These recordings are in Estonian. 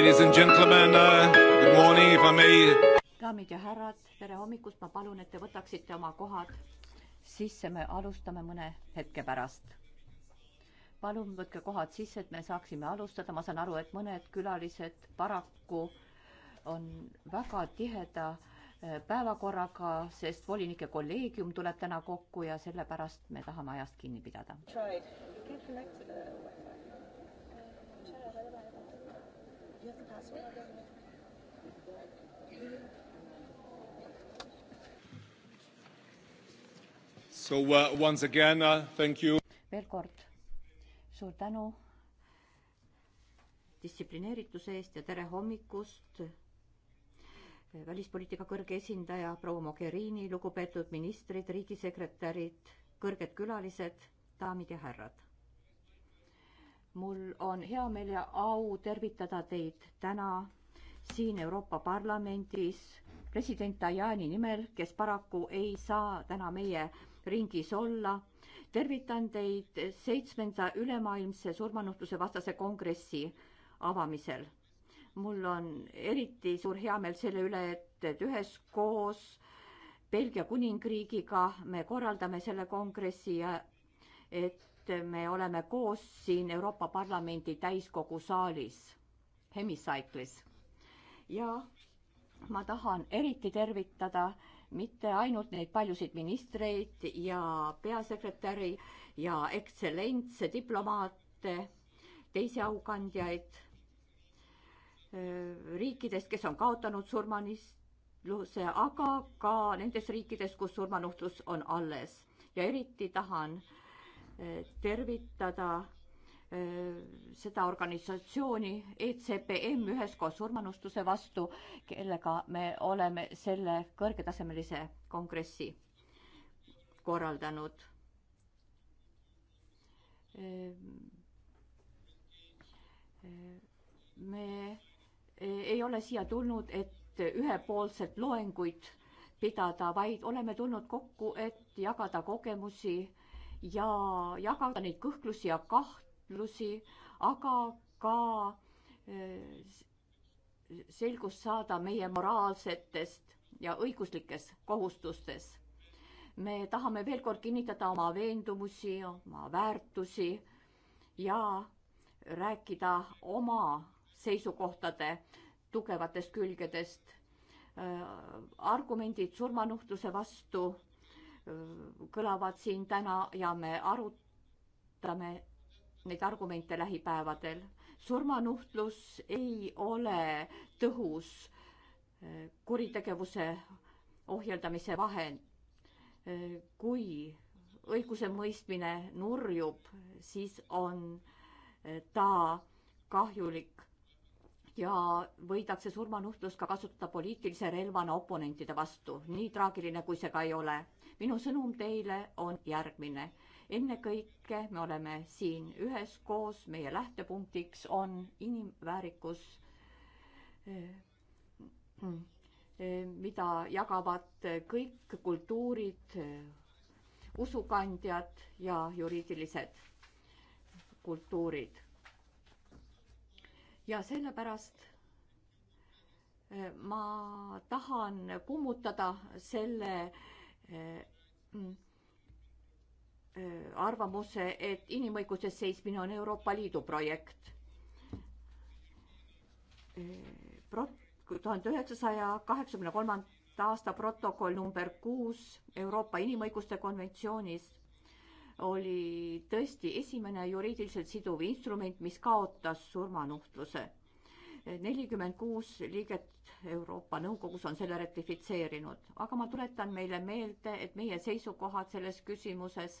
Ladies and gentlemen, uh, good morning, if I may. daamid ja härrad, tere hommikust, ma palun, et te võtaksite oma kohad sisse, me alustame mõne hetke pärast. palun võtke kohad sisse, et me saaksime alustada, ma saan aru, et mõned külalised paraku on väga tiheda eh, päevakorraga, sest volinike kolleegium tuleb täna kokku ja sellepärast me tahame ajast kinni pidada. Tried. You can connect uh, So uh, once again, uh, thank you. veel kord suur tänu distsiplineerituse eest ja tere hommikust eh, välispoliitika kõrge esindaja proua Mogherini, lugupeetud ministrid, riigisekretärid, kõrged külalised, daamid ja härrad mul on hea meel ja au tervitada teid täna siin Euroopa Parlamendis president Tajani nimel, kes paraku ei saa täna meie ringis olla. tervitan teid seitsmenda ülemaailmse surmanuhtluse vastase kongressi avamisel. mul on eriti suur heameel selle üle, et üheskoos Belgia kuningriigiga me korraldame selle kongressi ja et me oleme koos siin Euroopa Parlamendi täiskogu saalis, hemisaiklis. ja ma tahan eriti tervitada mitte ainult neid paljusid ministreid ja peasekretäri ja ekstsellentse diplomaate, teisi aukandjaid äh, riikidest, kes on kaotanud surmanuhtluse, aga ka nendes riikides, kus surmanuhtlus on alles ja eriti tahan Eh, tervitada eh, seda organisatsiooni ECPM üheskoos surmanustuse vastu, kellega me oleme selle kõrgetasemelise kongressi korraldanud. Eh, me ei ole siia tulnud, et ühepoolselt loenguid pidada, vaid oleme tulnud kokku, et jagada kogemusi ja jagada neid kõhklusi ja kahtlusi, aga ka eh, selgust saada meie moraalsetest ja õiguslikes kohustustes. me tahame veel kord kinnitada oma veendumusi, oma väärtusi ja rääkida oma seisukohtade tugevatest külgedest. Eh, argumendid surmanuhtluse vastu kõlavad siin täna ja me arutame neid argumente lähipäevadel. surmanuhtlus ei ole tõhus eh, kuritegevuse ohjeldamise vahend. Eh, kui õigusemõistmine nurjub, siis on eh, ta kahjulik ja võidakse surmanuhtlust ka kasutada poliitilise relvana oponentide vastu, nii traagiline kui see ka ei ole minu sõnum teile on järgmine. ennekõike me oleme siin üheskoos, meie lähtepunktiks on inimväärikus, eh, mida jagavad kõik kultuurid, usukandjad ja juriidilised kultuurid. ja sellepärast eh, ma tahan kummutada selle äh, Äh, äh, arvamuse, et inimõiguse seismine on Euroopa Liidu projekt. Äh, tuhande üheksasaja kaheksakümne kolmanda aasta protokoll number kuus Euroopa Inimõiguste konventsioonis oli tõesti esimene juriidiliselt siduv instrument, mis kaotas surmanuhtluse nelikümmend kuus liiget Euroopa Nõukogus on selle ratifitseerinud, aga ma tuletan meile meelde, et meie seisukohad selles küsimuses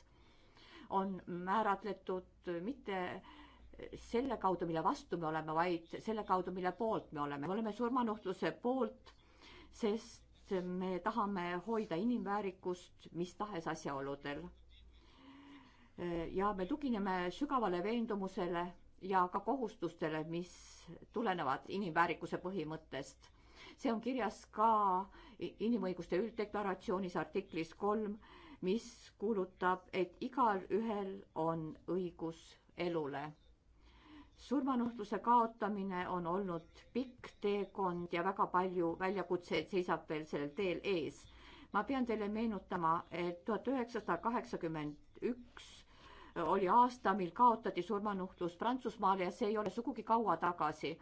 on määratletud mitte selle kaudu, mille vastu me oleme, vaid selle kaudu, mille poolt me oleme. me oleme surmanuhtluse poolt, sest me tahame hoida inimväärikust mis tahes asjaoludel. ja me tugineme sügavale veendumusele ja ka kohustustele, mis tulenevad inimväärikuse põhimõttest. see on kirjas ka inimõiguste ülddeklaratsioonis artiklis kolm, mis kuulutab, et igalühel on õigus elule. surmanuhtluse kaotamine on olnud pikk teekond ja väga palju väljakutseid seisab veel sellel teel ees. ma pean teile meenutama, et tuhat üheksasada kaheksakümmend üks oli aasta, mil kaotati surmanuhtlus Prantsusmaal ja see ei ole sugugi kaua tagasi.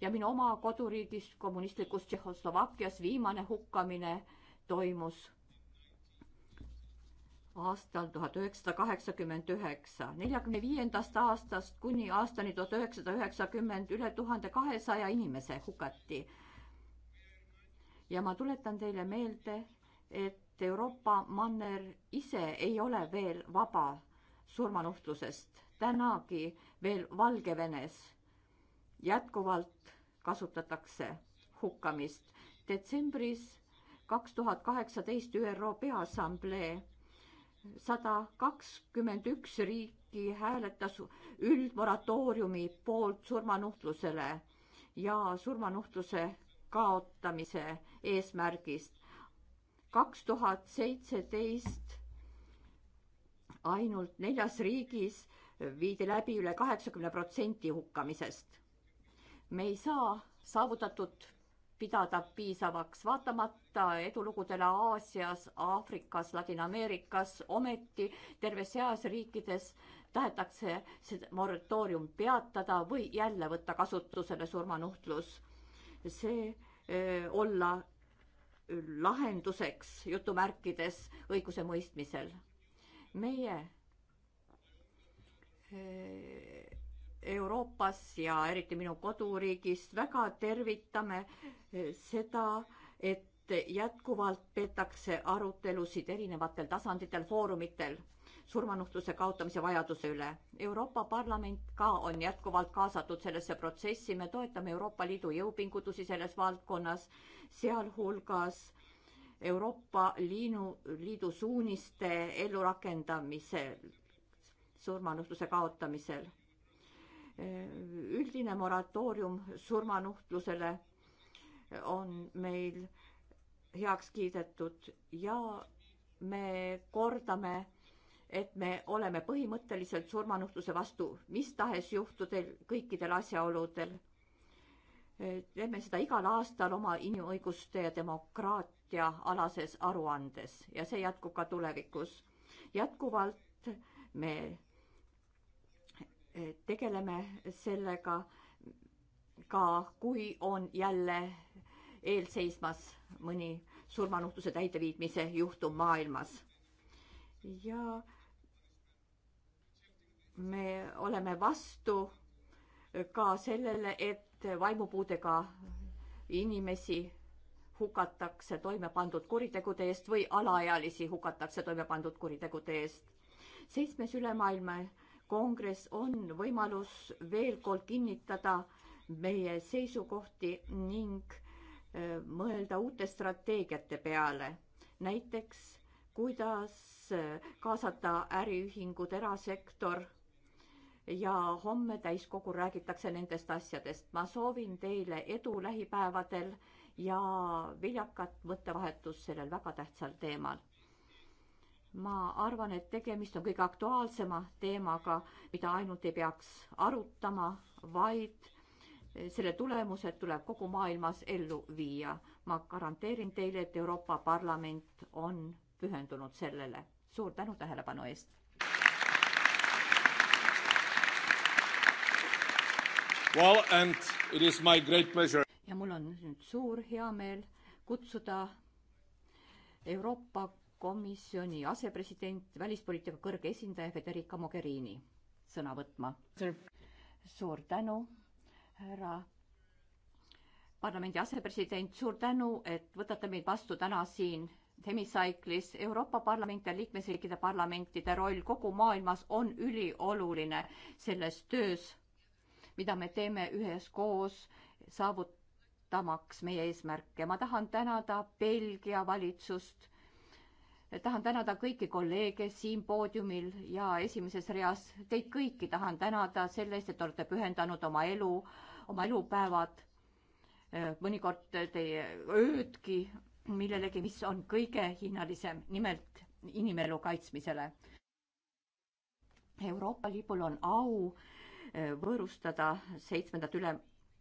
ja minu oma koduriigis, kommunistlikus Tšehhoslovakkias viimane hukkamine toimus aastal tuhat üheksasada kaheksakümmend üheksa. neljakümne viiendast aastast kuni aastani tuhat üheksasada üheksakümmend üle tuhande kahesaja inimese hukati. ja ma tuletan teile meelde, et Euroopa manner ise ei ole veel vaba surmanuhtlusest. tänagi veel Valgevenes jätkuvalt kasutatakse hukkamist. detsembris kaks tuhat kaheksateist ÜRO Peaassamblee sada kakskümmend üks riiki hääletas üldmoratooriumi poolt surmanuhtlusele ja surmanuhtluse kaotamise eesmärgist. kaks tuhat seitseteist ainult neljas riigis viidi läbi üle kaheksakümne protsendi hukkamisest. me ei saa saavutatut pidada piisavaks, vaatamata edulugudele Aasias, Aafrikas, Ladina-Ameerikas, ometi terves eas riikides tahetakse see moratoorium peatada või jälle võtta kasutusele surmanuhtlus. see öö, olla lahenduseks jutumärkides õigusemõistmisel meie eh, Euroopas ja eriti minu koduriigis väga tervitame eh, seda, et jätkuvalt peetakse arutelusid erinevatel tasanditel, foorumitel surmanuhtluse kaotamise vajaduse üle. Euroopa Parlament ka on jätkuvalt kaasatud sellesse protsessi, me toetame Euroopa Liidu jõupingutusi selles valdkonnas, sealhulgas Euroopa Liinu, Liidu suuniste ellurakendamisel, surmanuhtluse kaotamisel. üldine moratoorium surmanuhtlusele on meil heaks kiidetud ja me kordame, et me oleme põhimõtteliselt surmanuhtluse vastu mis tahes juhtudel, kõikidel asjaoludel. teeme seda igal aastal oma inimõiguste ja demokraatia ja alases aruandes ja see jätkub ka tulevikus. jätkuvalt me eh, tegeleme sellega ka, kui on jälle eelseismas mõni surmanuhtluse täideviitmise juhtum maailmas. ja me oleme vastu ka sellele, et vaimupuudega inimesi hukatakse toime pandud kuritegude eest või alaealisi hukatakse toime pandud kuritegude eest. seitsmes ülemaailma kongress on võimalus veel kord kinnitada meie seisukohti ning äh, mõelda uute strateegiate peale. näiteks, kuidas äh, kaasata äriühingud, erasektor ja homme täiskogul räägitakse nendest asjadest. ma soovin teile edu lähipäevadel ja viljakat mõttevahetust sellel väga tähtsal teemal. ma arvan, et tegemist on kõige aktuaalsema teemaga, mida ainult ei peaks arutama, vaid selle tulemused tuleb kogu maailmas ellu viia. ma garanteerin teile, et Euroopa Parlament on pühendunud sellele. suur tänu tähelepanu eest. Well, and it is my great pleasure ja mul on nüüd suur heameel kutsuda Euroopa Komisjoni asepresident, välispoliitika kõrge esindaja Federica Mogherini sõna võtma. suur tänu, härra parlamendi asepresident, suur tänu, et võtate meid vastu täna siin Hemicyclis. Euroopa Parlament ja liikmesriikide parlamentide roll kogu maailmas on ülioluline selles töös, mida me teeme üheskoos saavut-, saavutamaks meie eesmärke. ma tahan tänada Belgia valitsust, tahan tänada kõiki kolleege siin poodiumil ja esimeses reas, teid kõiki tahan tänada selle eest, et olete pühendanud oma elu, oma elupäevad, äh, mõnikord teie öödki millelegi, mis on kõige hinnalisem, nimelt inimelu kaitsmisele. Euroopa Liidul on au äh, võõrustada seitsmendat üle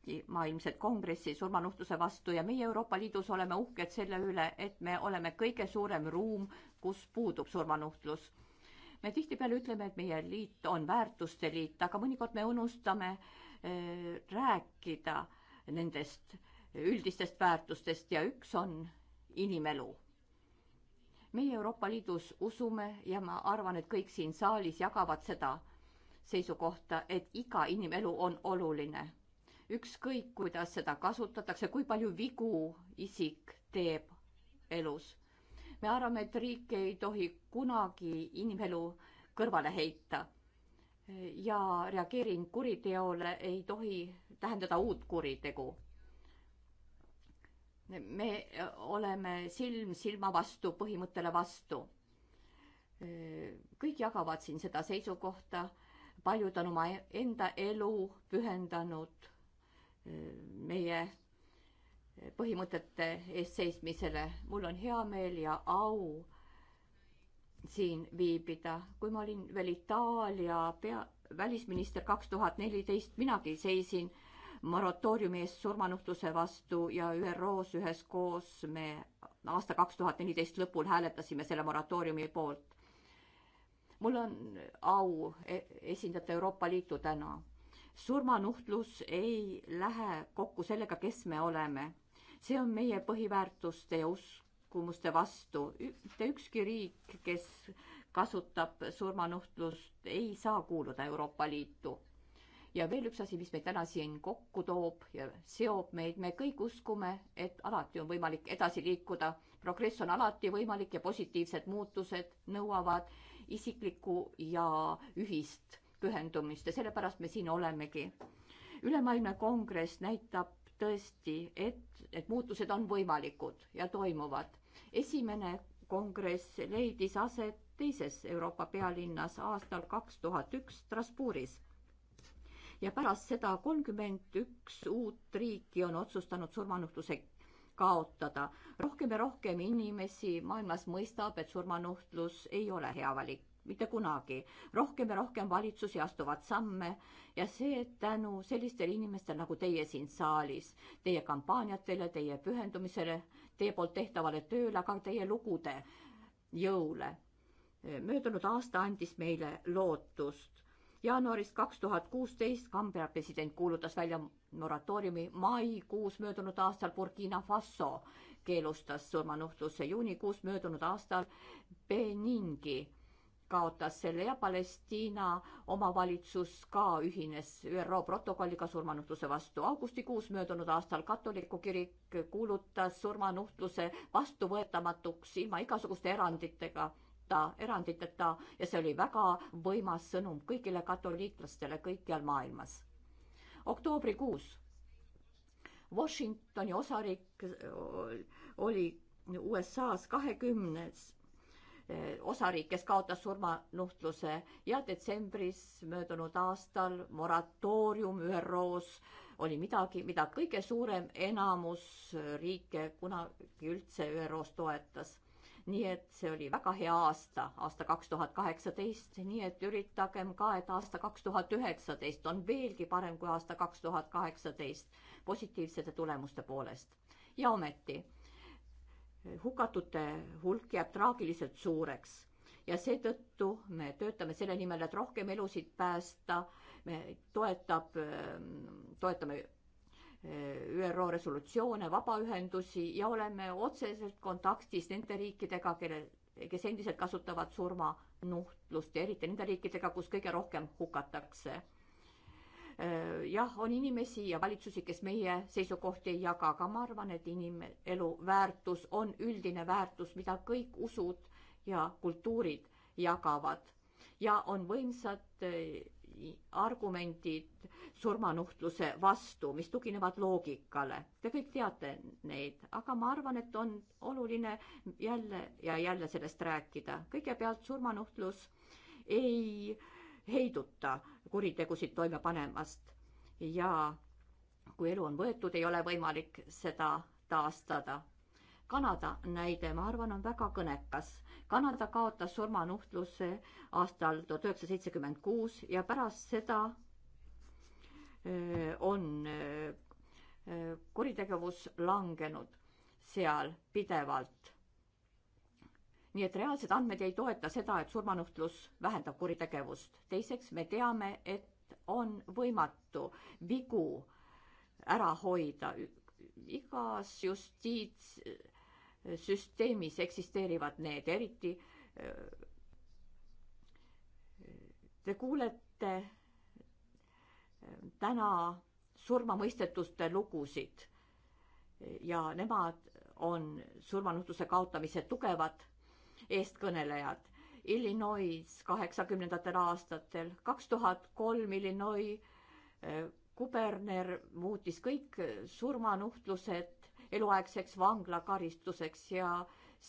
protesti maailmset kongressi surmanuhtluse vastu ja meie Euroopa Liidus oleme uhked selle üle, et me oleme kõige suurem ruum, kus puudub surmanuhtlus. me tihtipeale ütleme, et meie liit on väärtuste liit, aga mõnikord me unustame äh, rääkida nendest üldistest väärtustest ja üks on inimelu meie Euroopa Liidus usume ja ma arvan, et kõik siin saalis jagavad seda seisukohta, et iga inimelu on oluline ükskõik, kuidas seda kasutatakse, kui palju vigu isik teeb elus. me arvame, et riik ei tohi kunagi inimelu kõrvale heita. ja reageering kuriteole ei tohi tähendada uut kuritegu. me oleme silm silma vastu, põhimõttele vastu. kõik jagavad siin seda seisukohta paljud on omaenda elu pühendanud meie põhimõtete eest seismisele. mul on hea meel ja au siin viibida. kui ma olin veel Itaalia pea, välisminister kaks tuhat neliteist, minagi seisin moratooriumi eest surmanuhtluse vastu ja ÜRO-s üheskoos me aasta kaks tuhat neliteist lõpul hääletasime selle moratooriumi poolt. mul on au e-, esindada Euroopa Liitu täna surmanuhtlus ei lähe kokku sellega, kes me oleme. see on meie põhiväärtuste ja uskumuste vastu. mitte ükski riik, kes kasutab surmanuhtlust, ei saa kuuluda Euroopa Liitu. ja veel üks asi, mis meid täna siin kokku toob ja seob meid, me kõik uskume, et alati on võimalik edasi liikuda, progress on alati võimalik ja positiivsed muutused nõuavad isiklikku ja ühist pühendumist ja sellepärast me siin olemegi. ülemaailmne kongress näitab tõesti, et, et muutused on võimalikud ja toimuvad. esimene kongress leidis aset teises Euroopa pealinnas aastal kaks tuhat üks Strasbourgis. ja pärast seda kolmkümmend üks uut riiki on otsustanud surmanuhtluse kaotada. rohkem ja rohkem inimesi maailmas mõistab, et surmanuhtlus ei ole hea valik mitte kunagi. rohkem ja rohkem valitsusi astuvad samme ja see tänu sellistele inimestele nagu teie siin saalis, teie kampaaniatele, teie pühendumisele, teie poolt tehtavale tööle, aga teie lugude jõule. möödunud aasta andis meile lootust jaanuarist kaks tuhat kuusteist Kambja president kuulutas välja moratooriumi, maikuus möödunud aastal Burkina Faso keelustas surmanuhtluse, juunikuus möödunud aastal Beningi kaotas selle ja Palestiina omavalitsus ka ühines ÜRO protokolliga surmanuhtluse vastu. augustikuus möödunud aastal katoliku kirik kuulutas surmanuhtluse vastuvõetamatuks ilma igasuguste eranditega ta, eranditeta ja see oli väga võimas sõnum kõigile katoliiklastele kõikjal maailmas. oktoobrikuus Washingtoni osariik oli USA-s kahekümnes osariik, kes kaotas surmanuhtluse ja detsembris möödunud aastal moratoorium ÜRO-s oli midagi, mida kõige suurem enamus riike kunagi üldse ÜRO-s toetas. nii et see oli väga hea aasta, aasta kaks tuhat kaheksateist, nii et üritagem ka, et aasta kaks tuhat üheksateist on veelgi parem kui aasta kaks tuhat kaheksateist positiivsete tulemuste poolest. ja ometi hukatute hulk jääb traagiliselt suureks ja seetõttu me töötame selle nimel, et rohkem elusid päästa. me toetab, ähm, toetame äh, ÜRO resolutsioone, vabaühendusi ja oleme otseselt kontaktis nende riikidega, kelle, kes endiselt kasutavad surmanuhtlust ja eriti nende riikidega, kus kõige rohkem hukatakse Äh, jah, on inimesi ja valitsusi, kes meie seisukohti ei jaga, aga ma arvan, et inimelu väärtus on üldine väärtus, mida kõik usud ja kultuurid jagavad ja on võimsad äh, argumendid surmanuhtluse vastu, mis tuginevad loogikale. Te kõik teate neid, aga ma arvan, et on oluline jälle ja jälle sellest rääkida. kõigepealt surmanuhtlus ei äh, heiduta kuritegusid toime panemast ja kui elu on võetud, ei ole võimalik seda taastada. Kanada näide, ma arvan, on väga kõnekas. Kanada kaotas surmanuhtluse aastal tuhat üheksasada seitsekümmend kuus ja pärast seda on kuritegevus langenud seal pidevalt nii et reaalsed andmed ei toeta seda, et surmanuhtlus vähendab kuritegevust. teiseks, me teame, et on võimatu vigu ära hoida. igas justiitssüsteemis eksisteerivad need, eriti te kuulete täna surmamõistetuste lugusid ja nemad on surmanuhtluse kaotamise tugevad eestkõnelejad. Illinois kaheksakümnendatel aastatel, kaks tuhat kolm Illinois eh, kuberner muutis kõik surmanuhtlused eluaegseks vanglakaristuseks ja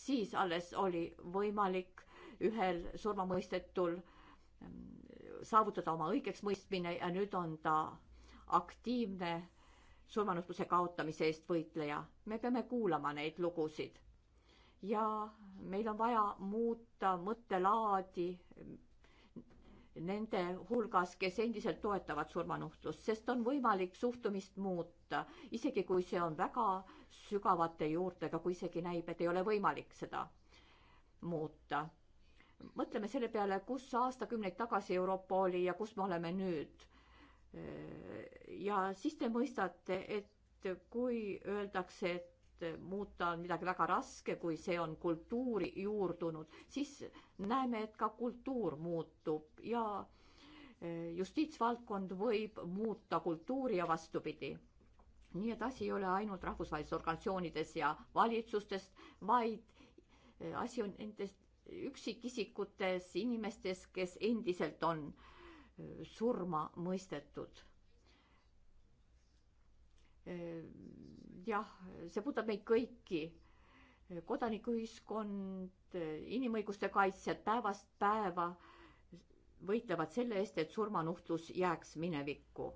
siis alles oli võimalik ühel surmamõistetul mm, saavutada oma õigeksmõistmine ja nüüd on ta aktiivne surmanuhtluse kaotamise eest võitleja. me peame kuulama neid lugusid ja meil on vaja muuta mõttelaadi nende hulgas, kes endiselt toetavad surmanuhtlust, sest on võimalik suhtumist muuta, isegi kui see on väga sügavate juurtega, kui isegi näib, et ei ole võimalik seda muuta. mõtleme selle peale, kus aastakümneid tagasi Euroopa oli ja kus me oleme nüüd. ja siis te mõistate, et kui öeldakse, et muuta on midagi väga raske, kui see on kultuuri juurdunud, siis näeme, et ka kultuur muutub ja eh, justiitsvaldkond võib muuta kultuuri ja vastupidi. nii et asi ei ole ainult rahvusvahelistes organisatsioonides ja valitsustest, vaid eh, asi on nendes üksikisikutes, inimestes, kes endiselt on eh, surma mõistetud Äh, jah, see puudutab meid kõiki, kodanikuühiskond, inimõiguste kaitsjad päevast päeva võitlevad selle eest, et surmanuhtlus jääks minevikku.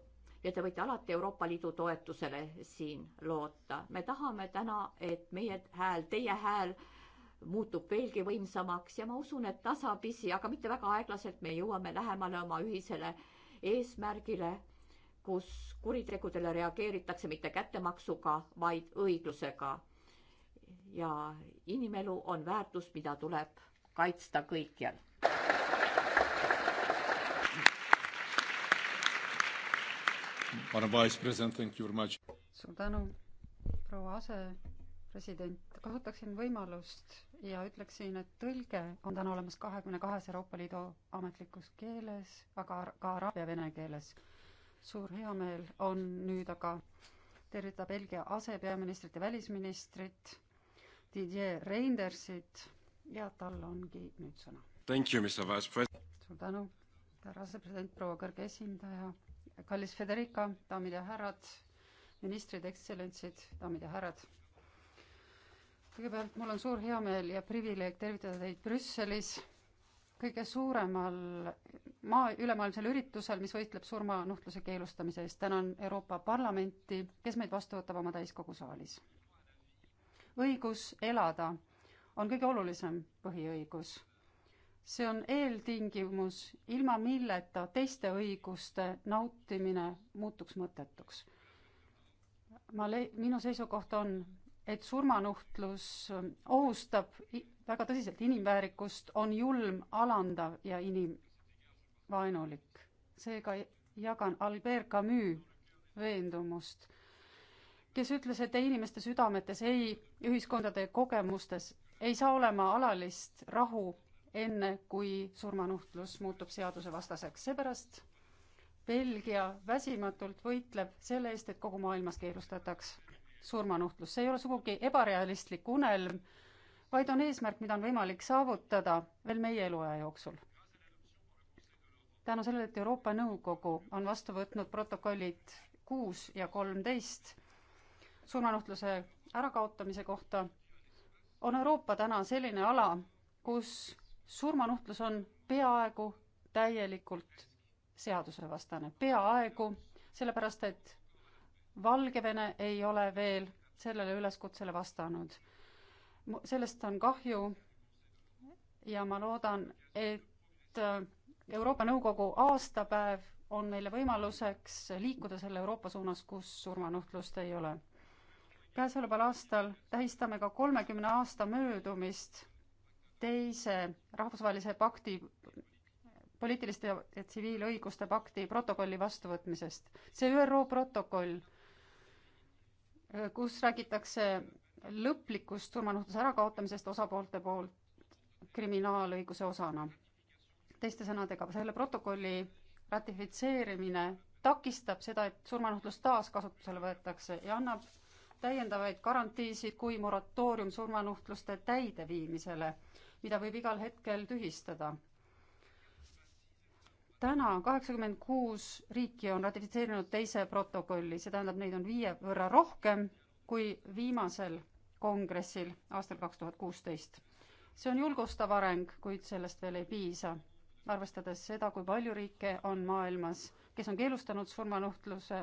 ja te võite alati Euroopa Liidu toetusele siin loota. me tahame täna, et meie hääl, teie hääl muutub veelgi võimsamaks ja ma usun, et tasapisi, aga mitte väga aeglaselt, me jõuame lähemale oma ühisele eesmärgile kus kuritegudele reageeritakse mitte kättemaksuga, vaid õiglusega. ja inimelu on väärtus, mida tuleb kaitsta kõikjal. suur tänu, proua asepresident. kasutaksin võimalust ja ütleksin, et tõlge on täna olemas kahekümne kahes Euroopa Liidu ametlikus keeles, aga ka araabia vene keeles suur heameel on nüüd aga tervitada Belgia asepeaministrit ja välisministrit Didier Reindersit ja tal ongi nüüd sõna. suur tänu, härra asepresident, proua kõrge esindaja, kallis Federica, daamid ja härrad, ministrid, ekstsellentsid, daamid ja härrad kõigepealt mul on suur heameel ja privileeg tervitada teid Brüsselis kõige suuremal maa, ülemaailmsel üritusel, mis võitleb surmanuhtluse keelustamise eest. tänan Euroopa Parlamenti, kes meid vastu võtab oma täiskogu saalis. õigus elada on kõige olulisem põhiõigus. see on eeltingimus, ilma milleta teiste õiguste nautimine muutuks mõttetuks. ma lei-, minu seisukoht on, et surmanuhtlus ohustab väga tõsiselt inimväärikust, on julm, alandav ja inim-, vaenulik. seega jagan Albert Camus veendumust, kes ütles, et ei inimeste südametes, ei ühiskondade kogemustes ei saa olema alalist rahu, enne kui surmanuhtlus muutub seadusevastaseks. seepärast Belgia väsimatult võitleb selle eest, et kogu maailmas keelustataks surmanuhtlus. see ei ole sugugi ebarealistlik unelm, vaid on eesmärk, mida on võimalik saavutada veel meie eluaja jooksul tänu sellele, et Euroopa Nõukogu on vastu võtnud protokollid kuus ja kolmteist surmanuhtluse ärakaotamise kohta, on Euroopa täna selline ala, kus surmanuhtlus on peaaegu täielikult seadusevastane, peaaegu, sellepärast et Valgevene ei ole veel sellele üleskutsele vastanud. sellest on kahju ja ma loodan, et Euroopa Nõukogu aastapäev on meile võimaluseks liikuda selle Euroopa suunas, kus surmanuhtlust ei ole. käesoleval aastal tähistame ka kolmekümne aasta möödumist teise rahvusvahelise pakti, poliitiliste ja tsiviilõiguste pakti protokolli vastuvõtmisest. see ÜRO protokoll, kus räägitakse lõplikust surmanuhtluse ärakaotamisest osapoolte poolt kriminaalõiguse osana teiste sõnadega, selle protokolli ratifitseerimine takistab seda, et surmanuhtlus taaskasutusele võetakse ja annab täiendavaid garantiisid kui moratoorium surmanuhtluste täideviimisele, mida võib igal hetkel tühistada. täna kaheksakümmend kuus riiki on ratifitseerinud teise protokolli, see tähendab, neid on viie võrra rohkem kui viimasel kongressil aastal kaks tuhat kuusteist. see on julgustav areng, kuid sellest veel ei piisa arvestades seda, kui palju riike on maailmas, kes on keelustanud surmanuhtluse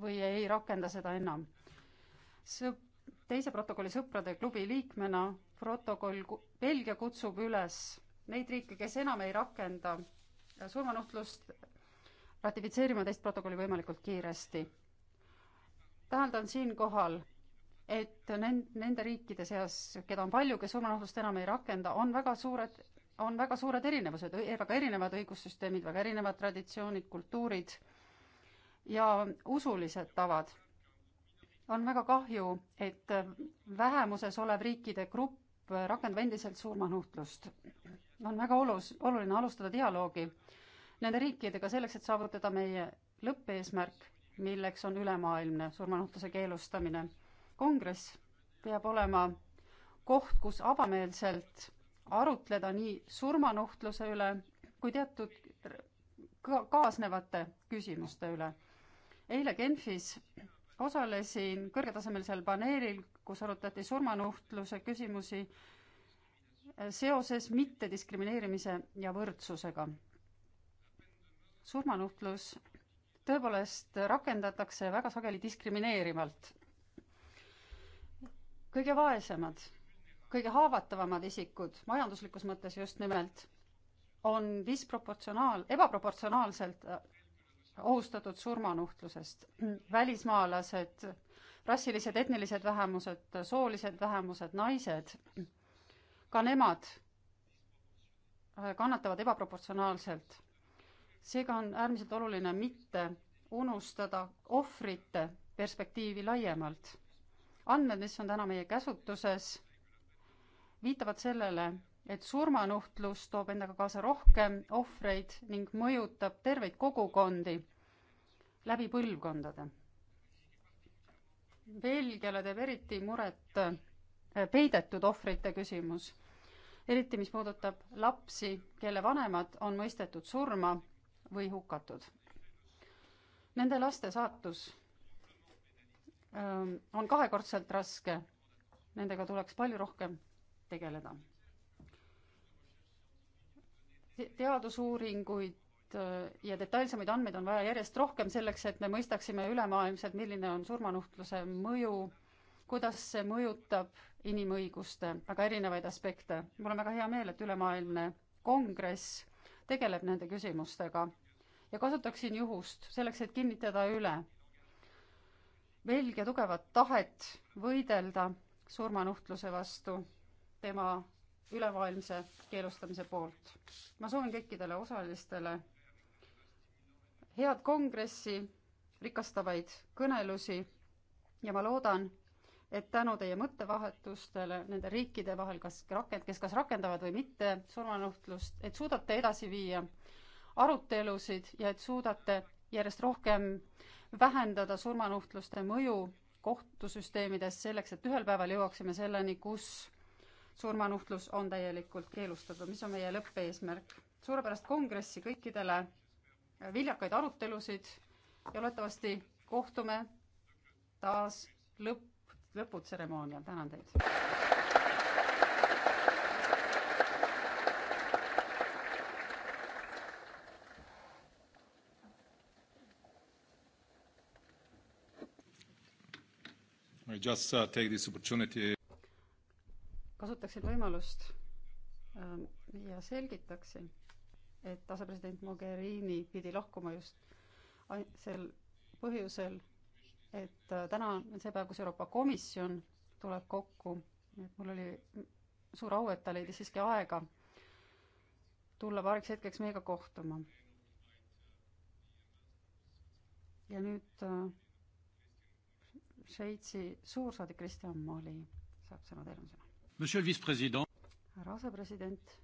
või ei rakenda seda enam. Sõp-, teise protokolli sõprade klubi liikmena protokoll Belgia kutsub üles neid riike, kes enam ei rakenda surmanuhtlust, ratifitseerima teist protokolli võimalikult kiiresti. täheldan siinkohal, et nend-, nende riikide seas, keda on palju, kes surmanuhtlust enam ei rakenda, on väga suured on väga suured erinevused, väga erinevad õigussüsteemid, väga erinevad traditsioonid, kultuurid ja usulised tavad. on väga kahju, et vähemuses olev riikide grupp rakendab endiselt surmanuhtlust. on väga olus, oluline alustada dialoogi nende riikidega selleks, et saavutada meie lõppeesmärk, milleks on ülemaailmne surmanuhtluse keelustamine. kongress peab olema koht, kus avameelselt arutleda nii surmanuhtluse üle kui teatud kaasnevate küsimuste üle. eile Genfis osalesin kõrgetasemelisel paneelil, kus arutati surmanuhtluse küsimusi seoses mittediskrimineerimise ja võrdsusega. surmanuhtlus tõepoolest rakendatakse väga sageli diskrimineerivalt. kõige vaesemad kõige haavatavamad isikud, majanduslikus mõttes just nimelt, on disproportsionaal, ebaproportsionaalselt äh, ohustatud surmanuhtlusest. välismaalased, rassilised, etnilised vähemused, soolised vähemused, naised, ka nemad äh, kannatavad ebaproportsionaalselt. seega on äärmiselt oluline mitte unustada ohvrite perspektiivi laiemalt. andmed, mis on täna meie käsutuses viitavad sellele, et surmanuhtlus toob endaga kaasa rohkem ohvreid ning mõjutab terveid kogukondi läbi põlvkondade. Belgiale teeb eriti muret äh, peidetud ohvrite küsimus, eriti mis puudutab lapsi, kelle vanemad on mõistetud surma või hukatud. Nende laste saatus ähm, on kahekordselt raske, nendega tuleks palju rohkem tegeleda. teadusuuringuid äh, ja detailsemaid andmeid on vaja järjest rohkem selleks, et me mõistaksime ülemaailmselt, milline on surmanuhtluse mõju, kuidas see mõjutab inimõiguste väga erinevaid aspekte. mul on väga hea meel, et ülemaailmne kongress tegeleb nende küsimustega ja kasutaksin juhust selleks, et kinnitada üle veelgi tugevat tahet võidelda surmanuhtluse vastu tema ülemaailmse keelustamise poolt. ma soovin kõikidele osalistele head kongressi, rikastavaid kõnelusi ja ma loodan, et tänu teie mõttevahetustele nende riikide vahel, kas rakend-, kes kas rakendavad või mitte surmanuhtlust, et suudate edasi viia arutelusid ja et suudate järjest rohkem vähendada surmanuhtluste mõju kohtusüsteemides selleks, et ühel päeval jõuaksime selleni, kus surmanuhtlus on täielikult keelustatud, mis on meie lõppeesmärk. suurepärast kongressi kõikidele, viljakaid arutelusid ja loodetavasti kohtume taas lõpp, lõputseremoonial, tänan teid! I just uh, take this opportunity kasutaksin võimalust ähm, ja selgitaksin, et asepresident Mogherini pidi lahkuma just sel põhjusel, et äh, täna on see päev, kus Euroopa Komisjon tuleb kokku, et mul oli suur au, et ta leidis siiski aega tulla paariks hetkeks meiega kohtuma. ja nüüd äh, Šveitsi suursaadik Kristjan Mali saab sõna, teil on sõna härra asepresident,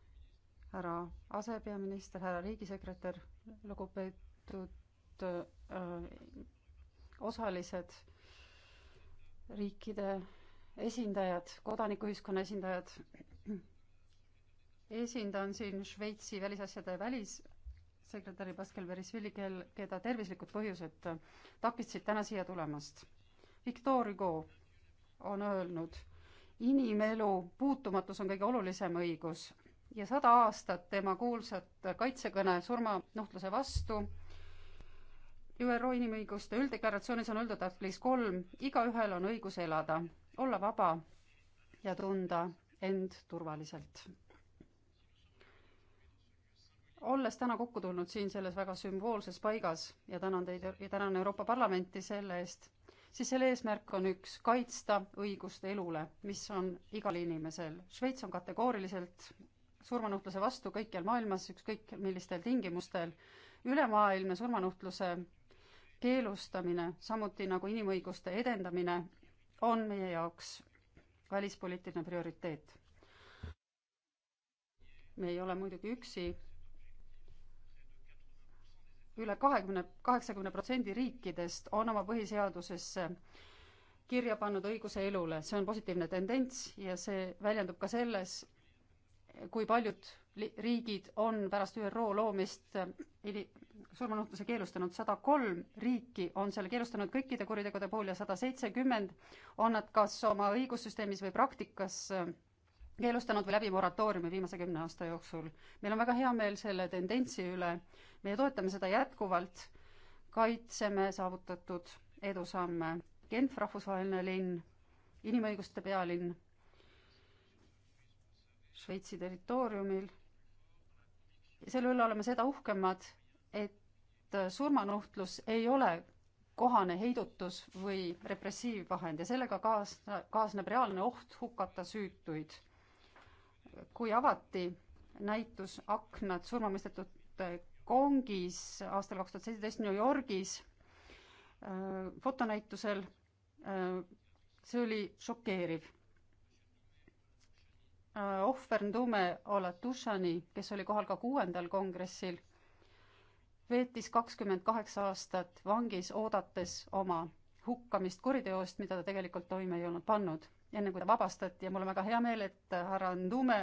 härra asepeaminister, härra riigisekretär, lugupeetud äh, osalised, riikide esindajad, kodanikuühiskonna esindajad, esindan siin Šveitsi välisasjade välissekretäri Pascal Verisvili, kel, keda tervislikud põhjused takistasid täna siia tulemast. Victor Hugo on öelnud inimelu puutumatus on kõige olulisem õigus ja sada aastat tema kuulsat kaitsekõne surmanuhtluse vastu. ÜRO inimõiguste ülddeklaratsioonis on öeldud artiklis kolm, igaühel on õigus elada, olla vaba ja tunda end turvaliselt. olles täna kokku tulnud siin selles väga sümboolses paigas ja tänan teid ja tänan Euroopa Parlamenti selle eest siis selle eesmärk on üks, kaitsta õigust elule, mis on igal inimesel. Šveits on kategooriliselt surmanuhtluse vastu kõikjal maailmas, ükskõik millistel tingimustel. ülemaailmne surmanuhtluse keelustamine, samuti nagu inimõiguste edendamine, on meie jaoks välispoliitiline prioriteet. me ei ole muidugi üksi üle kahekümne, kaheksakümne protsendi riikidest on oma põhiseadusesse kirja pannud õiguse elule, see on positiivne tendents ja see väljendub ka selles, kui paljud riigid on pärast ÜRO loomist äh, surmanuhtluse keelustanud, sada kolm riiki on selle keelustanud kõikide kuritegude puhul ja sada seitsekümmend on nad kas oma õigussüsteemis või praktikas äh, keelustanud või läbi moratooriumi viimase kümne aasta jooksul. meil on väga hea meel selle tendentsi üle, meie toetame seda jätkuvalt, kaitseme saavutatud edusamme. Genf, rahvusvaheline linn, inimõiguste pealinn, Šveitsi territooriumil, selle üle oleme seda uhkemad, et surmanuhtlus ei ole kohane heidutus või repressiivvahend ja sellega kaas-, kaasneb reaalne oht hukata süütuid kui avati näitus Aknad surmamõistetute eh, kongis aastal kaks tuhat seitseteist New Yorgis eh, fotonäitusel, eh, see oli šokeeriv. ohver Ndume Olatušani, kes oli kohal ka kuuendal kongressil, veetis kakskümmend kaheksa aastat vangis, oodates oma hukkamist kuriteost, mida ta tegelikult toime ei olnud pannud enne kui ta vabastati ja mul on väga hea meel, et härra Ndume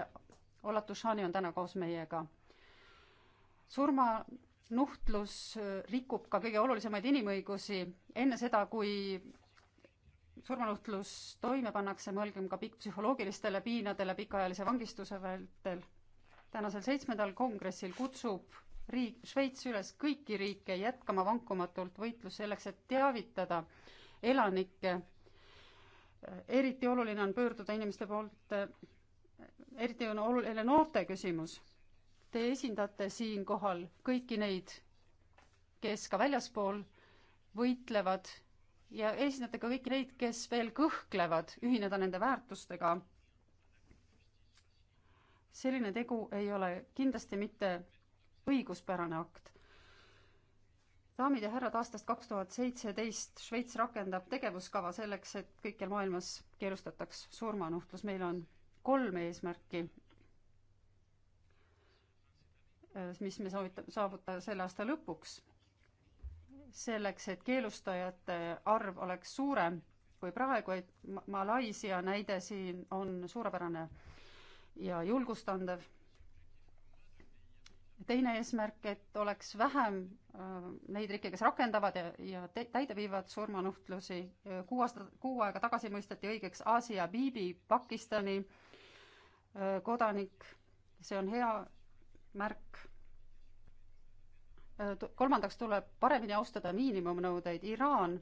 Olatušani on täna koos meiega. surmanuhtlus rikub ka kõige olulisemaid inimõigusi, enne seda, kui surmanuhtlus toime pannakse, mõelgem ka pikk psühholoogilistele piinadele pikaajalise vangistuse vältel. tänasel seitsmendal kongressil kutsub riik, Šveits üles kõiki riike jätkama vankumatult võitlus selleks, et teavitada elanikke eriti oluline on pöörduda inimeste poolt, eriti on oluline noorte küsimus. Te esindate siinkohal kõiki neid, kes ka väljaspool võitlevad ja esindate ka kõiki neid, kes veel kõhklevad ühineda nende väärtustega. selline tegu ei ole kindlasti mitte õiguspärane akt daamid ja härrad, aastast kaks tuhat seitseteist Šveits rakendab tegevuskava selleks, et kõikjal maailmas keelustataks surmanuhtlus. meil on kolm eesmärki, äh, mis me soovitame saavutada selle aasta lõpuks. selleks, et keelustajate arv oleks suurem kui praegu, et Malaisia näide siin on suurepärane ja julgustandev teine eesmärk, et oleks vähem äh, neid riike, kes rakendavad ja, ja täide viivad surmanuhtlusi. kuu aastat, kuu aega tagasi mõisteti õigeks Aasia Biibi, Pakistani äh, kodanik. see on hea märk. Äh, kolmandaks tuleb paremini austada miinimumnõudeid. Iraan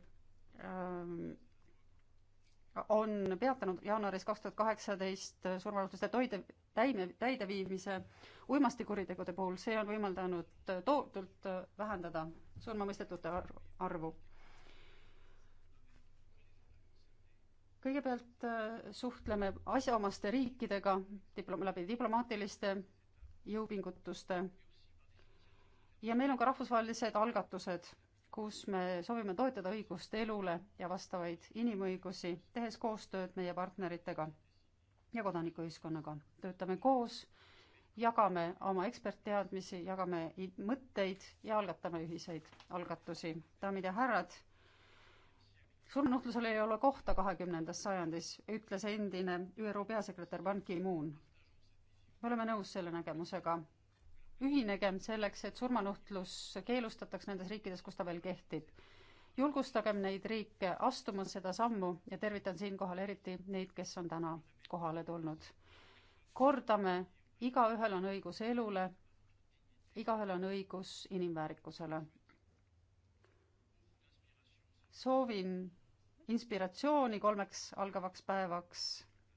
ähm, on peatanud jaanuaris kaks tuhat kaheksateist surmanuhtluste toide, täime, täideviimise uimastikuritegude puhul, see on võimaldanud tohutult vähendada surmamõistetute arvu. kõigepealt äh, suhtleme asjaomaste riikidega diplom-, läbi diplomaatiliste jõupingutuste ja meil on ka rahvusvahelised algatused kus me soovime toetada õigust elule ja vastavaid inimõigusi, tehes koostööd meie partneritega ja kodanikuühiskonnaga. töötame koos, jagame oma ekspertteadmisi, jagame mõtteid ja algatame ühiseid algatusi. daamid ja härrad, surnuhtlusel ei ole kohta kahekümnendas sajandis, ütles endine ÜRO peasekretär Ban Ki-moon. me oleme nõus selle nägemusega ühinegem selleks, et surmanuhtlus keelustataks nendes riikides, kus ta veel kehtib. julgustagem neid riike astuma seda sammu ja tervitan siinkohal eriti neid, kes on täna kohale tulnud. kordame, igaühel on õigus elule, igaühel on õigus inimväärikusele. soovin inspiratsiooni kolmeks algavaks päevaks,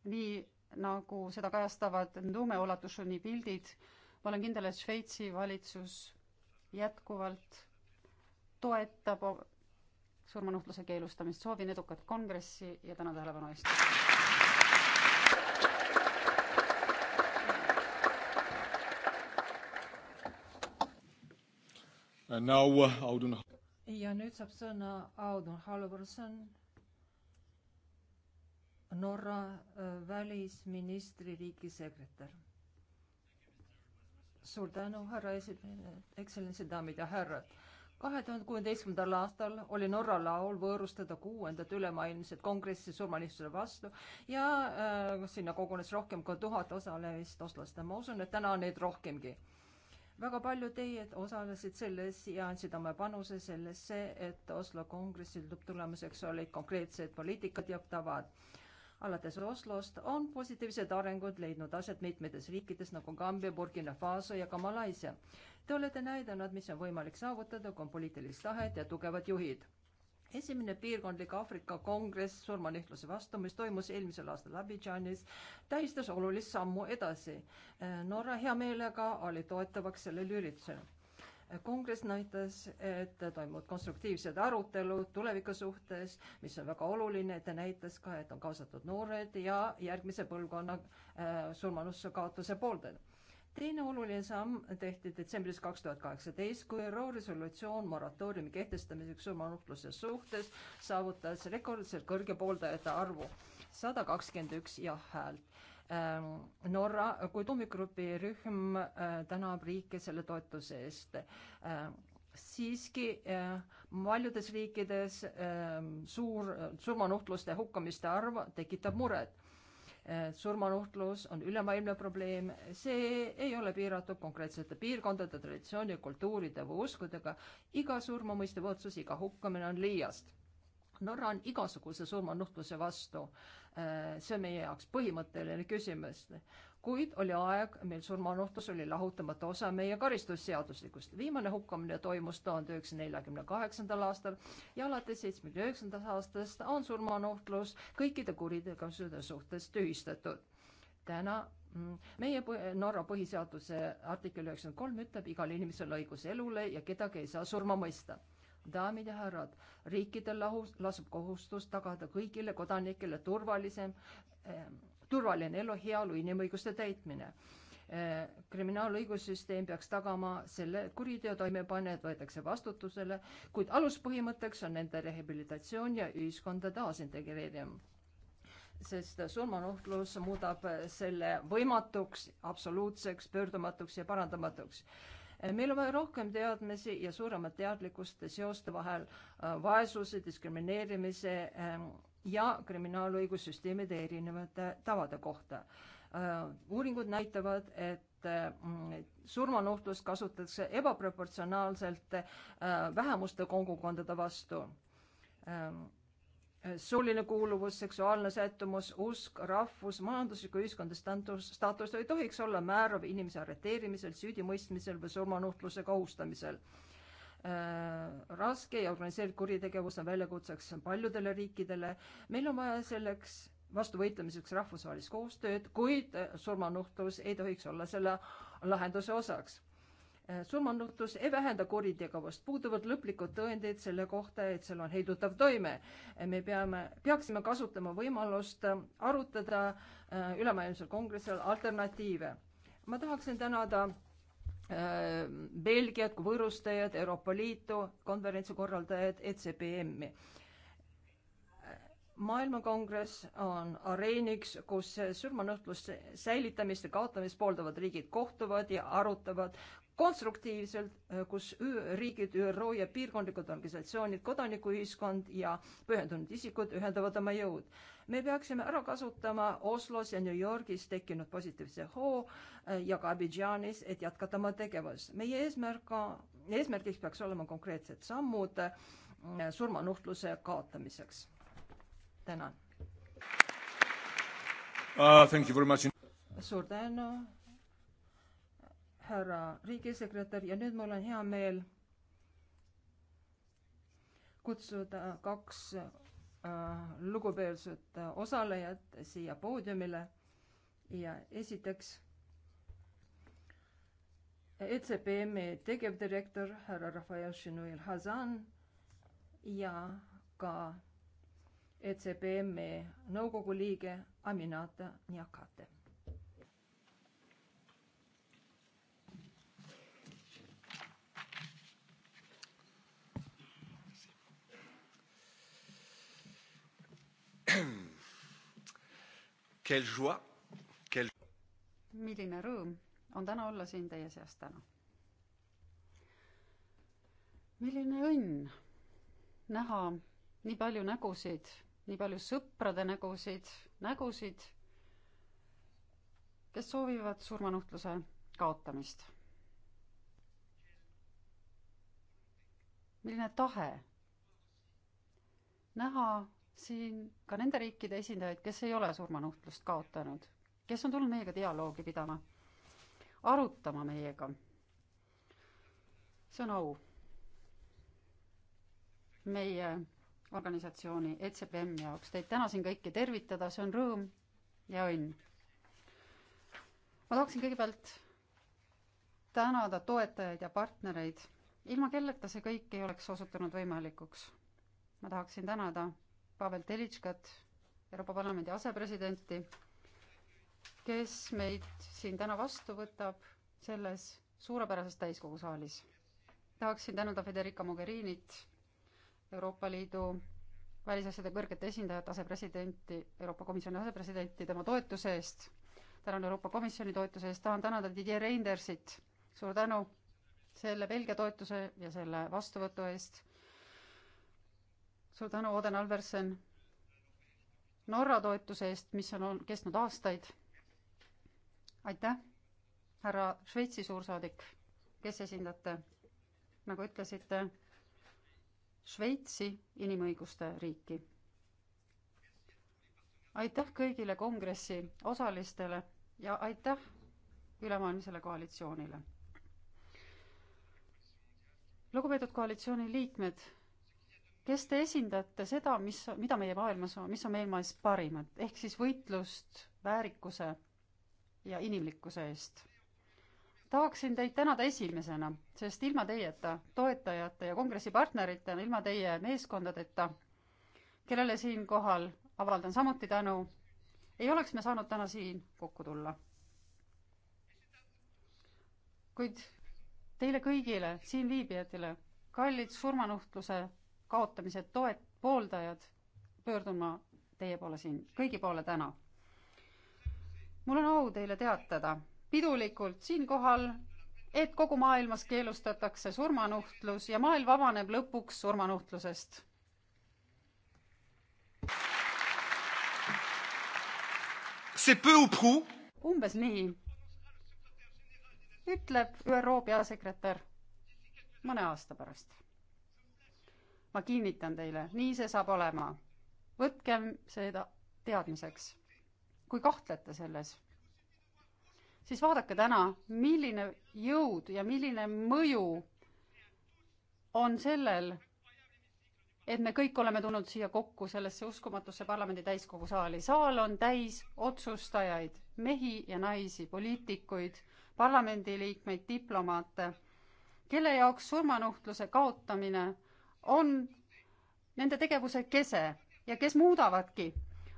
nii nagu seda kajastavad Ndume Olatusuni pildid ma olen kindel, et Šveitsi valitsus jätkuvalt toetab surmanuhtluse keelustamist. soovin edukat kongressi ja tänan tähelepanu eest. Uh, ja nüüd saab sõna Audun Halvorson, Norra äh, välisministri riigisekretär suur tänu, härra esimees, ekstsellentsid, daamid ja härrad. kahe tuhande kuueteistkümnendal aastal oli Norra laul võõrustada kuuendat ülemaailmset kongressi surmanistuse vastu ja äh, sinna kogunes rohkem kui tuhat osalemist oslast ja ma usun, et täna on neid rohkemgi väga paljud teie osalesid selles ja andsid oma panuse sellesse, et Oslo kongressil lõpptulemuseks olid konkreetsed poliitikad ja tavad alates Oslost on positiivsed arengud leidnud aset mitmetes riikides nagu Gambia, Burkina Faso ja ka Malaisia. Te olete näidanud, mis on võimalik saavutada, kui on poliitilist tahet ja tugevad juhid. esimene piirkondlik Aafrika kongress surmanuhtluse vastu, mis toimus eelmisel aastal Abidžanis, tähistas olulist sammu edasi. Norra hea meelega oli toetavaks sellele üritusele kongress näitas, et toimuvad konstruktiivsed arutelud tuleviku suhtes, mis on väga oluline, ta näitas ka, et on kaasatud noored ja järgmise põlvkonna äh, surmanusse kaotuse pooldajad. teine oluline samm tehti detsembris kaks tuhat kaheksateist, kui ÜRO resolutsioon moratooriumi kehtestamiseks surmanuhtluse suhtes saavutas rekordselt kõrge pooldajate arvu, sada kakskümmend üks jah-häält Ähm, Norra, kuid ummikgrupi rühm äh, tänab riike selle toetuse eest. Ähm, siiski äh, paljudes riikides ähm, suur surmanuhtluste hukkamiste arv tekitab muret äh, surmanuhtlus on ülemaailmne probleem, see ei ole piiratud konkreetsete piirkondade, traditsiooni, kultuuride või uskudega. iga surma mõistev otsus, iga hukkamine on liiast. Norra on igasuguse surmanuhtluse vastu äh, Äh, see on meie jaoks põhimõtteline küsimus. kuid oli aeg, mil surmanuhtlus oli lahutamatu osa meie karistusseaduslikust. viimane hukkamine toimus tuhande üheksasaja neljakümne kaheksandal aastal ja alates seitsmekümne üheksandast aastast on surmanuhtlus kõikide kuritegude suhtes tühistatud. täna mm, meie Norra põhiseaduse artikkel üheksakümmend kolm ütleb, igal inimesel on õigus elule ja kedagi ei saa surma mõista daamid ja härrad, riikidel lahus, lasub kohustus tagada kõigile kodanikele turvalisem eh,, turvaline elu, heaolu, inimõiguste täitmine eh,. kriminaalõigussüsteem peaks tagama selle, et kuriteo toimepanejad võetakse vastutusele, kuid aluspõhimõtteks on nende rehabilitatsioon ja ühiskonda taasintegreerimine sest surmanuhtlus muudab selle võimatuks, absoluutseks, pöördumatuks ja parandamatuks meil on vaja rohkem teadmisi ja suuremat teadlikkust seoste vahel äh, vaesuse, diskrimineerimise ähm, ja kriminaalõigussüsteemide erinevate tavade kohta. Äh, uuringud näitavad, et äh, surmanuhtlust kasutatakse ebaproportsionaalselt vähemuste kogukondade vastu ähm, sooline kuuluvus, seksuaalne sättumus, usk, rahvus, majanduslik ja ühiskondlik staatus, staatus ei tohiks olla määrav inimese arreteerimisel, süüdimõistmisel või surmanuhtlusega ohustamisel äh, raske ja organiseeritud kuritegevus on väljakutseks paljudele riikidele. meil on vaja selleks vastu võitlemiseks rahvusvahelist koostööd, kuid surmanuhtlus ei tohiks olla selle lahenduse osaks. Äh, surmanutlus ei vähenda kuritegevust, puuduvad lõplikud tõendid selle kohta, et seal on heidutav toime. Äh, me peame, peaksime kasutama võimalust äh, arutada ülemaailmsel kongressil alternatiive. ma tahaksin tänada äh, Belgiat kui võõrustajat, Euroopa Liitu, konverentsi korraldajat, ECBM-i maailmakongress on areeniks, kus surmanõhtluse säilitamist ja kaotamist pooldavad riigid kohtuvad ja arutavad, konstruktiivselt, äh, kus riigid, ÜRO ja piirkondlikud organisatsioonid, kodanikuühiskond ja pühendunud isikud ühendavad oma jõud. me peaksime ära kasutama Oslos ja New Yorgis tekkinud positiivse hoo äh, ja ka Abidžaanis, et jätkata oma tegevust. meie eesmärk ka, eesmärgiks peaks olema konkreetsed sammud äh, surmanuhtluse kaotamiseks. tänan uh,. suur tänu härra riigisekretär ja nüüd mul on hea meel kutsuda kaks äh, lugupeelset äh, osalejat siia poodiumile ja esiteks ECPM-i tegevdirektor härra Rafael Shinuil Hazan ja ka ECPM-i nõukogu liige Aminata Niakate Quelle joie, quelle... milline rõõm on täna olla siin teie seas täna. milline õnn näha nii palju nägusid, nii palju sõprade nägusid, nägusid, kes soovivad surmanuhtluse kaotamist. milline tahe näha siin ka nende riikide esindajaid, kes ei ole surmanuhtlust kaotanud, kes on tulnud meiega dialoogi pidama, arutama meiega. see on au. meie organisatsiooni ECPM jaoks teid täna siin kõiki tervitada, see on rõõm ja õnn. ma tahaksin kõigepealt tänada toetajaid ja partnereid, ilma kelleta see kõik ei oleks osutunud võimalikuks. ma tahaksin tänada Pavel Telitškat, Euroopa Parlamendi asepresidenti, kes meid siin täna vastu võtab selles suurepärases täiskogu saalis. tahaksin tänada Federica Mogherinit, Euroopa Liidu välisasjade kõrget esindajat, asepresidenti, Euroopa Komisjoni asepresidenti tema toetuse eest. tänan Euroopa Komisjoni toetuse eest, tahan tänada Didier Reindersit, suur tänu selle Belgia toetuse ja selle vastuvõtu eest suur tänu, Oden Alversen, Norra toetuse eest, mis on olnud, kestnud aastaid. aitäh, härra Šveitsi suursaadik, kes esindate, nagu ütlesite, Šveitsi inimõiguste riiki. aitäh kõigile kongressi osalistele ja aitäh ülemaailmsele koalitsioonile. lugupeetud koalitsiooni liikmed kes te esindate seda, mis, mida meie maailmas on, mis on maailmas parimad, ehk siis võitlust väärikuse ja inimlikkuse eest. tahaksin teid tänada esimesena, sest ilma teieta, toetajate ja kongressi partneritena, ilma teie meeskondadeta, kellele siinkohal avaldan samuti tänu, ei oleks me saanud täna siin kokku tulla. kuid teile kõigile, siin viibijatele, kallid surmanuhtluse kaotamise toet-, pooldajad, pöördun ma teie poole siin, kõigi poole täna. mul on au teile teatada pidulikult siinkohal, et kogu maailmas keelustatakse surmanuhtlus ja maailm vabaneb lõpuks surmanuhtlusest. umbes nii, ütleb ÜRO peasekretär mõne aasta pärast ma kinnitan teile, nii see saab olema. võtkem seda teadmiseks. kui kahtlete selles, siis vaadake täna, milline jõud ja milline mõju on sellel, et me kõik oleme tulnud siia kokku sellesse uskumatusse parlamendi täiskogu saali. saal on täis otsustajaid, mehi ja naisi, poliitikuid, parlamendiliikmeid, diplomaate, kelle jaoks surmanuhtluse kaotamine on nende tegevuse kese ja kes muudavadki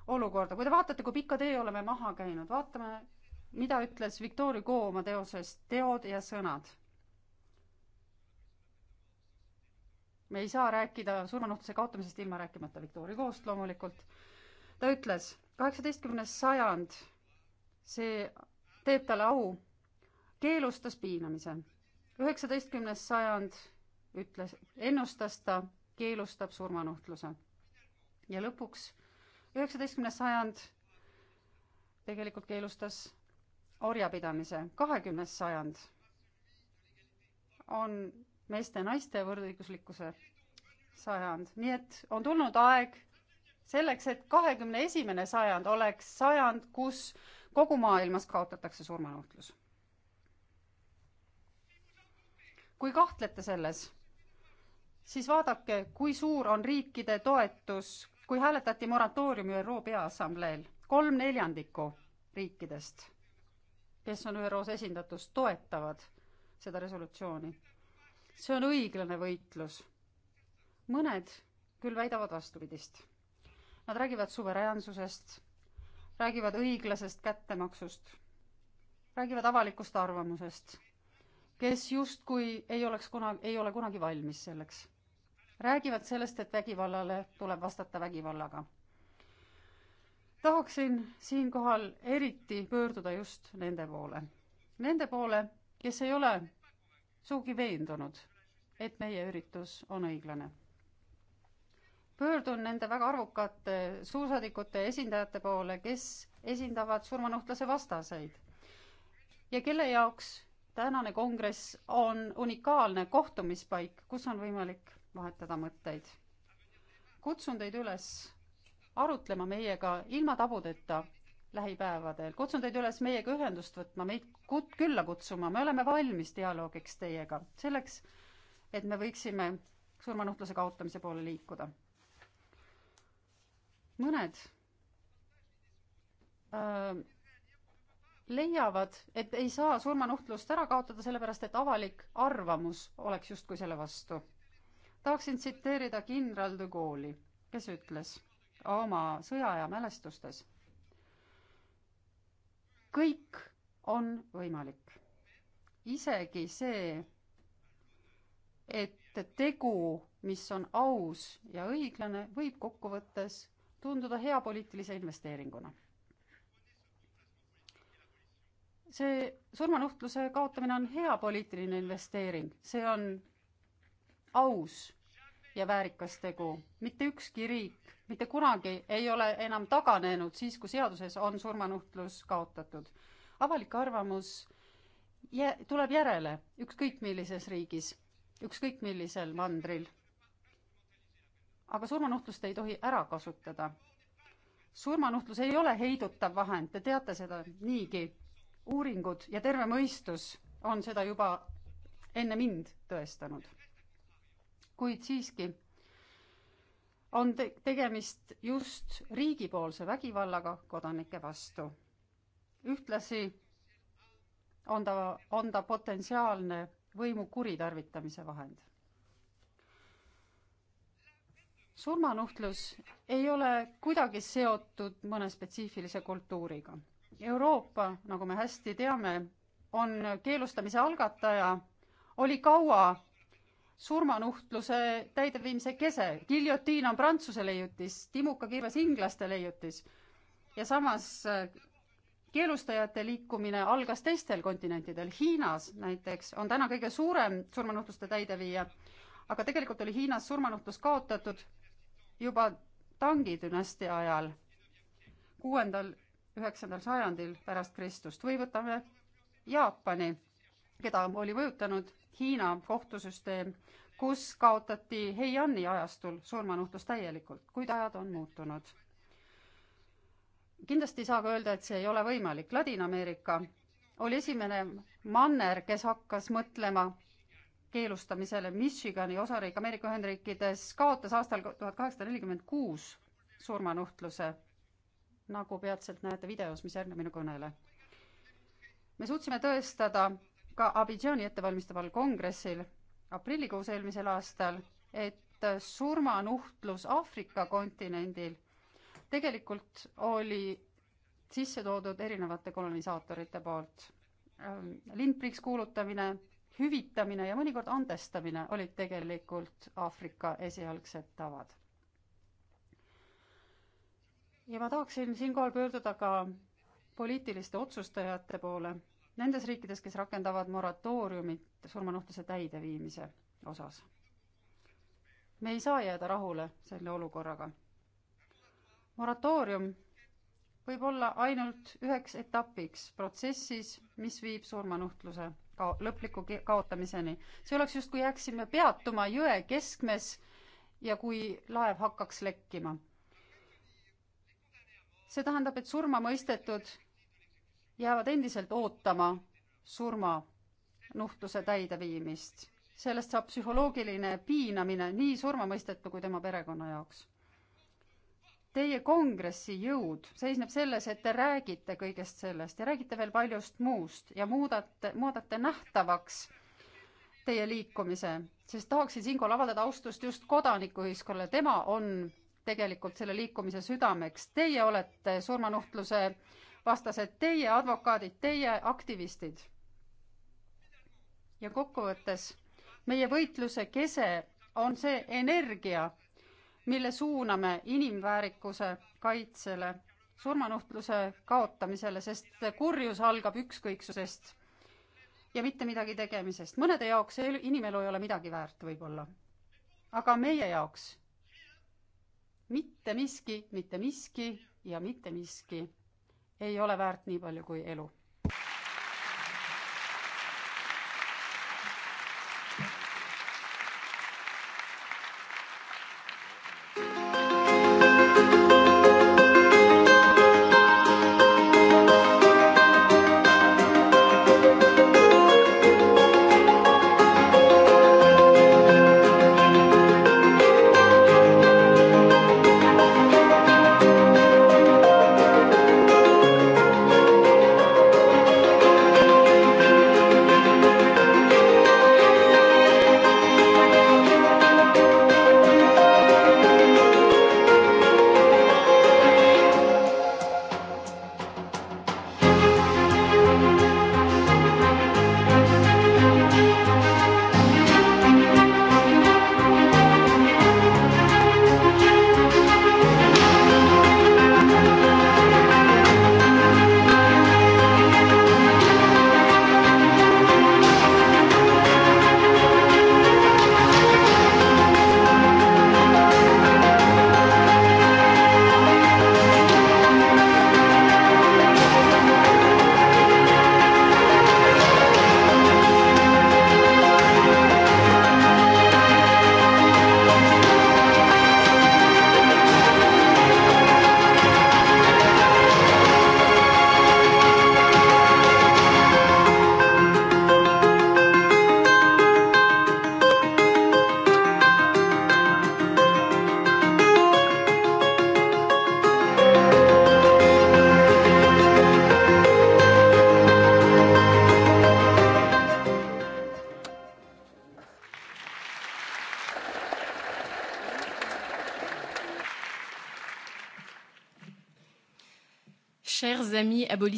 olukorda. kui te vaatate, kui pika tee oleme maha käinud, vaatame, mida ütles Victor Hugo oma teoses Teod ja sõnad. me ei saa rääkida surmanuhtluse kaotamisest ilma rääkimata Victor Hugo'st loomulikult. ta ütles, kaheksateistkümnes sajand, see teeb talle au, keelustas piinamise. üheksateistkümnes sajand ütles, ennustas ta, keelustab surmanuhtluse. ja lõpuks üheksateistkümnes sajand tegelikult keelustas orjapidamise. kahekümnes sajand on meeste ja naiste võrdõiguslikkuse sajand, nii et on tulnud aeg selleks, et kahekümne esimene sajand oleks sajand, kus kogu maailmas kaotatakse surmanuhtlus. kui kahtlete selles siis vaadake, kui suur on riikide toetus, kui hääletati moratooriumi ÜRO Peaassambleel, kolm neljandikku riikidest, kes on ÜRO-s esindatus, toetavad seda resolutsiooni. see on õiglane võitlus. mõned küll väidavad vastupidist. Nad räägivad suveräänsusest, räägivad õiglasest kättemaksust, räägivad avalikust arvamusest, kes justkui ei oleks kuna, ei ole kunagi valmis selleks räägivad sellest, et vägivallale tuleb vastata vägivallaga. tahaksin siinkohal eriti pöörduda just nende poole, nende poole, kes ei ole sugugi veendunud, et meie üritus on õiglane. pöördun nende väga arvukate suursaadikute esindajate poole, kes esindavad surmanuhtluse vastaseid ja kelle jaoks tänane kongress on unikaalne kohtumispaik, kus on võimalik vahetada mõtteid. kutsun teid üles arutlema meiega ilma tabudeta lähipäevadel, kutsun teid üles meiega ühendust võtma, meid kut-, külla kutsuma, me oleme valmis dialoogiks teiega, selleks et me võiksime surmanuhtluse kaotamise poole liikuda. mõned öö, äh, leiavad, et ei saa surmanuhtlust ära kaotada, sellepärast et avalik arvamus oleks justkui selle vastu tahaksin tsiteerida kindral de Gaulle'i, kes ütles oma sõjaaja mälestustes. kõik on võimalik, isegi see, et tegu, mis on aus ja õiglane, võib kokkuvõttes tunduda hea poliitilise investeeringuna. see surmanuhtluse kaotamine on hea poliitiline investeering, see on aus ja väärikas tegu. mitte ükski riik mitte kunagi ei ole enam taganenud siis, kui seaduses on surmanuhtlus kaotatud. avalik arvamus jä-, tuleb järele ükskõik millises riigis, ükskõik millisel mandril. aga surmanuhtlust ei tohi ära kasutada. surmanuhtlus ei ole heidutav vahend, te teate seda niigi. uuringud ja terve mõistus on seda juba enne mind tõestanud kuid siiski on te-, tegemist just riigipoolse vägivallaga kodanike vastu. ühtlasi on ta, on ta potentsiaalne võimu kuritarvitamise vahend. surmanuhtlus ei ole kuidagi seotud mõne spetsiifilise kultuuriga. Euroopa, nagu me hästi teame, on keelustamise algataja, oli kaua surmanuhtluse täideviimise kese. giljotiin on Prantsuse leiutis, timukakirves inglaste leiutis ja samas äh, keelustajate liikumine algas teistel kontinentidel. Hiinas näiteks on täna kõige suurem surmanuhtluste täideviija, aga tegelikult oli Hiinas surmanuhtlus kaotatud juba Tangi dünastia ajal, kuuendal, üheksandal sajandil pärast Kristust või võtame Jaapani, keda oli mõjutanud Hiina kohtusüsteem, kus kaotati Heiani ajastul surmanuhtlus täielikult, kuid ajad on muutunud. kindlasti ei saa ka öelda, et see ei ole võimalik. Ladina-Ameerika oli esimene manner, kes hakkas mõtlema keelustamisele Michigani osariik Ameerika Ühendriikides kaotas aastal tuhat kaheksasada nelikümmend kuus surmanuhtluse, nagu peatselt näete videos, mis järgneb minu kõnele. me suutsime tõestada ka Abidžaani ettevalmistaval kongressil aprillikuus eelmisel aastal, et surmanuhtlus Aafrika kontinendil tegelikult oli sisse toodud erinevate kolonisaatorite poolt. Ähm, lindpriiks kuulutamine, hüvitamine ja mõnikord andestamine olid tegelikult Aafrika esialgsed tavad. ja ma tahaksin siinkohal pöörduda ka poliitiliste otsustajate poole nendes riikides, kes rakendavad moratooriumit surmanuhtluse täideviimise osas. me ei saa jääda rahule selle olukorraga. moratoorium võib olla ainult üheks etapiks protsessis, mis viib surmanuhtluse ka lõpliku kaotamiseni. see oleks justkui jääksime peatuma jõe keskmes ja kui laev hakkaks lekkima. see tähendab, et surmamõistetud jäävad endiselt ootama surmanuhtluse täideviimist. sellest saab psühholoogiline piinamine nii surmamõistetu kui tema perekonna jaoks. Teie kongressi jõud seisneb selles, et te räägite kõigest sellest ja räägite veel paljust muust ja muudate, muudate nähtavaks teie liikumise, sest tahaksin siinkohal avaldada austust just kodanikuühiskonnale, tema on tegelikult selle liikumise südameks. Teie olete surmanuhtluse äh, vastased, teie advokaadid, teie aktivistid. ja kokkuvõttes meie võitluse kese on see energia, mille suuname inimväärikuse kaitsele, surmanuhtluse kaotamisele, sest kurjus algab ükskõiksusest ja mitte midagi tegemisest. mõnede jaoks see inimelu ei ole midagi väärt võib-olla. aga meie jaoks mitte miski, mitte miski ja mitte miski ei ole väärt nii palju kui elu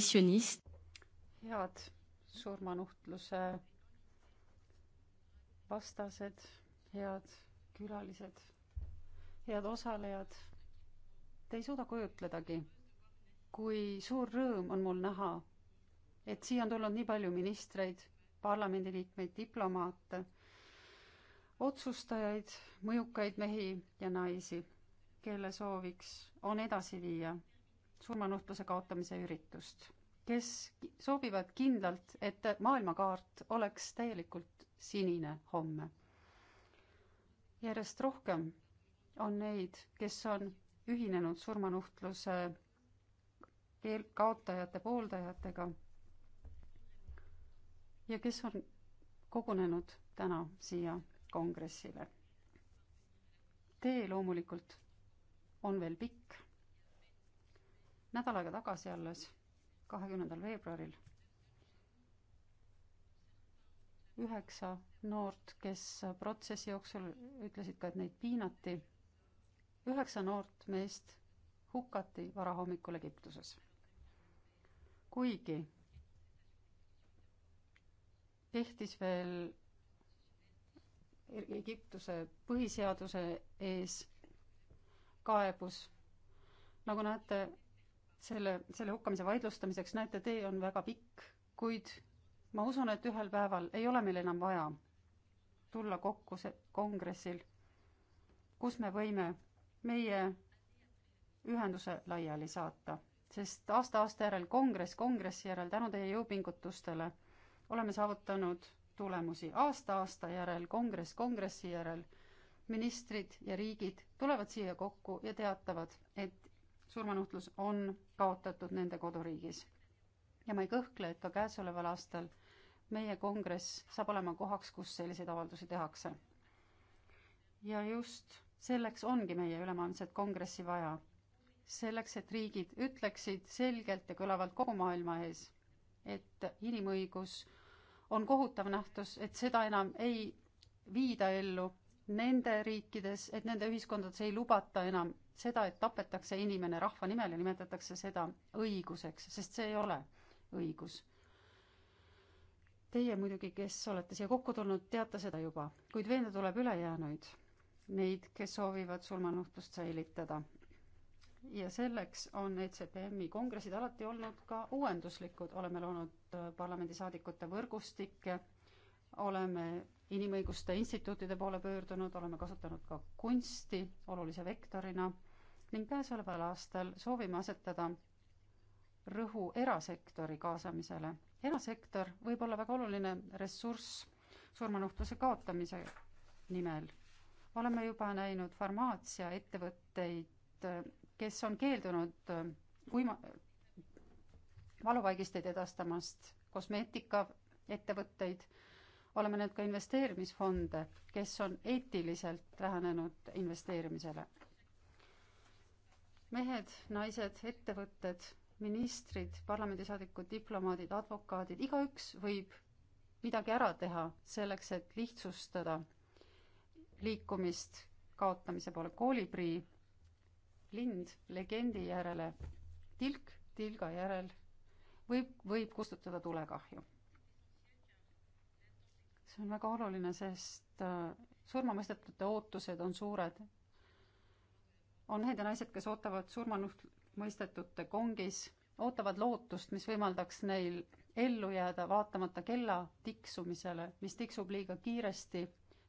traditionnistes. head surmanuhtluse vastased, head külalised, head osalejad. Te ei suuda kujutledagi, kui suur rõõm on mul näha, et siia on tulnud nii palju ministreid, parlamendiliikmeid, diplomaate, otsustajaid, mõjukaid mehi ja naisi, kelle sooviks on edasi viia surmanuhtluse kaotamise üritust kes soovivad kindlalt, et maailmakaart oleks täielikult sinine homme. järjest rohkem on neid, kes on ühinenud surmanuhtluse keel-, kaotajate pooldajatega ja kes on kogunenud täna siia kongressile. tee loomulikult on veel pikk. nädal aega tagasi alles kahekümnendal veebruaril üheksa noort, kes protsessi jooksul ütlesid ka, et neid piinati. üheksa noort meest hukati varahommikul Egiptuses. kuigi kehtis veel e-, Egiptuse põhiseaduse ees kaebus, nagu näete, selle, selle hukkamise vaidlustamiseks, näete, tee on väga pikk, kuid ma usun, et ühel päeval ei ole meil enam vaja tulla kokku see kongressil, kus me võime meie ühenduse laiali saata, sest aasta-aasta järel kongress kongressi järel tänu teie jõupingutustele oleme saavutanud tulemusi aasta-aasta järel, kongress kongressi järel, ministrid ja riigid tulevad siia kokku ja teatavad, et surmanuhtlus on kaotatud nende koduriigis. ja ma ei kõhkle, et ka käesoleval aastal meie kongress saab olema kohaks, kus selliseid avaldusi tehakse. ja just selleks ongi meie ülemaailmset kongressi vaja. selleks, et riigid ütleksid selgelt ja kõlavalt kogu maailma ees, et inimõigus on kohutav nähtus, et seda enam ei viida ellu nende riikides, et nende ühiskondades ei lubata enam seda, et tapetakse inimene rahva nimel ja nimetatakse seda õiguseks, sest see ei ole õigus. Teie muidugi, kes olete siia kokku tulnud, teate seda juba, kuid veenda tuleb ülejäänuid, neid, kes soovivad surmanuhtlust säilitada. ja selleks on ECPM-i kongressid alati olnud ka uuenduslikud, oleme loonud äh, parlamendisaadikute võrgustikke, oleme inimõiguste instituutide poole pöördunud, oleme kasutanud ka kunsti olulise vektorina ning käesoleval aastal soovime asetada rõhu erasektori kaasamisele. erasektor võib olla väga oluline ressurss surmanuhtluse kaotamise nimel. oleme juba näinud farmaatsiaettevõtteid, kes on keeldunud äh, kuima-, valuvaigisteid edastamast, kosmeetikaettevõtteid oleme need ka investeerimisfonde, kes on eetiliselt lähenenud investeerimisele. mehed, naised, ettevõtted, ministrid, parlamendisaadikud, diplomaadid, advokaadid, igaüks võib midagi ära teha selleks, et lihtsustada liikumist kaotamise poole. kooliprii, lind legendi järele, tilk tilga järel võib, võib kustutada tulekahju see on väga oluline, sest äh, surmamõistetute ootused on suured. on mehed ja naised, kes ootavad surmanuht-, mõistetute kongis, ootavad lootust, mis võimaldaks neil ellu jääda vaatamata kella tiksumisele, mis tiksub liiga kiiresti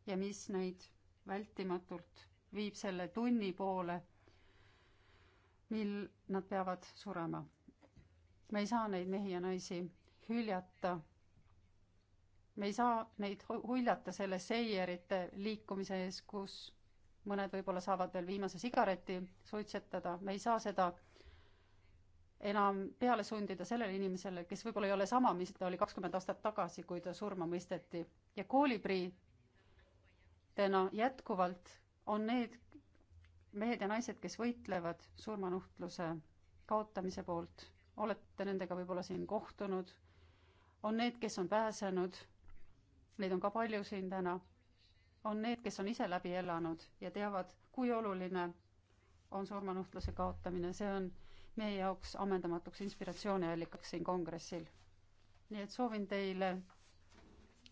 ja mis neid vältimatult viib selle tunni poole, mil nad peavad surema. me ei saa neid mehi ja naisi hüljata me ei saa neid huljata selle seierite liikumise ees, kus mõned võib-olla saavad veel viimase sigareti suitsetada, me ei saa seda enam peale sundida sellele inimesele, kes võib-olla ei ole sama, mis ta oli kakskümmend aastat tagasi, kui ta surma mõisteti. ja koolipriitena jätkuvalt on need mehed ja naised, kes võitlevad surmanuhtluse kaotamise poolt, olete nendega võib-olla siin kohtunud, on need, kes on pääsenud neid on ka palju siin täna, on need, kes on ise läbi elanud ja teavad, kui oluline on surmanuhtluse kaotamine, see on meie jaoks ammendamatuks inspiratsiooniallikaks siin kongressil. nii et soovin teile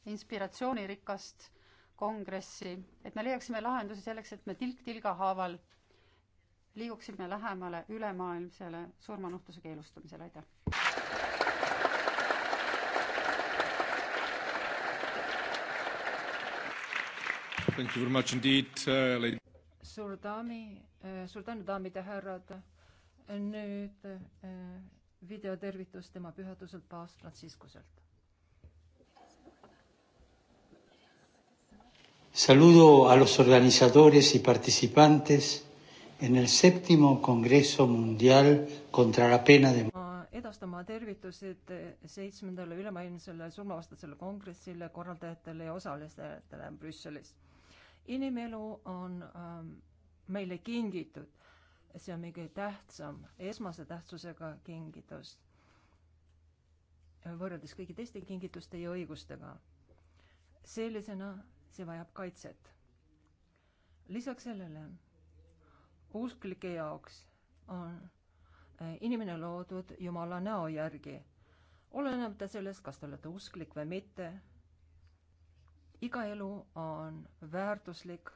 inspiratsioonirikast kongressi, et me leiaksime lahendusi selleks, et me tilk tilga haaval liiguksime lähemale ülemaailmsele surmanuhtluse keelustamisele, aitäh! Thank you very much indeed uh,, lady. suur daami, äh, suur tänu, daamid ja härrad. nüüd uh, videotervitus tema pühaduselt paavst Franciscuselt. Saludo a los organizadores y participantes en el séptimo Congreso Mundial contra la pena de edastama tervitused äh, seitsmendale ülemaailmsele surmavastasele kongressile korraldajatele ja osalistele Brüsselis inimelu on ähm, meile kingitud. see on meie kõige tähtsam, esmase tähtsusega kingitus võrreldes kõigi teiste kingituste ja õigustega. sellisena see vajab kaitset. lisaks sellele usklike jaoks on äh, inimene loodud Jumala näo järgi. oleneb ta sellest, kas te olete usklik või mitte iga elu on väärtuslik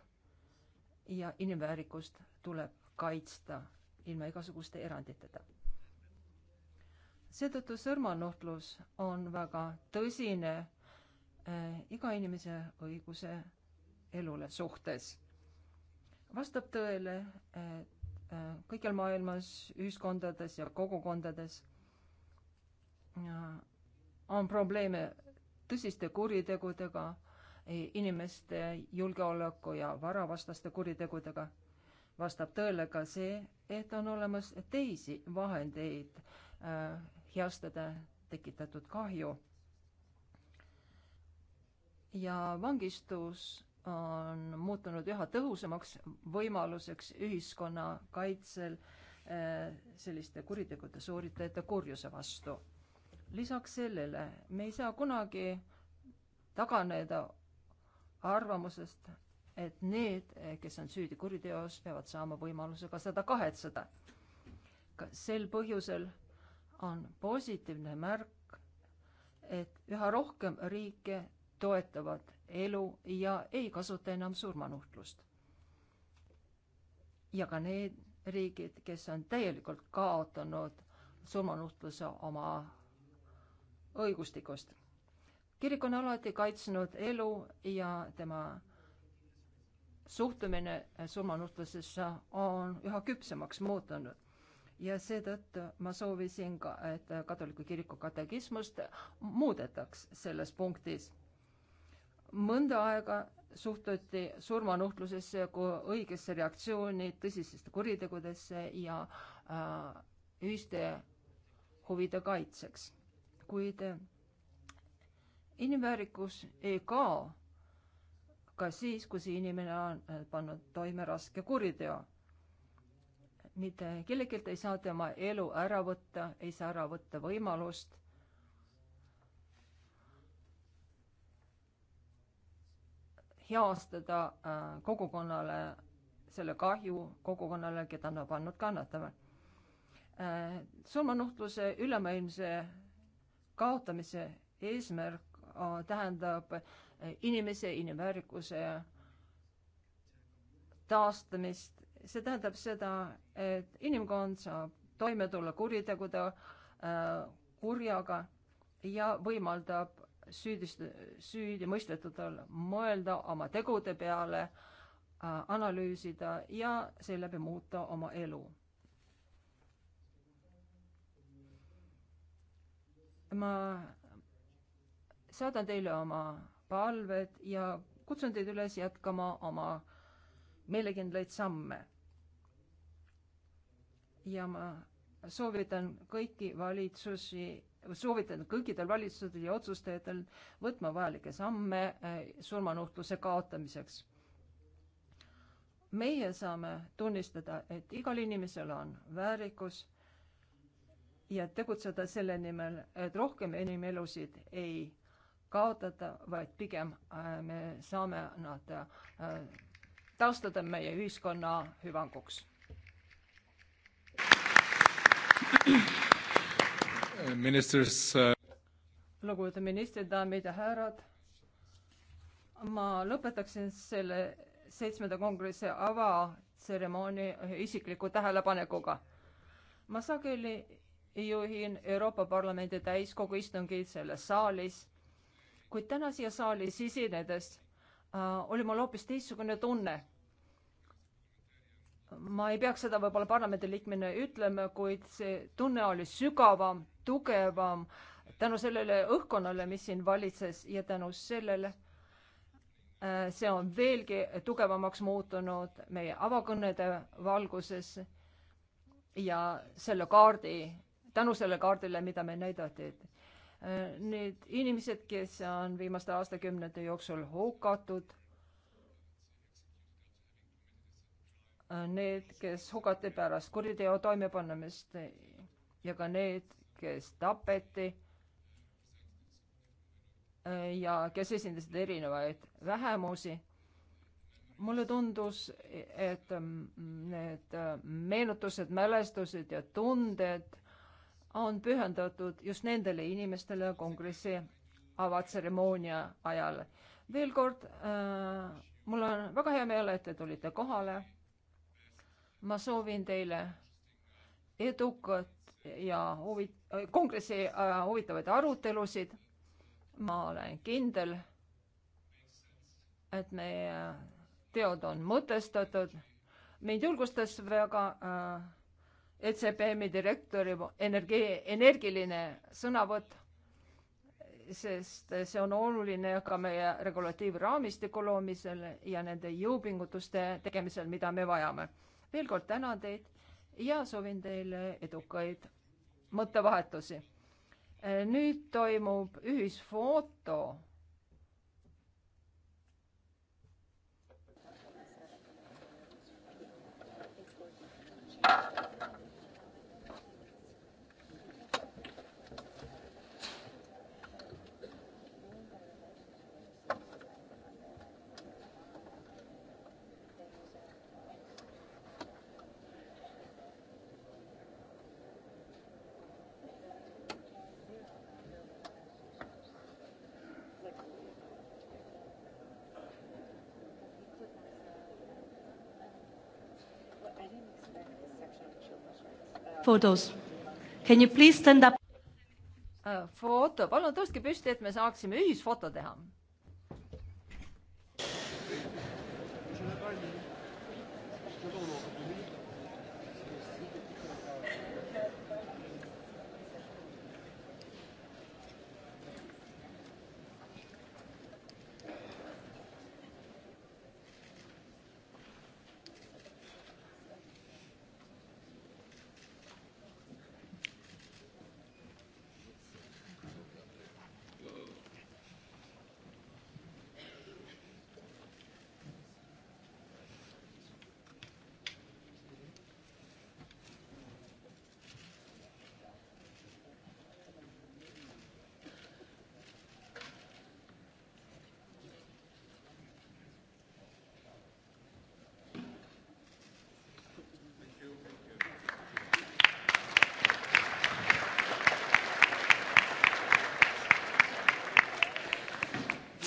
ja inimväärikust tuleb kaitsta ilma igasuguste eranditeta. seetõttu sõrmanuhtlus on väga tõsine äh, iga inimese õiguse elule suhtes. vastab tõele, et äh, kõikjal maailmas, ühiskondades ja kogukondades äh, on probleeme tõsiste kuritegudega inimeste julgeoleku ja varavastaste kuritegudega. vastab tõele ka see, et on olemas teisi vahendeid äh, heastada tekitatud kahju. ja vangistus on muutunud üha tõhusamaks võimaluseks ühiskonna kaitsel äh, selliste kuritegude sooritajate kurjuse vastu lisaks sellele me ei saa kunagi taganeda arvamusest, et need, kes on süüdi kuriteos, peavad saama võimaluse ka seda kahetseda. sel põhjusel on positiivne märk, et üha rohkem riike toetavad elu ja ei kasuta enam surmanuhtlust. ja ka need riigid, kes on täielikult kaotanud surmanuhtluse oma õigustikust kirik on alati kaitsnud elu ja tema suhtumine surmanutlusesse on üha küpsemaks muutunud. ja seetõttu ma soovisin ka, et katoliku kiriku katekismust muudetaks selles punktis. mõnda aega suhtuti surmanuhtlusesse kui õigesse reaktsiooni tõsisesse kuritegudesse ja äh, ühiste huvide kaitseks, kuid inimväärikus ei kao ka siis, kui see inimene on äh, pannud toime raske kuriteo. mitte kellelgi ei saa tema elu ära võtta, ei saa ära võtta võimalust. heastada äh, kogukonnale selle kahju kogukonnale, keda nad on pannud kannatama. Äh, surmanuhtluse ülemaailmse kaotamise eesmärk tähendab inimese, inimväärikuse taastamist. see tähendab seda, et inimkond saab toime tulla kuritegude äh,, kurjaga ja võimaldab süüdist-, süüdimõistetutel mõelda oma tegude peale äh,, analüüsida ja seeläbi muuta oma elu. ma saadan teile oma palved ja kutsun teid üles jätkama oma meelekindlaid samme. ja ma soovitan kõiki valitsusi soovitan kõikidel valitsustel ja otsustajatel võtma vajalikke samme äh, surmanuhtluse kaotamiseks. meie saame tunnistada, et igal inimesel on väärikus ja tegutseda selle nimel, et rohkem inimelusid ei kaotada, vaid pigem äh, me saame nad äh, taastada meie ühiskonna hüvanguks. ministris uh.... Äh, lugupeetud ministrid, daamid ja härrad. ma lõpetaksin selle seitsmenda kongressi avatseremooni isikliku tähelepanekuga. ma sageli juhin Euroopa Parlamendi täiskogu istungeid selles saalis kuid täna siia saali sisenedes äh, oli mul hoopis teistsugune tunne. ma ei peaks seda võib-olla parlamendiliikmena ütlema, kuid see tunne oli sügavam, tugevam tänu sellele õhkkonnale, mis siin valitses ja tänu sellele äh, see on veelgi tugevamaks muutunud meie avakõnede valguses ja selle kaardi, tänu sellele kaardile, mida me näidati, et Need inimesed, kes on viimaste aastakümnete jooksul hukatud, need, kes hukati pärast kuriteo toimepanemist ja ka need, kes tapeti ja kes esindasid erinevaid vähemusi. mulle tundus, et need meenutused, mälestused ja tunded on pühendatud just nendele inimestele kongressi avatseremoonia ajal. veel kord äh,, mul on väga hea meel, et te tulite kohale. ma soovin teile edukat ja huvi-, kongressi äh, huvitavaid arutelusid. ma olen kindel, et meie teod on mõtestatud. meid julgustas väga äh, ECPM-i direktori energi-, energiline sõnavõtt, sest see on oluline ka meie regulatiivraamistiku loomisel ja nende jõupingutuste tegemisel, mida me vajame. veel kord tänan teid ja soovin teile edukaid mõttevahetusi. nüüd toimub ühisfoto photos. Can you please stand up? Äh, foto, palun tõuske püsti, et me saaksime ühisfoto teha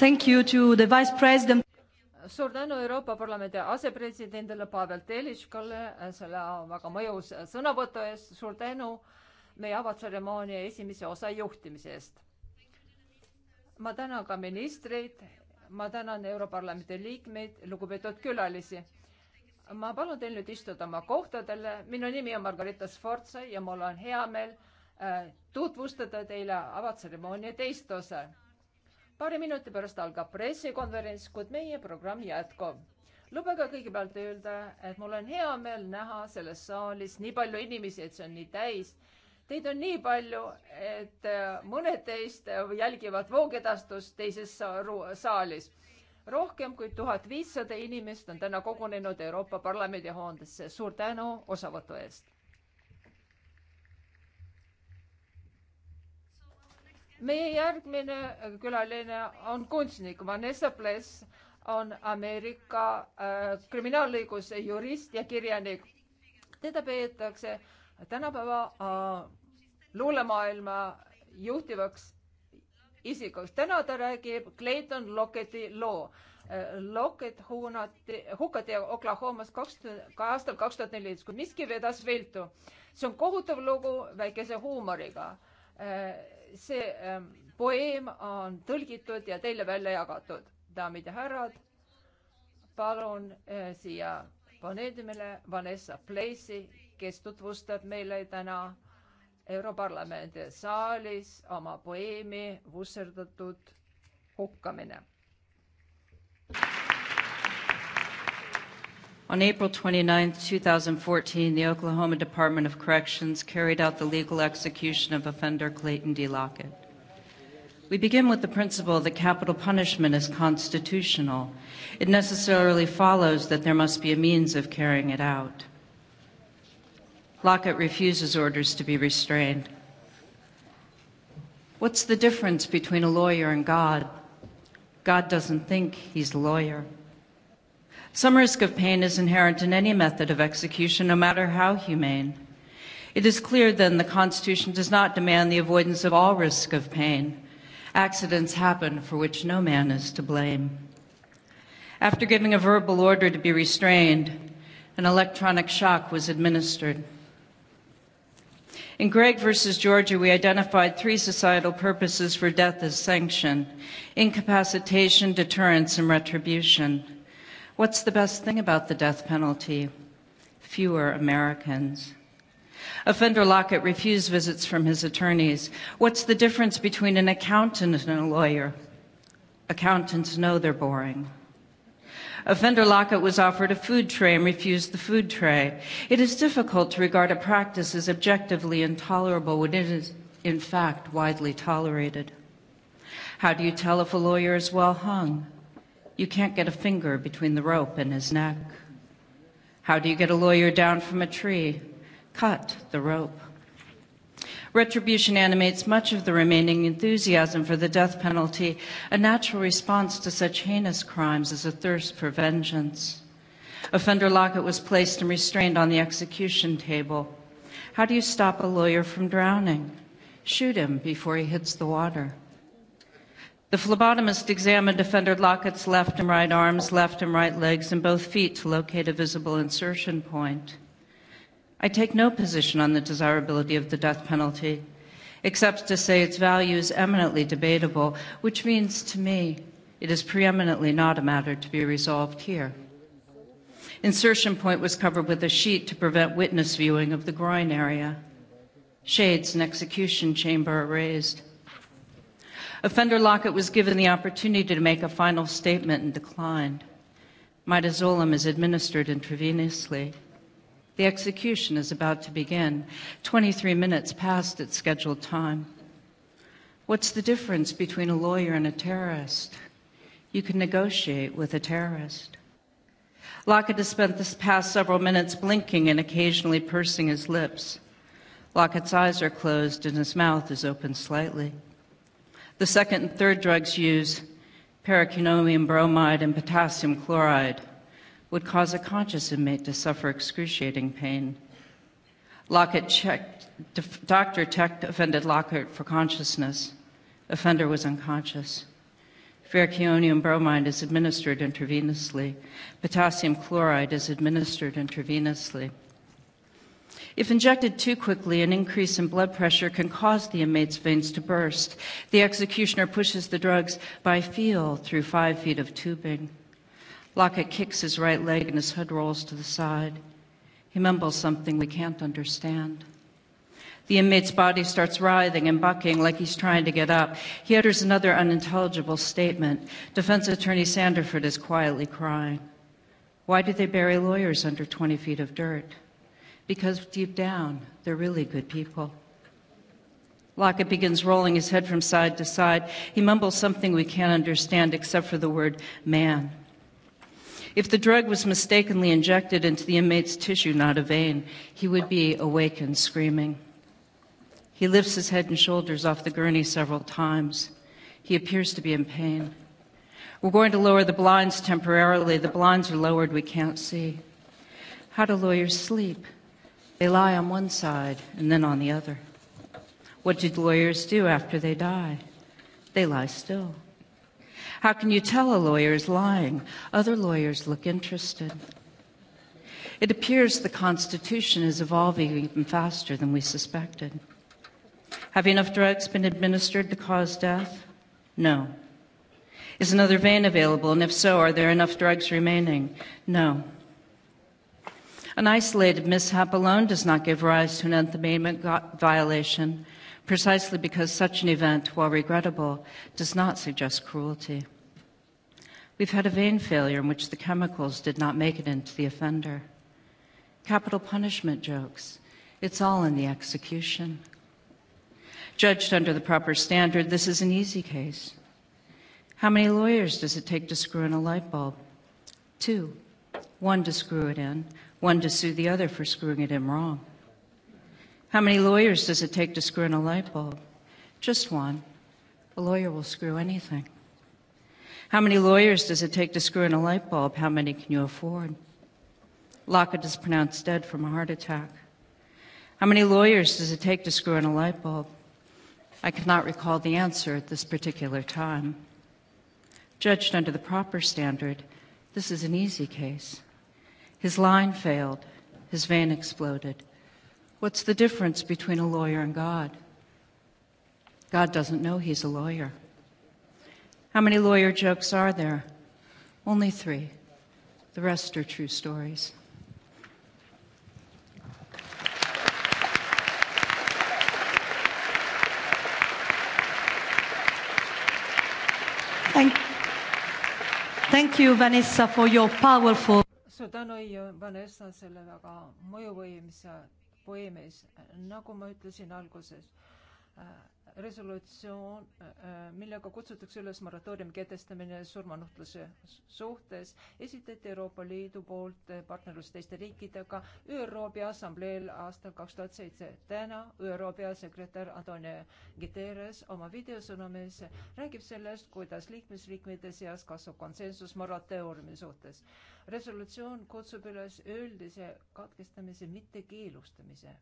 Thank you to the vice president. suur tänu Euroopa Parlamendi asepresidendile Pavel Telitškale selle väga mõjusa sõnavõtu eest, suur tänu meie avatseremoonia esimese osa juhtimise eest. ma tänan ka ministreid, ma tänan Europarlamendi liikmeid, lugupeetud külalisi ma palun teil nüüd istuda oma kohtadele. minu nimi on Margarita Sforza ja mul on hea meel äh, tutvustada teile avatseremoonia teist osa paari minuti pärast algab pressikonverents, kuid meie programm jätkub. lubage kõigepealt öelda, et mul on hea meel näha selles saalis nii palju inimesi, et see on nii täis. Teid on nii palju, et äh, mõned teist äh, jälgivad voogedastust teises saalis. rohkem kui tuhat viissada inimest on täna kogunenud Euroopa Parlamendi hoondesse. suur tänu osavõtu eest. meie järgmine äh, külaline on kunstnik Vanessa Bless, on Ameerika äh, kriminaalõiguse jurist ja kirjanik. teda peetakse tänapäeva äh, luulemaailma juhtivaks isikuks. täna ta räägib Clayton Locketti loo. Äh, Lockett huunati, hukati Oklahomas kaks, ka aastal kaks tuhat neliteist, kui miski vedas viltu. see on kohutav lugu väikese huumoriga äh, see ähm, poeem on tõlgitud ja teile välja jagatud. daamid ja härrad, palun äh, siia paneedimile Vanessa Place'i, kes tutvustab meile täna Europarlamendi saalis oma poeemi Vusserdatud hukkamine On April 29, 2014, the Oklahoma Department of Corrections carried out the legal execution of offender Clayton D. Lockett. We begin with the principle that capital punishment is constitutional. It necessarily follows that there must be a means of carrying it out. Lockett refuses orders to be restrained. What's the difference between a lawyer and God? God doesn't think he's a lawyer. Some risk of pain is inherent in any method of execution, no matter how humane. It is clear, then, the Constitution does not demand the avoidance of all risk of pain. Accidents happen for which no man is to blame. After giving a verbal order to be restrained, an electronic shock was administered. In Gregg versus Georgia, we identified three societal purposes for death as sanction incapacitation, deterrence, and retribution. What's the best thing about the death penalty? Fewer Americans. Offender Lockett refused visits from his attorneys. What's the difference between an accountant and a lawyer? Accountants know they're boring. Offender Lockett was offered a food tray and refused the food tray. It is difficult to regard a practice as objectively intolerable when it is, in fact, widely tolerated. How do you tell if a lawyer is well hung? You can't get a finger between the rope and his neck. How do you get a lawyer down from a tree? Cut the rope. Retribution animates much of the remaining enthusiasm for the death penalty, a natural response to such heinous crimes as a thirst for vengeance. Offender Lockett was placed and restrained on the execution table. How do you stop a lawyer from drowning? Shoot him before he hits the water. The phlebotomist examined Defender Lockett's left and right arms, left and right legs, and both feet to locate a visible insertion point. I take no position on the desirability of the death penalty, except to say its value is eminently debatable, which means to me it is preeminently not a matter to be resolved here. Insertion point was covered with a sheet to prevent witness viewing of the groin area. Shades and execution chamber are raised. Offender Lockett was given the opportunity to make a final statement and declined. Midazolam is administered intravenously. The execution is about to begin, 23 minutes past its scheduled time. What's the difference between a lawyer and a terrorist? You can negotiate with a terrorist. Lockett has spent the past several minutes blinking and occasionally pursing his lips. Lockett's eyes are closed and his mouth is open slightly. The second and third drugs used, paraquinolone bromide and potassium chloride, would cause a conscious inmate to suffer excruciating pain. Lockett checked, Dr. checked offended Lockhart for consciousness. Offender was unconscious. Ferrocheonium bromide is administered intravenously. Potassium chloride is administered intravenously. If injected too quickly, an increase in blood pressure can cause the inmate's veins to burst. The executioner pushes the drugs by feel through five feet of tubing. Lockett kicks his right leg and his hood rolls to the side. He mumbles something we can't understand. The inmate's body starts writhing and bucking like he's trying to get up. He utters another unintelligible statement. Defense attorney Sanderford is quietly crying. Why do they bury lawyers under 20 feet of dirt? because deep down they're really good people lockett begins rolling his head from side to side he mumbles something we can't understand except for the word man if the drug was mistakenly injected into the inmates tissue not a vein he would be awakened screaming he lifts his head and shoulders off the gurney several times he appears to be in pain we're going to lower the blinds temporarily the blinds are lowered we can't see how do lawyers sleep They lie on one side and then on the other. What do lawyers do after they die? They lie still. How can you tell a lawyer is lying? Other lawyers look interested. It appears the Constitution is evolving even faster than we suspected. Have enough drugs been administered to cause death? No. Is another vein available? And if so, are there enough drugs remaining? No. An isolated mishap alone does not give rise to an Nth Amendment violation, precisely because such an event, while regrettable, does not suggest cruelty. We've had a vein failure in which the chemicals did not make it into the offender. Capital punishment jokes. It's all in the execution. Judged under the proper standard, this is an easy case. How many lawyers does it take to screw in a light bulb? Two. One to screw it in, one to sue the other for screwing it him wrong. How many lawyers does it take to screw in a light bulb? Just one. A lawyer will screw anything. How many lawyers does it take to screw in a light bulb? How many can you afford? Lockett is pronounced dead from a heart attack. How many lawyers does it take to screw in a light bulb? I cannot recall the answer at this particular time. Judged under the proper standard, this is an easy case. His line failed. His vein exploded. What's the difference between a lawyer and God? God doesn't know he's a lawyer. How many lawyer jokes are there? Only three. The rest are true stories. Thank, thank you, Vanessa, for your powerful suur tänu, Vanessa, selle väga mõjuvõimsa poeemis, nagu ma ütlesin alguses äh, resolutsioon, äh, millega kutsutakse üles moratooriumi kehtestamine surmanuhtluse suhtes, esitati Euroopa Liidu poolt äh, partnerlus teiste riikidega ÜRO Peaassambleel aastal kaks tuhat seitse. täna ÜRO peasekretär Antonio Guterres oma videosõnumis räägib sellest, kuidas liikmesriikide seas kasvab konsensus moratooriumi suhtes. resolutsioon kutsub üles üldise katkestamise, mitte keelustamise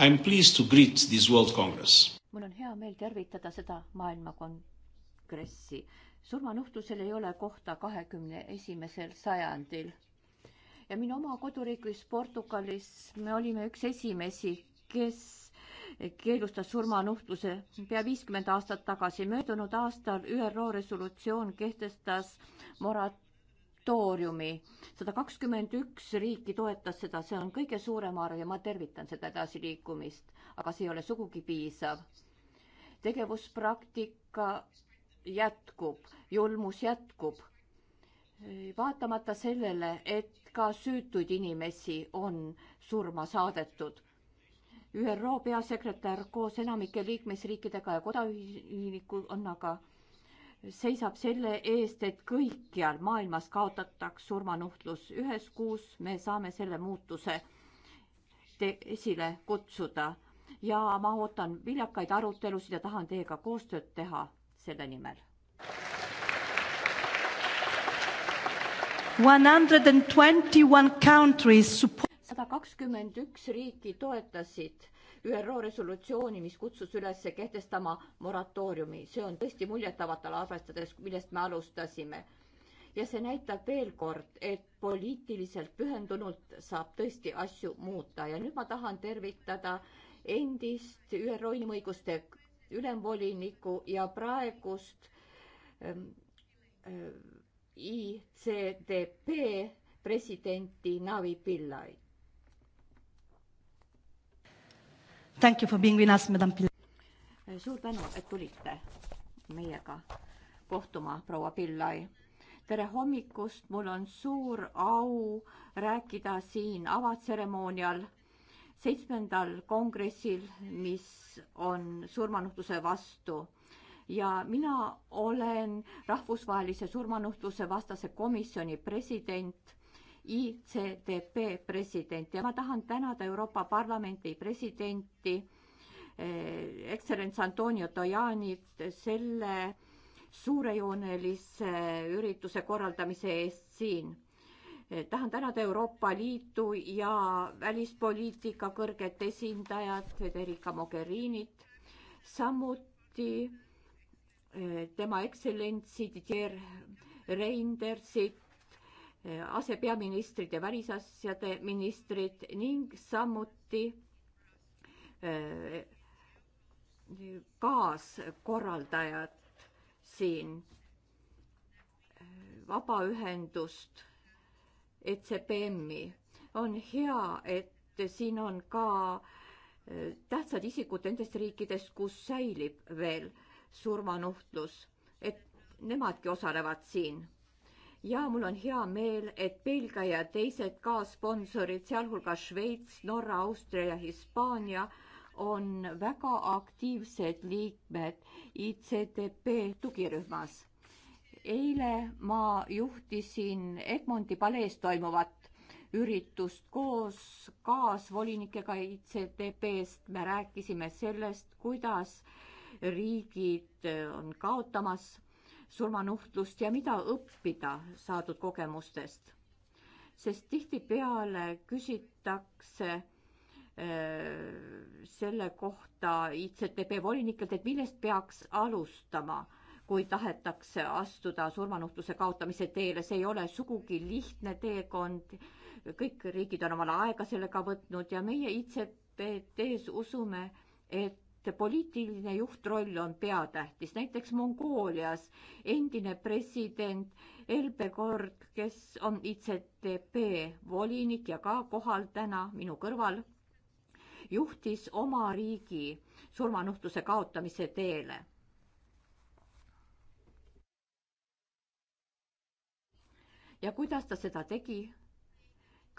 I am pleased to greet this World Congress. mul on hea meel tervitada seda maailmakongressi. surmanuhtlusel ei ole kohta kahekümne esimesel sajandil. ja minu oma koduriigis Portugalis me olime üks esimesi, kes keelustas surmanuhtluse pea viiskümmend aastat tagasi. möödunud aastal ÜRO resolutsioon kehtestas morat-, moratooriumi. sada kakskümmend üks riiki toetas seda, see on kõige suurem arv ja ma tervitan seda edasiliikumist, aga see ei ole sugugi piisav. tegevuspraktika jätkub, julmus jätkub. vaatamata sellele, et ka süütuid inimesi on surma saadetud ÜRO peasekretär koos enamike liikmesriikidega ja kodaühiniku on aga seisab selle eest, et kõikjal maailmas kaotataks surmanuhtlus. ühes kuus me saame selle muutuse esile kutsuda ja ma ootan viljakaid arutelusid ja tahan teiega koostööd teha selle nimel. sada kakskümmend üks riiki toetasid ÜRO resolutsiooni, mis kutsus üles kehtestama moratooriumi. see on tõesti muljetavatele, arvestades, millest me alustasime. ja see näitab veel kord, et poliitiliselt pühendunult saab tõesti asju muuta ja nüüd ma tahan tervitada endist ÜRO inimõiguste ülemvoliniku ja praegust ähm, äh, ICDP presidenti Navi Pillait. Thank you for being with us, madam Pillai. Eh, suur tänu, et tulite meiega kohtuma, proua Pillai. tere hommikust, mul on suur au rääkida siin avatseremoonial seitsmendal kongressil, mis on surmanuhtluse vastu ja mina olen rahvusvahelise surmanuhtluse vastase komisjoni president ICDP president ja ma tahan tänada Euroopa Parlamendi presidenti eh, Excellence Antonio Tajanit selle suurejoonelise ürituse korraldamise eest siin eh,. tahan tänada Euroopa Liitu ja välispoliitika kõrget esindajat Federica Mogherinit, samuti eh, tema ekstsellentsi Didier Reindersit, asepeaministrid ja välisasjade ministrid ning samuti äh, kaaskorraldajad siin, vabaühendust, ECPM-i. on hea, et siin on ka äh, tähtsad isikud nendest riikidest, kus säilib veel surmanuhtlus, et nemadki osalevad siin ja mul on hea meel, et Belgia ja teised kaassponsorid, sealhulgas Šveits, Norra, Austria ja Hispaania on väga aktiivsed liikmed ICTP tugirühmas. eile ma juhtisin Egmonti palees toimuvat üritust koos kaasvolinikega ICTP-st. me rääkisime sellest, kuidas riigid eh, on kaotamas surmanuhtlust ja mida õppida saadud kogemustest. sest tihtipeale küsitakse äh, selle kohta ICTP volinikelt, et millest peaks alustama, kui tahetakse astuda surmanuhtluse kaotamise teele, see ei ole sugugi lihtne teekond. kõik riigid on omale aega sellega võtnud ja meie ICTT-s usume, et et poliitiline juhtroll on peatähtis. näiteks Mongoolias endine president Elbegord, kes on ICTP volinik ja ka kohal täna minu kõrval, juhtis oma riigi surmanuhtluse kaotamise teele ja kuidas ta seda tegi?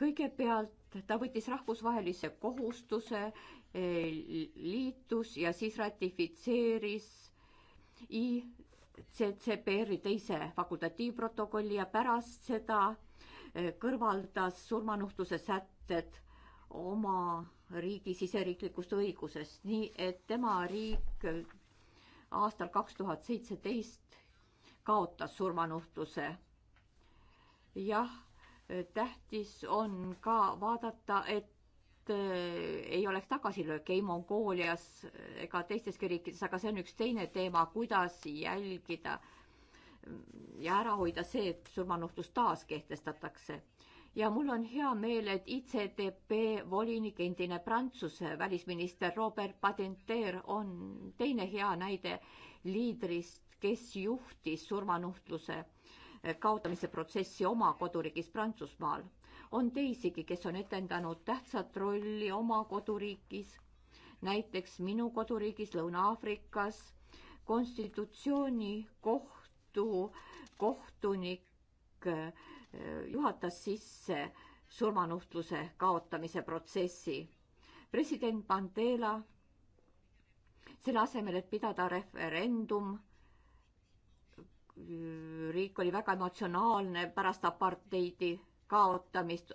kõigepealt ta võttis rahvusvahelise kohustuse, eh, liitus ja siis ratifitseeris ICCPR-i teise fakultatiivprotokolli ja pärast seda eh, kõrvaldas surmanuhtluse sätted oma riigi siseriiklikust õigusest, nii et tema riik eh, aastal kaks tuhat seitseteist kaotas surmanuhtluse. jah tähtis on ka vaadata, et eh, ei oleks tagasilööke ei Mongoolias ega teisteski riikides, aga see on üks teine teema, kuidas jälgida ja ära hoida see, et surmanuhtlus taas kehtestatakse. ja mul on hea meel, et ICDP volinik, endine Prantsuse välisminister Robert Badinter on teine hea näide liidrist, kes juhtis surmanuhtluse kaotamise protsessi oma koduriigis Prantsusmaal. on teisigi, kes on etendanud tähtsat rolli oma koduriigis, näiteks minu koduriigis Lõuna-Aafrikas konstitutsioonikohtu kohtunik äh, juhatas sisse surmanuhtluse kaotamise protsessi. president Mandela selle asemel, et pidada referendum riik oli väga emotsionaalne pärast aparteidi kaotamist,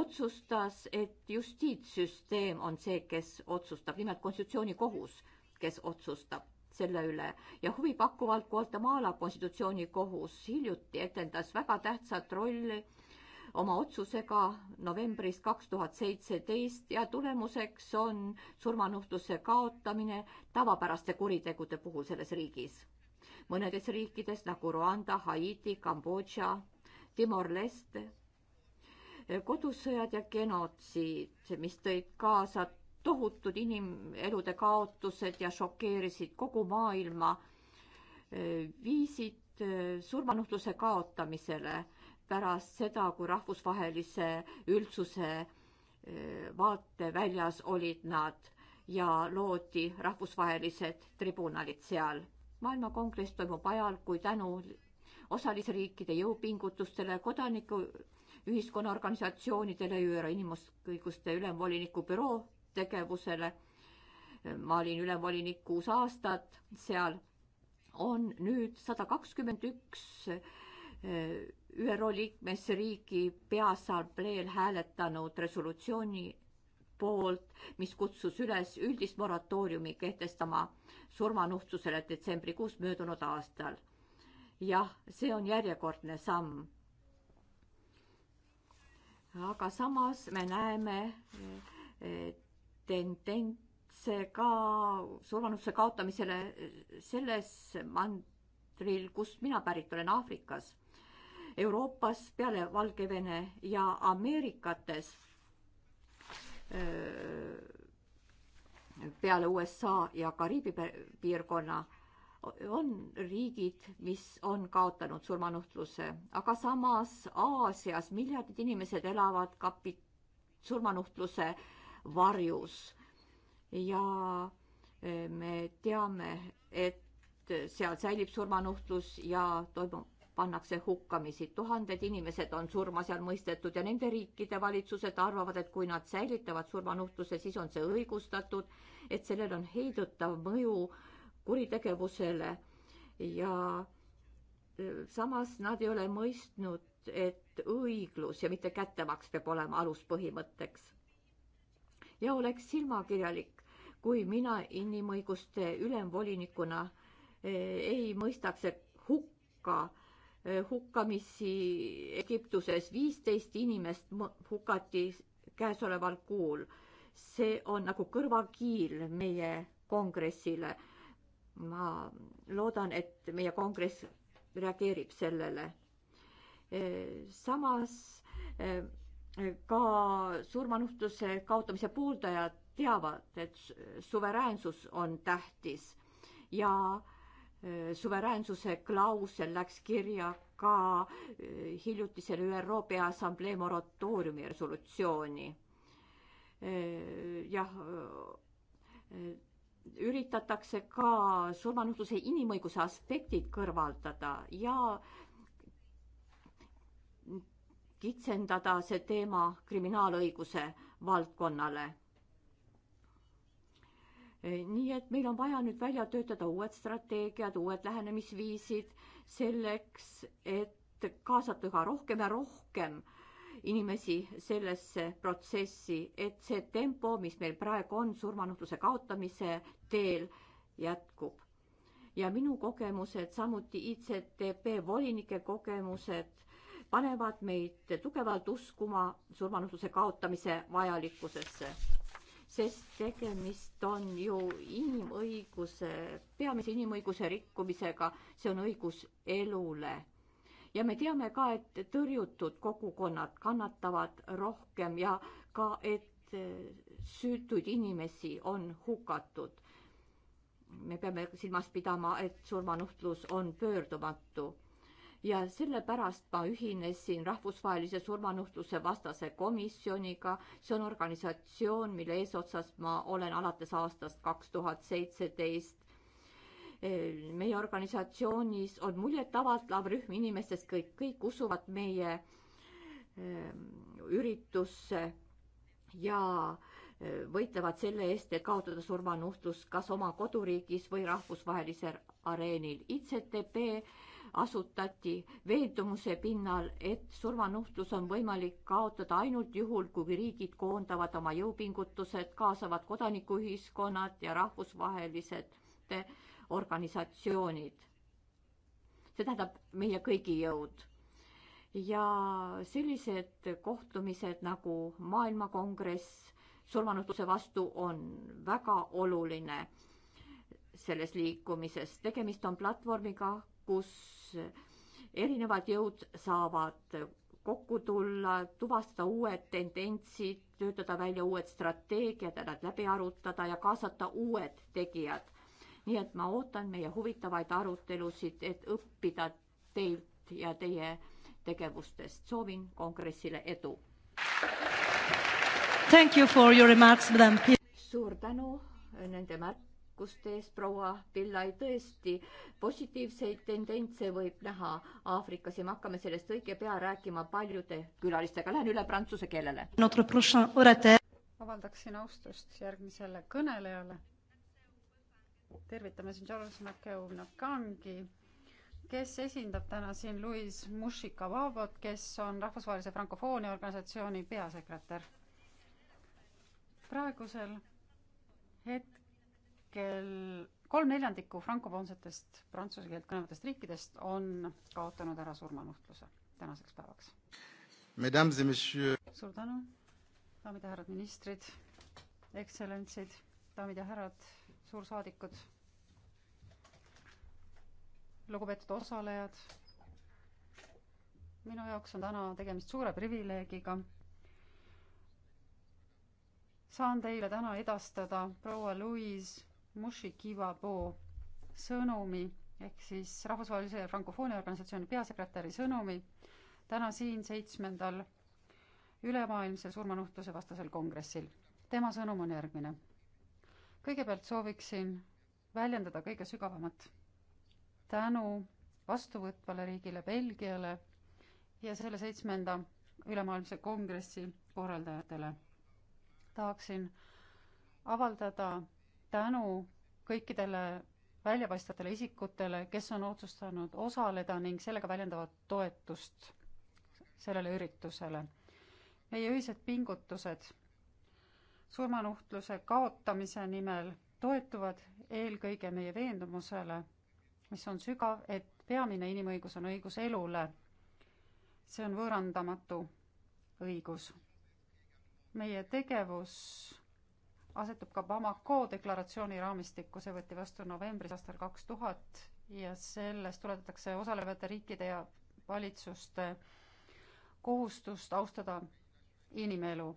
otsustas, et justiitssüsteem on see, kes otsustab, nimelt konstitutsioonikohus, kes otsustab selle üle ja huvipakkuvalt Guatemala konstitutsioonikohus hiljuti etendas väga tähtsat rolli oma otsusega novembris kaks tuhat seitseteist ja tulemuseks on surmanuhtluse kaotamine tavapäraste kuritegude puhul selles riigis mõnedes riikides nagu Rwanda, Haiti, Kambodža, Timor-Leste. kodusõjad ja genotsiid, mis tõid kaasa tohutud inimelude kaotused ja šokeerisid kogu maailma, viisid eh, surmanuhtluse kaotamisele pärast seda, kui rahvusvahelise üldsuse eh, vaateväljas olid nad ja loodi rahvusvahelised tribunalid seal maailmakongress toimub ajal, kui tänu osalisriikide jõupingutustele, kodanikuühiskonna organisatsioonidele, ÜRO inimõiguste ülemvoliniku büroo tegevusele, ma olin ülemvolinik kuus aastat seal, on nüüd sada kakskümmend üks eh, ÜRO liikmesriigi peaassambleel hääletanud resolutsiooni poolt, mis kutsus üles üldist moratooriumi kehtestama surmanuhtsusele detsembrikuus möödunud aastal. jah, see on järjekordne samm. aga samas me näeme eh, tendentse ka surmanuhtuse kaotamisele selles mandril, kust mina pärit olen, Aafrikas Euroopas peale Valgevene ja Ameerikates peale USA ja Kariibi piirkonna on riigid, mis on kaotanud surmanuhtluse, aga samas Aasias miljardid inimesed elavad kapi-, surmanuhtluse varjus. ja me teame, et seal säilib surmanuhtlus ja toimub pannakse hukkamisi, tuhanded inimesed on surma seal mõistetud ja nende riikide valitsused arvavad, et kui nad säilitavad surmanuhtluse, siis on see õigustatud, et sellel on heidutav mõju kuritegevusele ja e, samas nad ei ole mõistnud, et õiglus ja mitte kättemaks peab olema aluspõhimõtteks. ja oleks silmakirjalik, kui mina inimõiguste ülemvolinikuna e, ei mõistaks hukka Eh, hukkamisi Egiptuses, viisteist inimest hukati käesoleval kuul. see on nagu kõrvakiil meie kongressile. ma loodan, et meie kongress reageerib sellele. Eh, samas eh, ka surmanuhtluse kaotamise pooldajad teavad, et suveräänsus on tähtis ja äh, Äh, suveräänsuse klausel läks kirja ka äh, hiljutisele ÜRO Peaassamblee moratooriumi resolutsiooni. Äh, jah, üritatakse ka surmanuhtluse inimõiguse aspektid kõrvaldada ja kitsendada see teema kriminaalõiguse valdkonnale Eh, nii et meil on vaja nüüd välja töötada uued strateegiad, uued lähenemisviisid selleks, et kaasata üha rohkem ja rohkem inimesi sellesse protsessi, et see tempo, mis meil praegu on surmanuhtluse kaotamise teel, jätkub. ja minu kogemused, samuti ICTP volinike kogemused panevad meid tugevalt uskuma surmanuhtluse kaotamise vajalikkusesse sest tegemist on ju inimõiguse, peamise inimõiguse rikkumisega, see on õigus elule. ja me teame ka, et tõrjutud kogukonnad kannatavad rohkem ja ka, et äh, süütuid inimesi on hukatud. me peame silmas pidama, et surmanuhtlus on pöördumatu ja sellepärast ma ühinesin rahvusvahelise surmanuhtluse vastase komisjoniga. see on organisatsioon, mille eesotsas ma olen alates aastast kaks tuhat seitseteist. meie organisatsioonis on muljetavaldav rühm inimestest, kõik, kõik usuvad meie ehm, üritusse ja ehm, võitlevad selle eest, et kaotada surmanuhtlus kas oma koduriigis või rahvusvahelisel areenil. ICTP asutati veendumuse pinnal, et surmanuhtlus on võimalik kaotada ainult juhul, kui riigid koondavad oma jõupingutused, kaasavad kodanikuühiskonnad ja rahvusvahelised organisatsioonid. see tähendab meie kõigi jõud. ja sellised kohtumised nagu Maailmakongress surmanuhtluse vastu on väga oluline selles liikumises. tegemist on platvormiga, kus erinevad jõud saavad kokku tulla, tuvastada uued tendentsid, töötada välja uued strateegiad ja nad läbi arutada ja kaasata uued tegijad. nii et ma ootan meie huvitavaid arutelusid, et õppida teilt ja teie tegevustest. soovin kongressile edu. You suur tänu nende märkide märkuste eest, proua Pillai, tõesti positiivseid tendentse võib näha Aafrikas ja me hakkame sellest õige pea rääkima paljude külalistega, lähen üle prantsuse keelele. avaldaksin austust järgmisele kõnelejale. tervitame siin Charles Nakeu-Nakangi kes esindab täna siin Louis Mushikavabot, kes on Rahvusvahelise Frankofoonia Organisatsiooni peasekretär. praegusel hetkel hetkel kolm neljandikku frankopoolsetest prantsuse keelt kõnevatest riikidest on kaotanud ära surmanuhtluse tänaseks päevaks. suur tänu, daamid ja härrad ministrid, ekstsellentsid, daamid ja härrad, suursaadikud, lugupeetud osalejad, minu jaoks on täna tegemist suure privileegiga saan teile täna edastada proua Louise Mushikiwabo sõnumi ehk siis Rahvusvahelise Frankofoonia Organisatsiooni peasekretäri sõnumi täna siin seitsmendal ülemaailmse surmanuhtluse vastasel kongressil. tema sõnum on järgmine. kõigepealt sooviksin väljendada kõige sügavamat tänu vastuvõtvale riigile Belgiale ja selle seitsmenda ülemaailmse kongressi korraldajatele. tahaksin avaldada tänu kõikidele väljapaistvatele isikutele, kes on otsustanud osaleda ning sellega väljendavad toetust sellele üritusele. meie ühised pingutused surmanuhtluse kaotamise nimel toetuvad eelkõige meie veendumusele, mis on sügav, et peamine inimõigus on õigus elule. see on võõrandamatu õigus. meie tegevus asetub ka Bamako deklaratsiooni raamistikku, see võeti vastu novembris aastal kaks tuhat ja selles tuletatakse osalevate riikide ja valitsuste kohustust austada inimelu.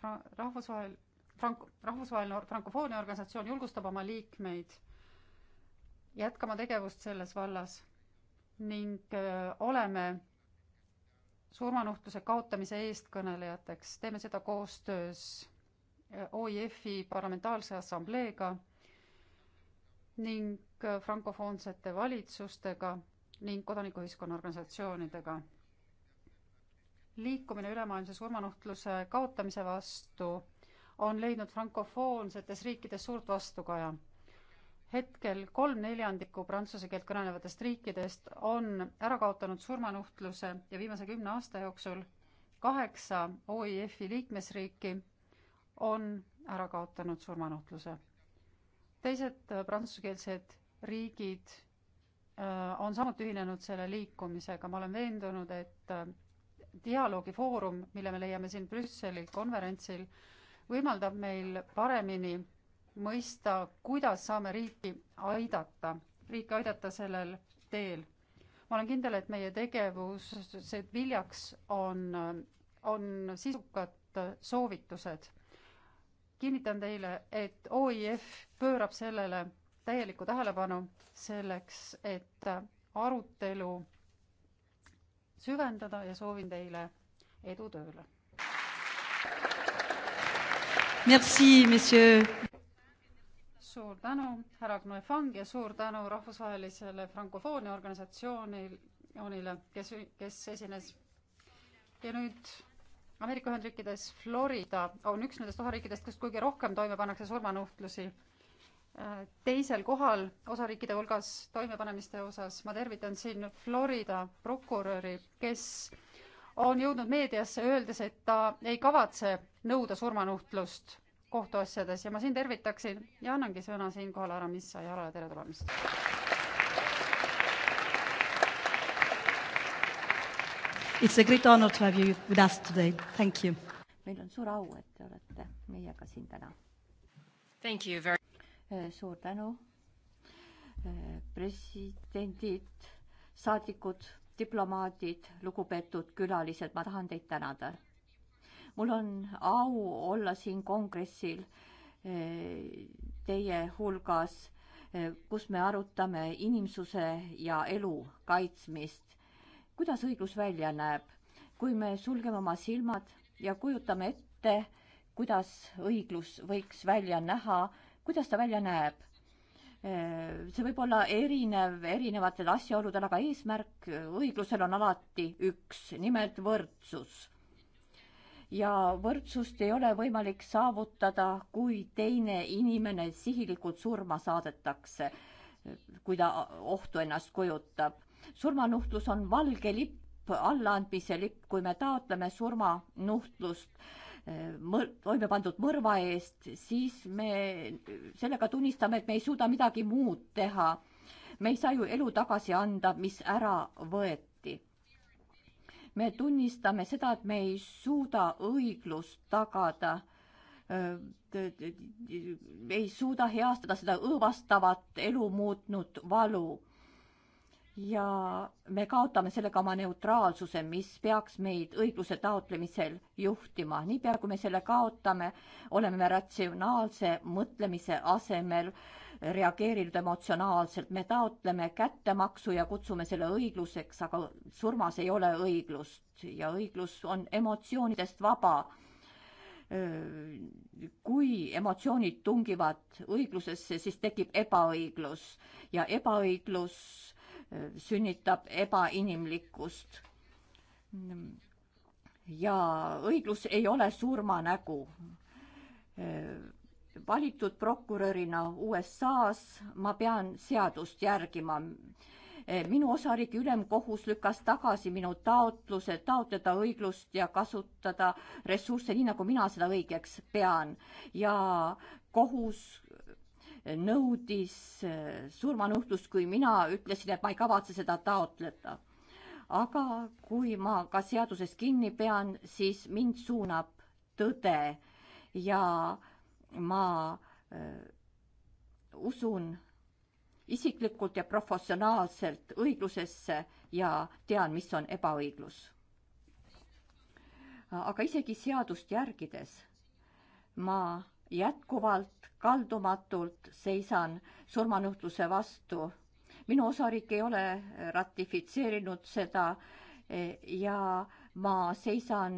Fra-, rahvusvahel-, frank-, rahvusvaheline frankofoonia organisatsioon julgustab oma liikmeid jätkama tegevust selles vallas ning oleme surmanuhtluse kaotamise eestkõnelejateks, teeme seda koostöös OIF-i e parlamentaarse assambleega ning frankofoonsete valitsustega ning kodanikuühiskonna organisatsioonidega. liikumine ülemaailmse surmanuhtluse kaotamise vastu on leidnud frankofoonsetes riikides suurt vastukaja. hetkel kolm neljandikku prantsuse keelt kõnelevatest riikidest on ära kaotanud surmanuhtluse ja viimase kümne aasta jooksul kaheksa OIF-i e liikmesriiki on ära kaotanud surmanuhtluse. teised äh, prantsusekeelsed riigid äh, on samuti ühinenud selle liikumisega, ma olen veendunud, et äh, dialoogifoorum, mille me leiame siin Brüsseli konverentsil, võimaldab meil paremini mõista, kuidas saame riiki aidata, riiki aidata sellel teel. ma olen kindel, et meie tegevus, see viljaks on, on sisukad soovitused kinnitan teile, et OIF pöörab sellele täielikku tähelepanu selleks, et arutelu süvendada ja soovin teile edu tööle. Merci, monsieur. suur tänu, härra Knoefang ja suur tänu rahvusvahelisele frankofoonia organisatsioonile, kes, kes esines. ja nüüd Ameerika Ühendriikides Florida on üks nendest osariikidest, kus kõige rohkem toime pannakse surmanuhtlusi. Äh, teisel kohal osariikide hulgas toimepanemiste osas ma tervitan siin Florida prokuröri, kes on jõudnud meediasse, öeldes, et ta ei kavatse nõuda surmanuhtlust kohtuasjades ja ma siin tervitaksin ja annangi sõna siinkohal Aramis Ajalale, tere tulemast! It's a great honor to have you with us today. Thank you. meil on suur au, et te olete meiega siin täna. Thank you very. Eh, suur tänu. Eh, presidendid, saadikud, diplomaadid, lugupeetud külalised, ma tahan teid tänada. mul on au olla siin kongressil eh, teie hulgas, kus me arutame inimsuse ja elu kaitsmist kuidas õiglus välja näeb, kui me sulgeme oma silmad ja kujutame ette, kuidas õiglus võiks välja näha, kuidas ta välja näeb? see võib olla erinev erinevatel asjaoludel, aga eesmärk õiglusel on alati üks, nimelt võrdsus. ja võrdsust ei ole võimalik saavutada, kui teine inimene sihilikult surma saadetakse, kui ta ohtu ennast kujutab surmanuhtlus on valge lipp, allaandmise lipp, kui me taotleme surmanuhtlust eh, mõr-, toime pandud mõrva eest, siis me sellega tunnistame, et me ei suuda midagi muud teha. me ei saa ju elu tagasi anda, mis ära võeti. me tunnistame seda, et me ei suuda õiglust tagada. Eh, ei suuda heastada seda õõvastavat elu muutnud valu ja me kaotame sellega oma neutraalsuse, mis peaks meid õigluse taotlemisel juhtima. niipea kui me selle kaotame, oleme me ratsionaalse mõtlemise asemel reageerinud emotsionaalselt. me taotleme kättemaksu ja kutsume selle õigluseks, aga surmas ei ole õiglust ja õiglus on emotsioonidest vaba kui emotsioonid tungivad õiglusesse, siis tekib ebaõiglus ja ebaõiglus sünnitab ebainimlikkust. ja õiglus ei ole surmanägu. valitud prokurörina USA-s ma pean seadust järgima minu osariigi ülemkohus lükkas tagasi minu taotluse taotleda õiglust ja kasutada ressursse nii, nagu mina seda õigeks pean. ja kohus nõudis eh, surmanuhtlust, kui mina ütlesin, et ma ei kavatse seda taotleda. aga kui ma ka seadusest kinni pean, siis mind suunab tõde ja ma äh, usun isiklikult ja professionaalselt õiglusesse ja tean, mis on ebaõiglus. aga isegi seadust järgides ma jätkuvalt kaldumatult seisan surmanuhtluse vastu. minu osariik ei ole ratifitseerinud seda eh, ja ma seisan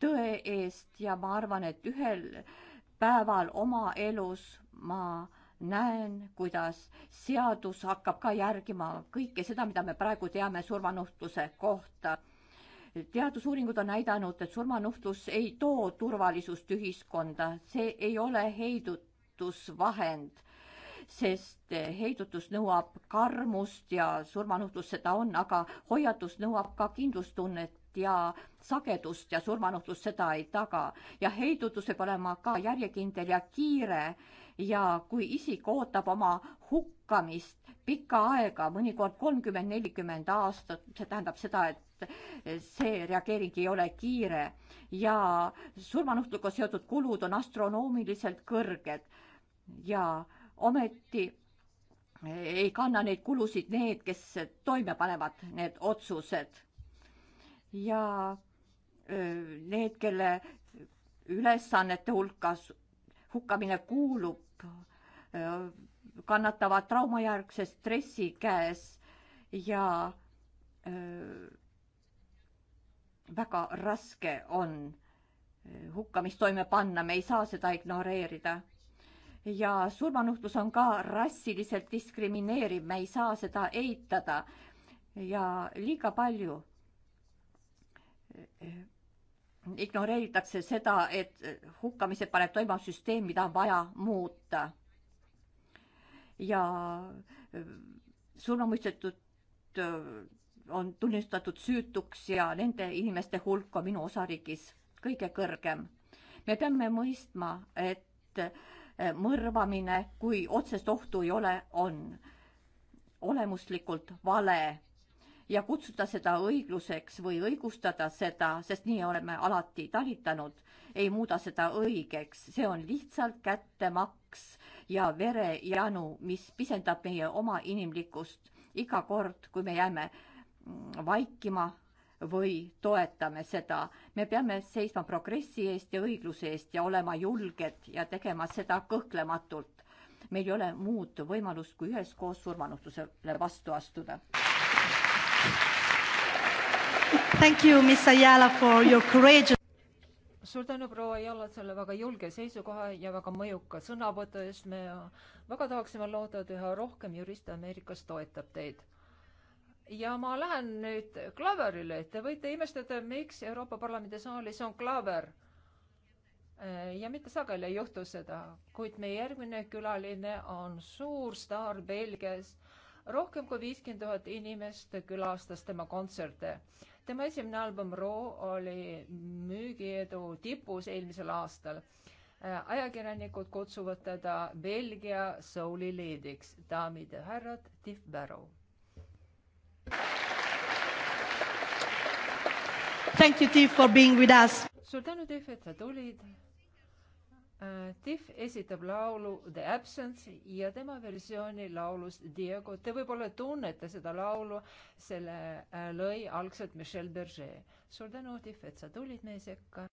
tõe eest ja ma arvan, et ühel päeval oma elus ma näen, kuidas seadus hakkab ka järgima kõike seda, mida me praegu teame surmanuhtluse kohta teadusuuringud on näidanud, et surmanuhtlus ei too turvalisust ühiskonda, see ei ole heidutusvahend, sest heidutus nõuab karmust ja surmanuhtlus seda on, aga hoiatus nõuab ka kindlustunnet ja sagedust ja surmanuhtlus seda ei taga. ja heidutus peab olema ka järjekindel ja kiire ja kui isik ootab oma hukkamist pikka aega, mõnikord kolmkümmend, nelikümmend aastat, see tähendab seda, et sest see reageering ei ole kiire ja surmanuhtluga seotud kulud on astronoomiliselt kõrged ja ometi ei kanna neid kulusid need, kes toime panevad need otsused. ja need, kelle ülesannete hulkas hukkamine kuulub, kannatavad traumajärgse stressi käes ja öö, väga raske on eh, hukkamist toime panna, me ei saa seda ignoreerida. ja surmanuhtlus on ka rassiliselt diskrimineeriv, me ei saa seda eitada. ja liiga palju eh, ignoreeritakse seda, et eh, hukkamised paneb toimuma süsteem, mida on vaja muuta. ja surmamõistetud on tunnistatud süütuks ja nende inimeste hulk on minu osariigis kõige kõrgem. me peame mõistma, et eh, mõrvamine, kui otsest ohtu ei ole, on olemuslikult vale ja kutsuda seda õigluseks või õigustada seda, sest nii oleme alati talitanud, ei muuda seda õigeks, see on lihtsalt kättemaks ja verejanu, mis pisendab meie oma inimlikkust iga kord, kui me jääme Mm, vaikima või toetame seda. me peame seisma progressi eest ja õigluse eest ja olema julged ja tegema seda kõhklematult. meil ei ole muud võimalust, kui üheskoos surmanuhtlusele vastu astuda. Thank you, Miss Ayala, for your courage. suur tänu, proua Ayala, selle väga julge seisukoha ja väga mõjuka sõnavõtu eest. me väga tahaksime loota, et üha rohkem juriste Ameerikas toetab teid ja ma lähen nüüd klaverile, te võite imestada, miks Euroopa Parlamendi saalis on klaver. Äh, ja mitte sageli ei juhtu seda, kuid meie järgmine külaline on suur staar Belgias. rohkem kui viiskümmend tuhat inimest külastas tema kontserte. tema esimene album Raw oli müügiedu tipus eelmisel aastal äh, ajakirjanikud kutsuvad teda Belgia souli leediks, daamid ja härrad, Tiff Barrow Thank you, Tiif, for being with us. suur tänu, Tiif, et sa tulid uh,. Äh, Tiif esitab laulu The Absence ja tema versiooni laulust Diego. Te võib-olla tunnete seda laulu, selle äh, lõi algselt Michel Berger. suur tänu, Tiif, et sa tulid meie sekka.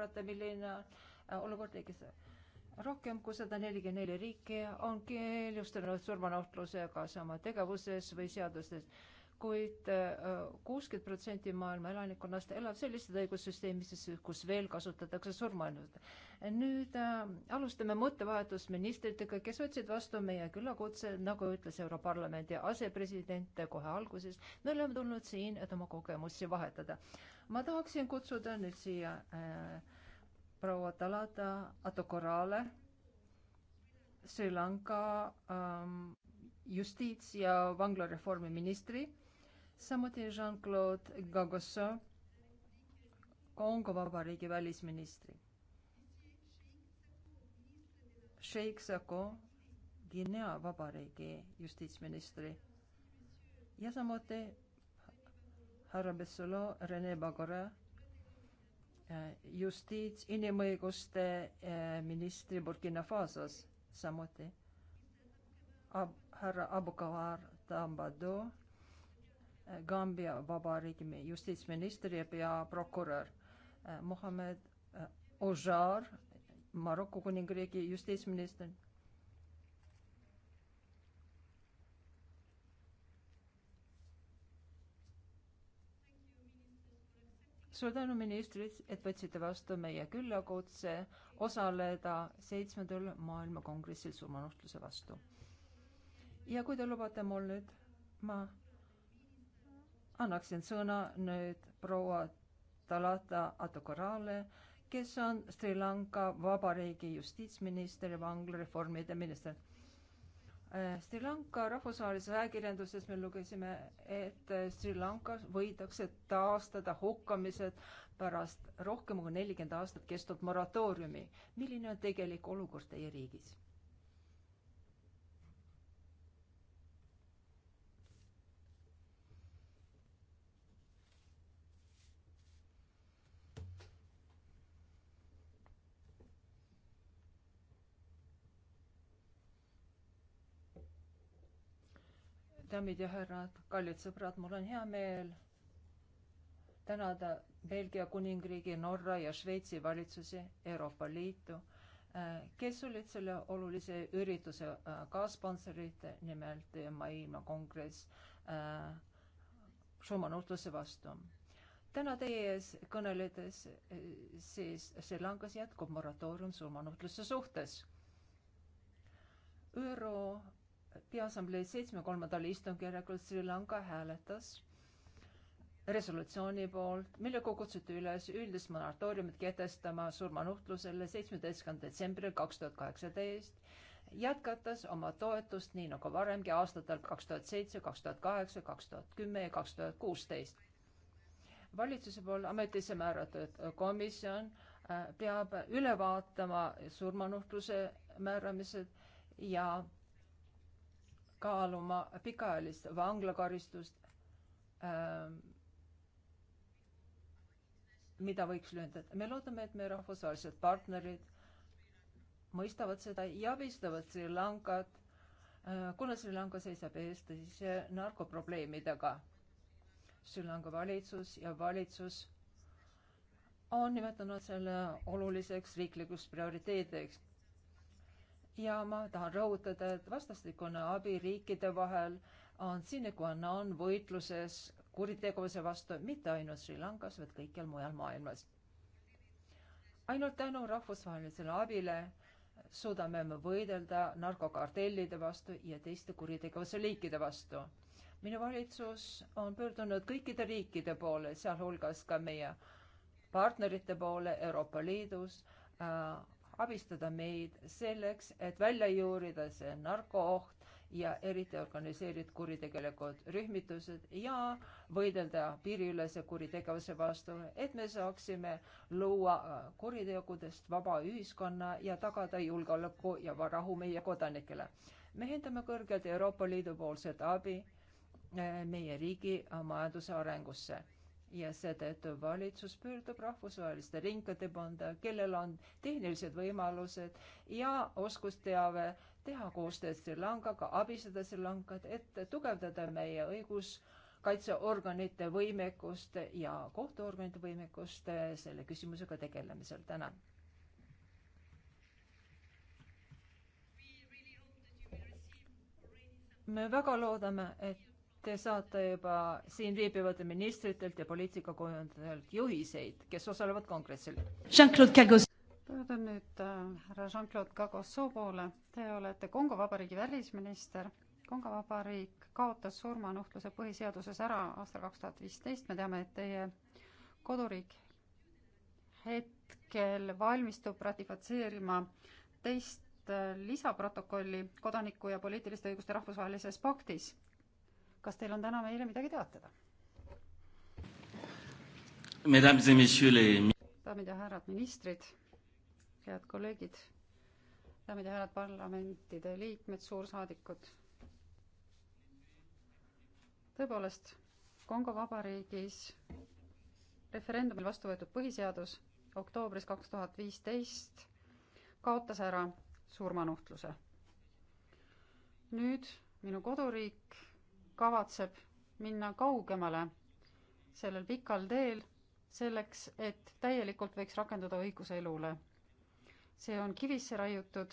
vaadata, milline äh, olukord riigis. rohkem kui sada nelikümmend neli riiki on keelustanud surmanuhtlusega sama tegevuses või seadustes kuid äh, kuuskümmend protsenti maailma elanikkonnast elab sellises õigussüsteemis, kus veel kasutatakse surmaennust. nüüd äh, alustame mõttevahetust ministritega, kes võtsid vastu meie küllakutse, nagu ütles Europarlamendi asepresident kohe alguses. me oleme tulnud siin, et oma kogemusi vahetada. ma tahaksin kutsuda nüüd siia äh, proua Talata Atokorale, Sri Lanka ähm, justiits- ja vanglareformi ministri samuti Jean-Claude Gagossa, Kongo Vabariigi välisministri. Sheikh Sako, Guinea Vabariigi justiitsministri ja samuti härra Bessolo Rene Bagore, eh, justiits, inimõiguste eh, ministri Burkina Fasos, samuti Ab, härra Abukawar Tambado Gambia Vabariigi justiitsminister ja peaprokurör eh, Mohammed eh, Ojar, Maroko Kuningriigi justiitsminister. suur tänu, ministrid, et võtsite vastu meie küllakutse osaleda seitsmendal maailmakongressil surmanustuse vastu. ja kui te lubate mul nüüd, ma annaksin sõna nüüd proua Talata Atokorale, kes on Sri Lanka Vabariigi justiitsminister ja vanglareformide minister äh, Sri Lanka rahvusvahelises ajakirjanduses me lugesime, et äh, Sri Lankas võidakse taastada hukkamised pärast rohkem kui nelikümmend aastat kestnud moratooriumi. milline on tegelik olukord teie riigis? daamid ja härrad, kallid sõbrad, mul on hea meel tänada Belgia kuningriigi, Norra ja Šveitsi valitsusi, Euroopa Liitu, äh, kes olid selle olulise ürituse äh, kaassponsorite, nimelt maailmakongress äh, surmanuhtluse vastu. täna teie ees kõneledes siis Sri Lankas jätkub moratoorium surmanuhtluse suhtes. ÜRO peaassamblee seitsme kolmandal istungjärgul Sri Lanka hääletas resolutsiooni poolt, millega kutsuti üles üldist moratooriumit kehtestama surmanuhtlusele seitsmeteistkümnendal detsembril kaks tuhat kaheksateist, jätkates oma toetust nii nagu varemgi aastatel kaks tuhat seitse, kaks tuhat kaheksa, kaks tuhat kümme ja kaks tuhat kuusteist. valitsuse poole ametisse määratud komisjon äh, peab üle vaatama surmanuhtluse määramised ja kaaluma pikaajalist vanglakaristust äh,, mida võiks lühendada. me loodame, et meie rahvusvahelised partnerid mõistavad seda ja abistavad Sri Lankat äh,, kuna Sri Lanka seisab ees tõsise narkoprobleemidega. Sri Lanka valitsus ja valitsus on nimetanud selle oluliseks riiklikuks prioriteediks ja ma tahan rõhutada, et vastastikune abi riikide vahel on sine qua non võitluses kuritegevuse vastu mitte ainult Sri Lankas, vaid kõikjal mujal maailmas. ainult tänu rahvusvahelisele abile suudame me võidelda narkokartellide vastu ja teiste kuritegevuse liikide vastu. minu valitsus on pöördunud kõikide riikide poole, sealhulgas ka meie partnerite poole Euroopa Liidus äh,, abistada meid selleks, et välja juurida see narkooht ja eriti organiseeritud kuritegelikud rühmitused ja võidelda piiriülese kuritegevuse vastu, et me saaksime luua äh, kuritegudest vaba ühiskonna ja tagada julgeoleku ja rahu meie kodanikele. me hindame kõrgelt Euroopa Liidu poolset abi äh, meie riigi majanduse arengusse ja seetõttu valitsus pöördub rahvusvaheliste ringkade panda, kellel on tehnilised võimalused ja oskusteave teha koostööd Sri Lankaga, abistada Sri Lankat, et tugevdada meie õiguskaitseorganite võimekust ja kohtuorganite võimekust selle küsimusega tegelemisel. tänan. me väga loodame, et Te saate juba siin viibivate ministritelt ja poliitikakujundajalt juhiseid, kes osalevad kongressil. pöördun nüüd äh, härra äh, Jean-Claude Gagossoo poole. Te olete Kongo Vabariigi välisminister. Kongo Vabariik kaotas surmanuhtluse põhiseaduses ära aastal kaks tuhat viisteist. me teame, et teie koduriik hetkel valmistub ratifitseerima teist äh, lisaprotokolli kodaniku ja poliitiliste õiguste rahvusvahelises paktis kas teil on täna meile midagi teatada? daamid ja härrad ministrid, head kolleegid, daamid ja härrad parlamentide liikmed, suursaadikud. tõepoolest, Kongo Vabariigis referendumil vastu võetud põhiseadus oktoobris kaks tuhat viisteist kaotas ära surmanuhtluse. nüüd minu koduriik kavatseb minna kaugemale sellel pikal teel selleks, et täielikult võiks rakenduda õigus elule. see on kivisse raiutud,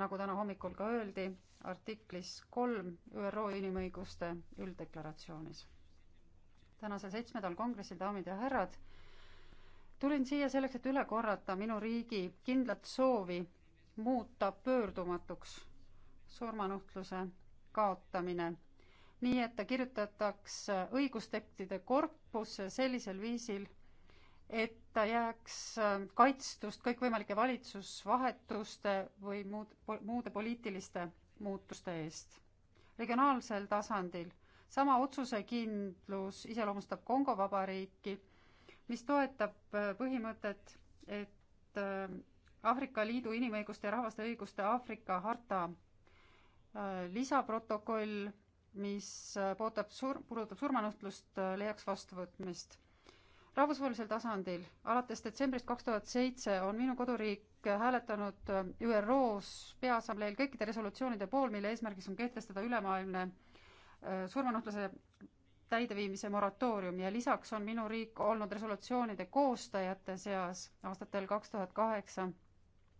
nagu täna hommikul ka öeldi, artiklis kolm ÜRO inimõiguste ülddeklaratsioonis. tänasel seitsmendal kongressil, daamid ja härrad, tulin siia selleks, et üle korrata minu riigi kindlat soovi muuta pöördumatuks surmanuhtluse kaotamine nii et ta kirjutataks õigustektide korpusse sellisel viisil, et ta jääks äh, kaitstust kõikvõimalike valitsusvahetuste või muud, muude poliitiliste muutuste eest. regionaalsel tasandil sama otsusekindlus iseloomustab Kongo Vabariiki, mis toetab äh, põhimõtet, et äh, Aafrika Liidu inimõiguste ja rahvaste õiguste Aafrika harta lisaprotokoll mis äh, puudutab sur-, puudutab surmanuhtlust, äh, leiaks vastuvõtmist. rahvusvahelisel tasandil alates detsembrist kaks tuhat seitse on minu koduriik äh, hääletanud ÜRO-s Peaassambleel kõikide resolutsioonide pool, mille eesmärgiks on kehtestada ülemaailmne surmanuhtluse täideviimise moratoorium ja lisaks on minu riik olnud resolutsioonide koostajate seas aastatel kaks tuhat kaheksa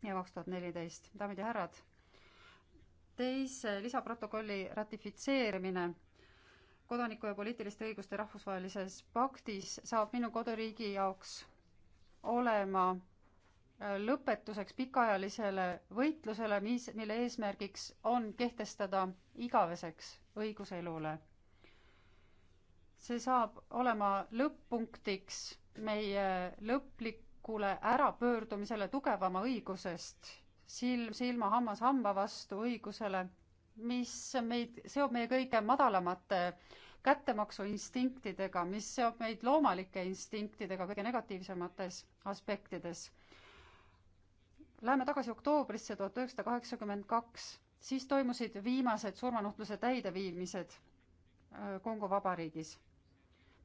ja kaks tuhat neliteist. daamid ja härrad teise lisaprotokolli ratifitseerimine kodaniku ja poliitiliste õiguste rahvusvahelises paktis saab minu koduriigi jaoks olema äh, lõpetuseks pikaajalisele võitlusele, mis, mille eesmärgiks on kehtestada igaveseks õigus elule. see saab olema lõpp-punktiks meie lõplikule ärapöördumisele tugevama õigusest silm silma, hammas hamba vastu õigusele, mis meid, seob meie kõige madalamate kättemaksuinstinktidega, mis seob meid loomalike instinktidega kõige negatiivsemates aspektides. Läheme tagasi oktoobrisse tuhat üheksasada kaheksakümmend kaks, siis toimusid viimased surmanuhtluse täideviimised äh, Kongo Vabariigis.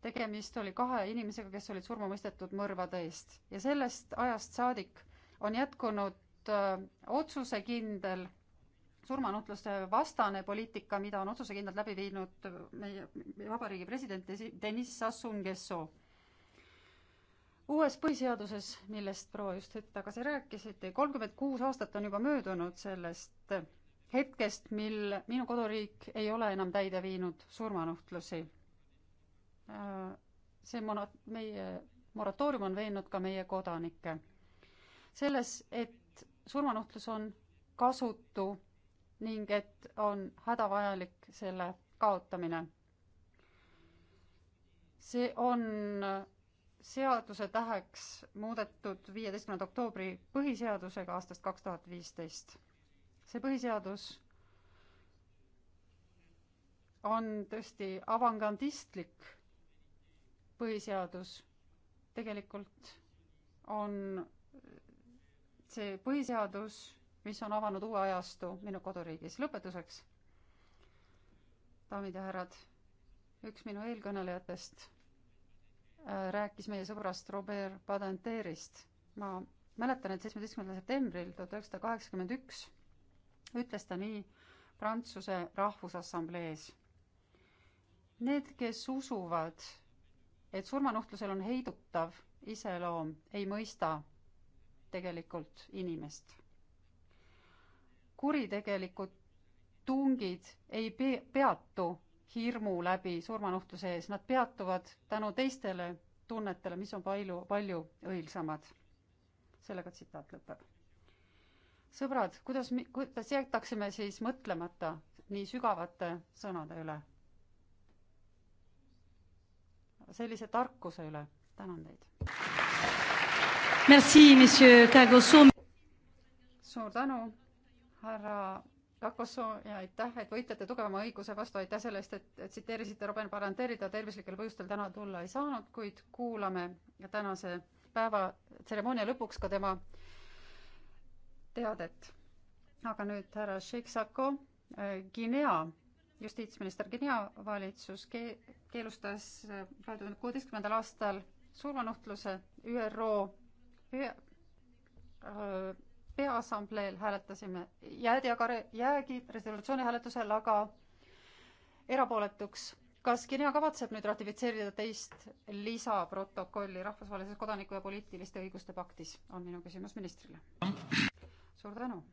tegemist oli kahe inimesega, kes olid surma mõistetud mõrvade eest ja sellest ajast saadik on jätkunud olnud äh, otsusekindel surmanuhtluste vastane poliitika, mida on otsusekindlalt läbi viinud meie vabariigi president Deniss Sassoon Nguesso. uues põhiseaduses, millest proua just hetk tagasi rääkisite, kolmkümmend kuus aastat on juba möödunud sellest hetkest, mil minu koduriik ei ole enam täide viinud surmanuhtlusi. Äh, see mono-, meie moratoorium on veennud ka meie kodanikke selles, et surmanuhtlus on kasutu ning et on hädavajalik selle kaotamine. see on seaduse täheks muudetud viieteistkümnenda oktoobri põhiseadusega aastast kaks tuhat viisteist. see põhiseadus on tõesti avangardistlik põhiseadus, tegelikult on see põhiseadus, mis on avanud uue ajastu minu koduriigis. lõpetuseks, daamid ja härrad, üks minu eelkõnelejatest äh, rääkis meie sõbrast Robert Badenterist. ma mäletan, et seitsmeteistkümnendal septembril tuhat üheksasada kaheksakümmend üks ütles ta nii Prantsuse Rahvusassamblees. Need, kes usuvad, et surmanuhtlusel on heidutav iseloom, ei mõista tegelikult inimest. kuritegelikud tungid ei pe-, peatu hirmu läbi surmanuhtluse ees, nad peatuvad tänu teistele tunnetele, mis on palju, palju õilsamad. sellega tsitaat lõpeb. sõbrad, kuidas, kuidas jätaksime siis mõtlemata nii sügavate sõnade üle? sellise tarkuse üle, tänan teid! suur tänu, härra Kakoso ja aitäh, et võitlete tugevama õiguse vastu, aitäh selle eest, et tsiteerisite Robin Baranderi, ta tervislikel põhjustel täna tulla ei saanud, kuid kuulame tänase päeva tseremoonia lõpuks ka tema teadet. aga nüüd härra Sheikh Sako, äh, Guinea, justiitsminister Guinea valitsus ke-, keelustas äh, kahe tuhande kuueteistkümnendal aastal surmanuhtluse ÜRO pea, äh, peaassambleel hääletasime jäädiakare, jäägi resolutsiooni hääletusel, aga erapooletuks. kas Guinea kavatseb nüüd ratifitseerida teist lisaprotokolli rahvusvahelises kodaniku- ja poliitiliste õiguste paktis, on minu küsimus ministrile. suur tänu,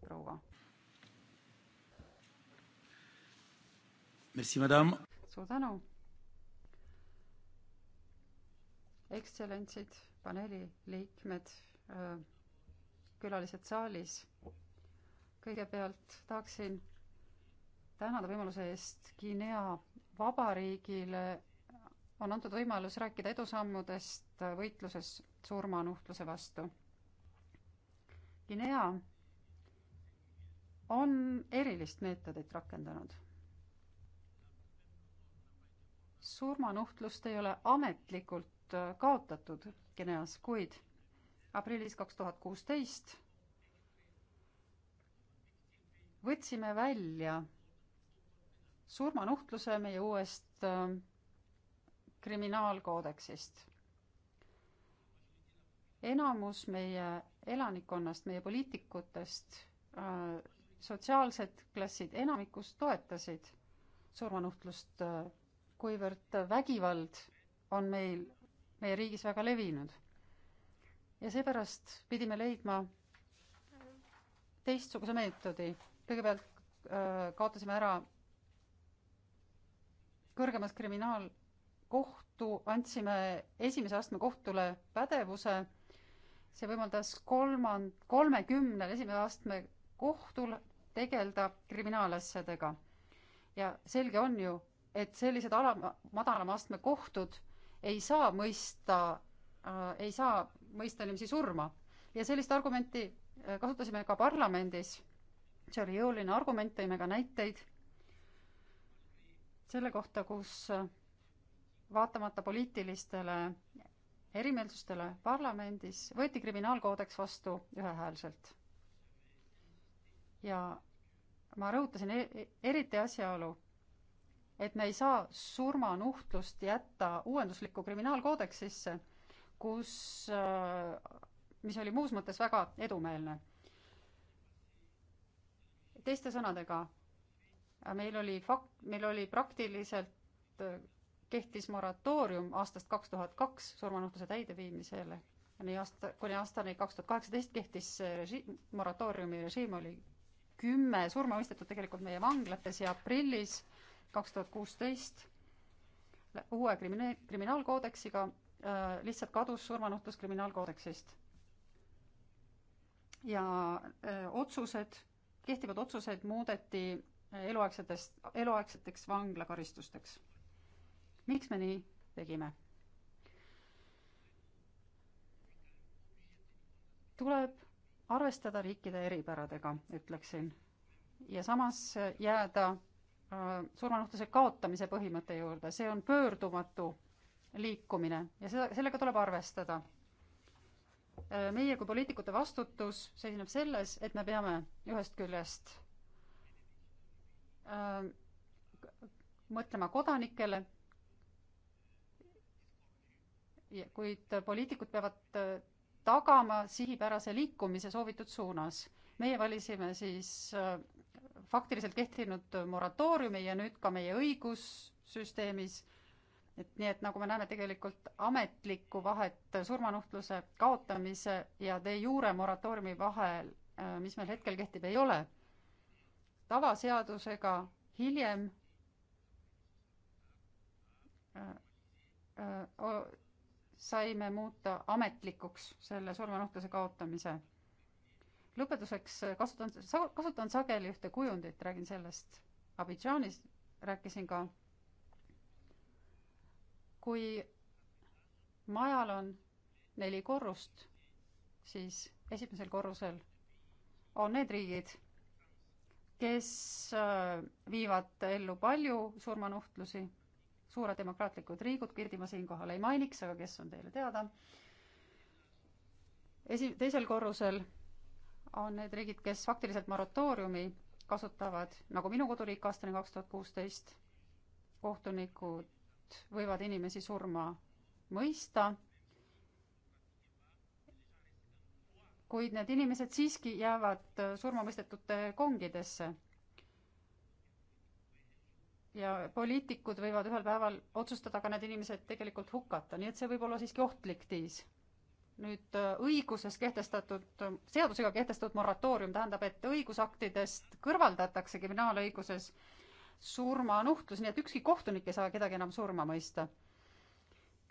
proua. suur tänu ekstsellentsid, paneeli liikmed, äh, külalised saalis. kõigepealt tahaksin tänada võimaluse eest Guinea Vabariigile on antud võimalus rääkida edusammudest võitluses surmanuhtluse vastu. Guinea on erilist meetodit rakendanud surmanuhtlust ei ole ametlikult Äh, kaotatud Geneas, kuid aprillis kaks tuhat kuusteist võtsime välja surmanuhtluse meie uuest äh, kriminaalkoodeksist. enamus meie elanikkonnast, meie poliitikutest, äh, sotsiaalsed klassid enamikus toetasid surmanuhtlust, kuivõrd vägivald on meil meie riigis väga levinud. ja seepärast pidime leidma teistsuguse meetodi. kõigepealt öö, äh, kaotasime ära kõrgemas kriminaalkohtu, andsime esimese astme kohtule pädevuse, see võimaldas kolmand-, kolmekümnel esimese astme kohtul tegeleda kriminaalasjadega. ja selge on ju, et sellised alama, madalama astme kohtud ei saa mõista äh,, ei saa mõista inimesi surma. ja sellist argumenti äh, kasutasime ka parlamendis. see oli jõuline argument, tõime ka näiteid selle kohta, kus äh, vaatamata poliitilistele erimeelsustele parlamendis võeti kriminaalkoodeks vastu ühehäälselt. ja ma rõhutasin e-, eriti asjaolu, et me ei saa surmanuhtlust jätta uuenduslikku kriminaalkoodeksisse, kus, äh, mis oli muus mõttes väga edumeelne. teiste sõnadega, meil oli fak-, meil oli praktiliselt, äh, kehtis moratoorium aastast kaks tuhat kaks surmanuhtluse täideviimisele. nii aasta, kuni aastani kaks tuhat kaheksateist kehtis see režiim, moratooriumi režiim oli kümme surmamõistetut tegelikult meie vanglates ja aprillis kaks tuhat kuusteist uue krimine-, kriminaalkoodeksiga äh, lihtsalt kadus surmanuhtlus kriminaalkoodeksist. ja äh, otsused, kehtivad otsused muudeti äh, eluaegsetest, eluaegseteks vanglakaristusteks. miks me nii tegime? tuleb arvestada riikide eripäradega, ütleksin, ja samas jääda Äh, surmanuhtluse kaotamise põhimõtte juurde, see on pöördumatu liikumine ja seda, sellega tuleb arvestada. Äh, meie kui poliitikute vastutus seisneb selles, et me peame ühest küljest äh, mõtlema kodanikele, kuid poliitikud peavad äh, tagama sihipärase liikumise soovitud suunas. meie valisime siis äh, faktiliselt kehtinud moratooriumi ja nüüd ka meie õigussüsteemis, et nii, et nagu me näeme tegelikult ametlikku vahet surmanuhtluse kaotamise ja de jure moratooriumi vahel, äh, mis meil hetkel kehtib, ei ole. tavaseadusega hiljem äh, äh, saime muuta ametlikuks selle surmanuhtluse kaotamise lõpetuseks kasutan, kasutan sageli ühte kujundit, räägin sellest. Abidžaanis rääkisin ka. kui majal on neli korrust, siis esimesel korrusel on need riigid, kes äh, viivad ellu palju surmanuhtlusi, suured demokraatlikud riigud, Kirdi ma siinkohal ei mainiks, aga kes on teile teada. esi-, teisel korrusel on need riigid, kes faktiliselt moratooriumi kasutavad, nagu minu koduriik aastani kaks tuhat kuusteist, kohtunikud võivad inimesi surma mõista, kuid need inimesed siiski jäävad surmamõistetute kongidesse. ja poliitikud võivad ühel päeval otsustada ka need inimesed tegelikult hukata, nii et see võib olla siiski ohtlik tiis nüüd äh, õiguses kehtestatud, seadusega kehtestatud moratoorium tähendab, et õigusaktidest kõrvaldatakse kriminaalõiguses surmanuhtlus, nii et ükski kohtunik ei saa kedagi enam surma mõista.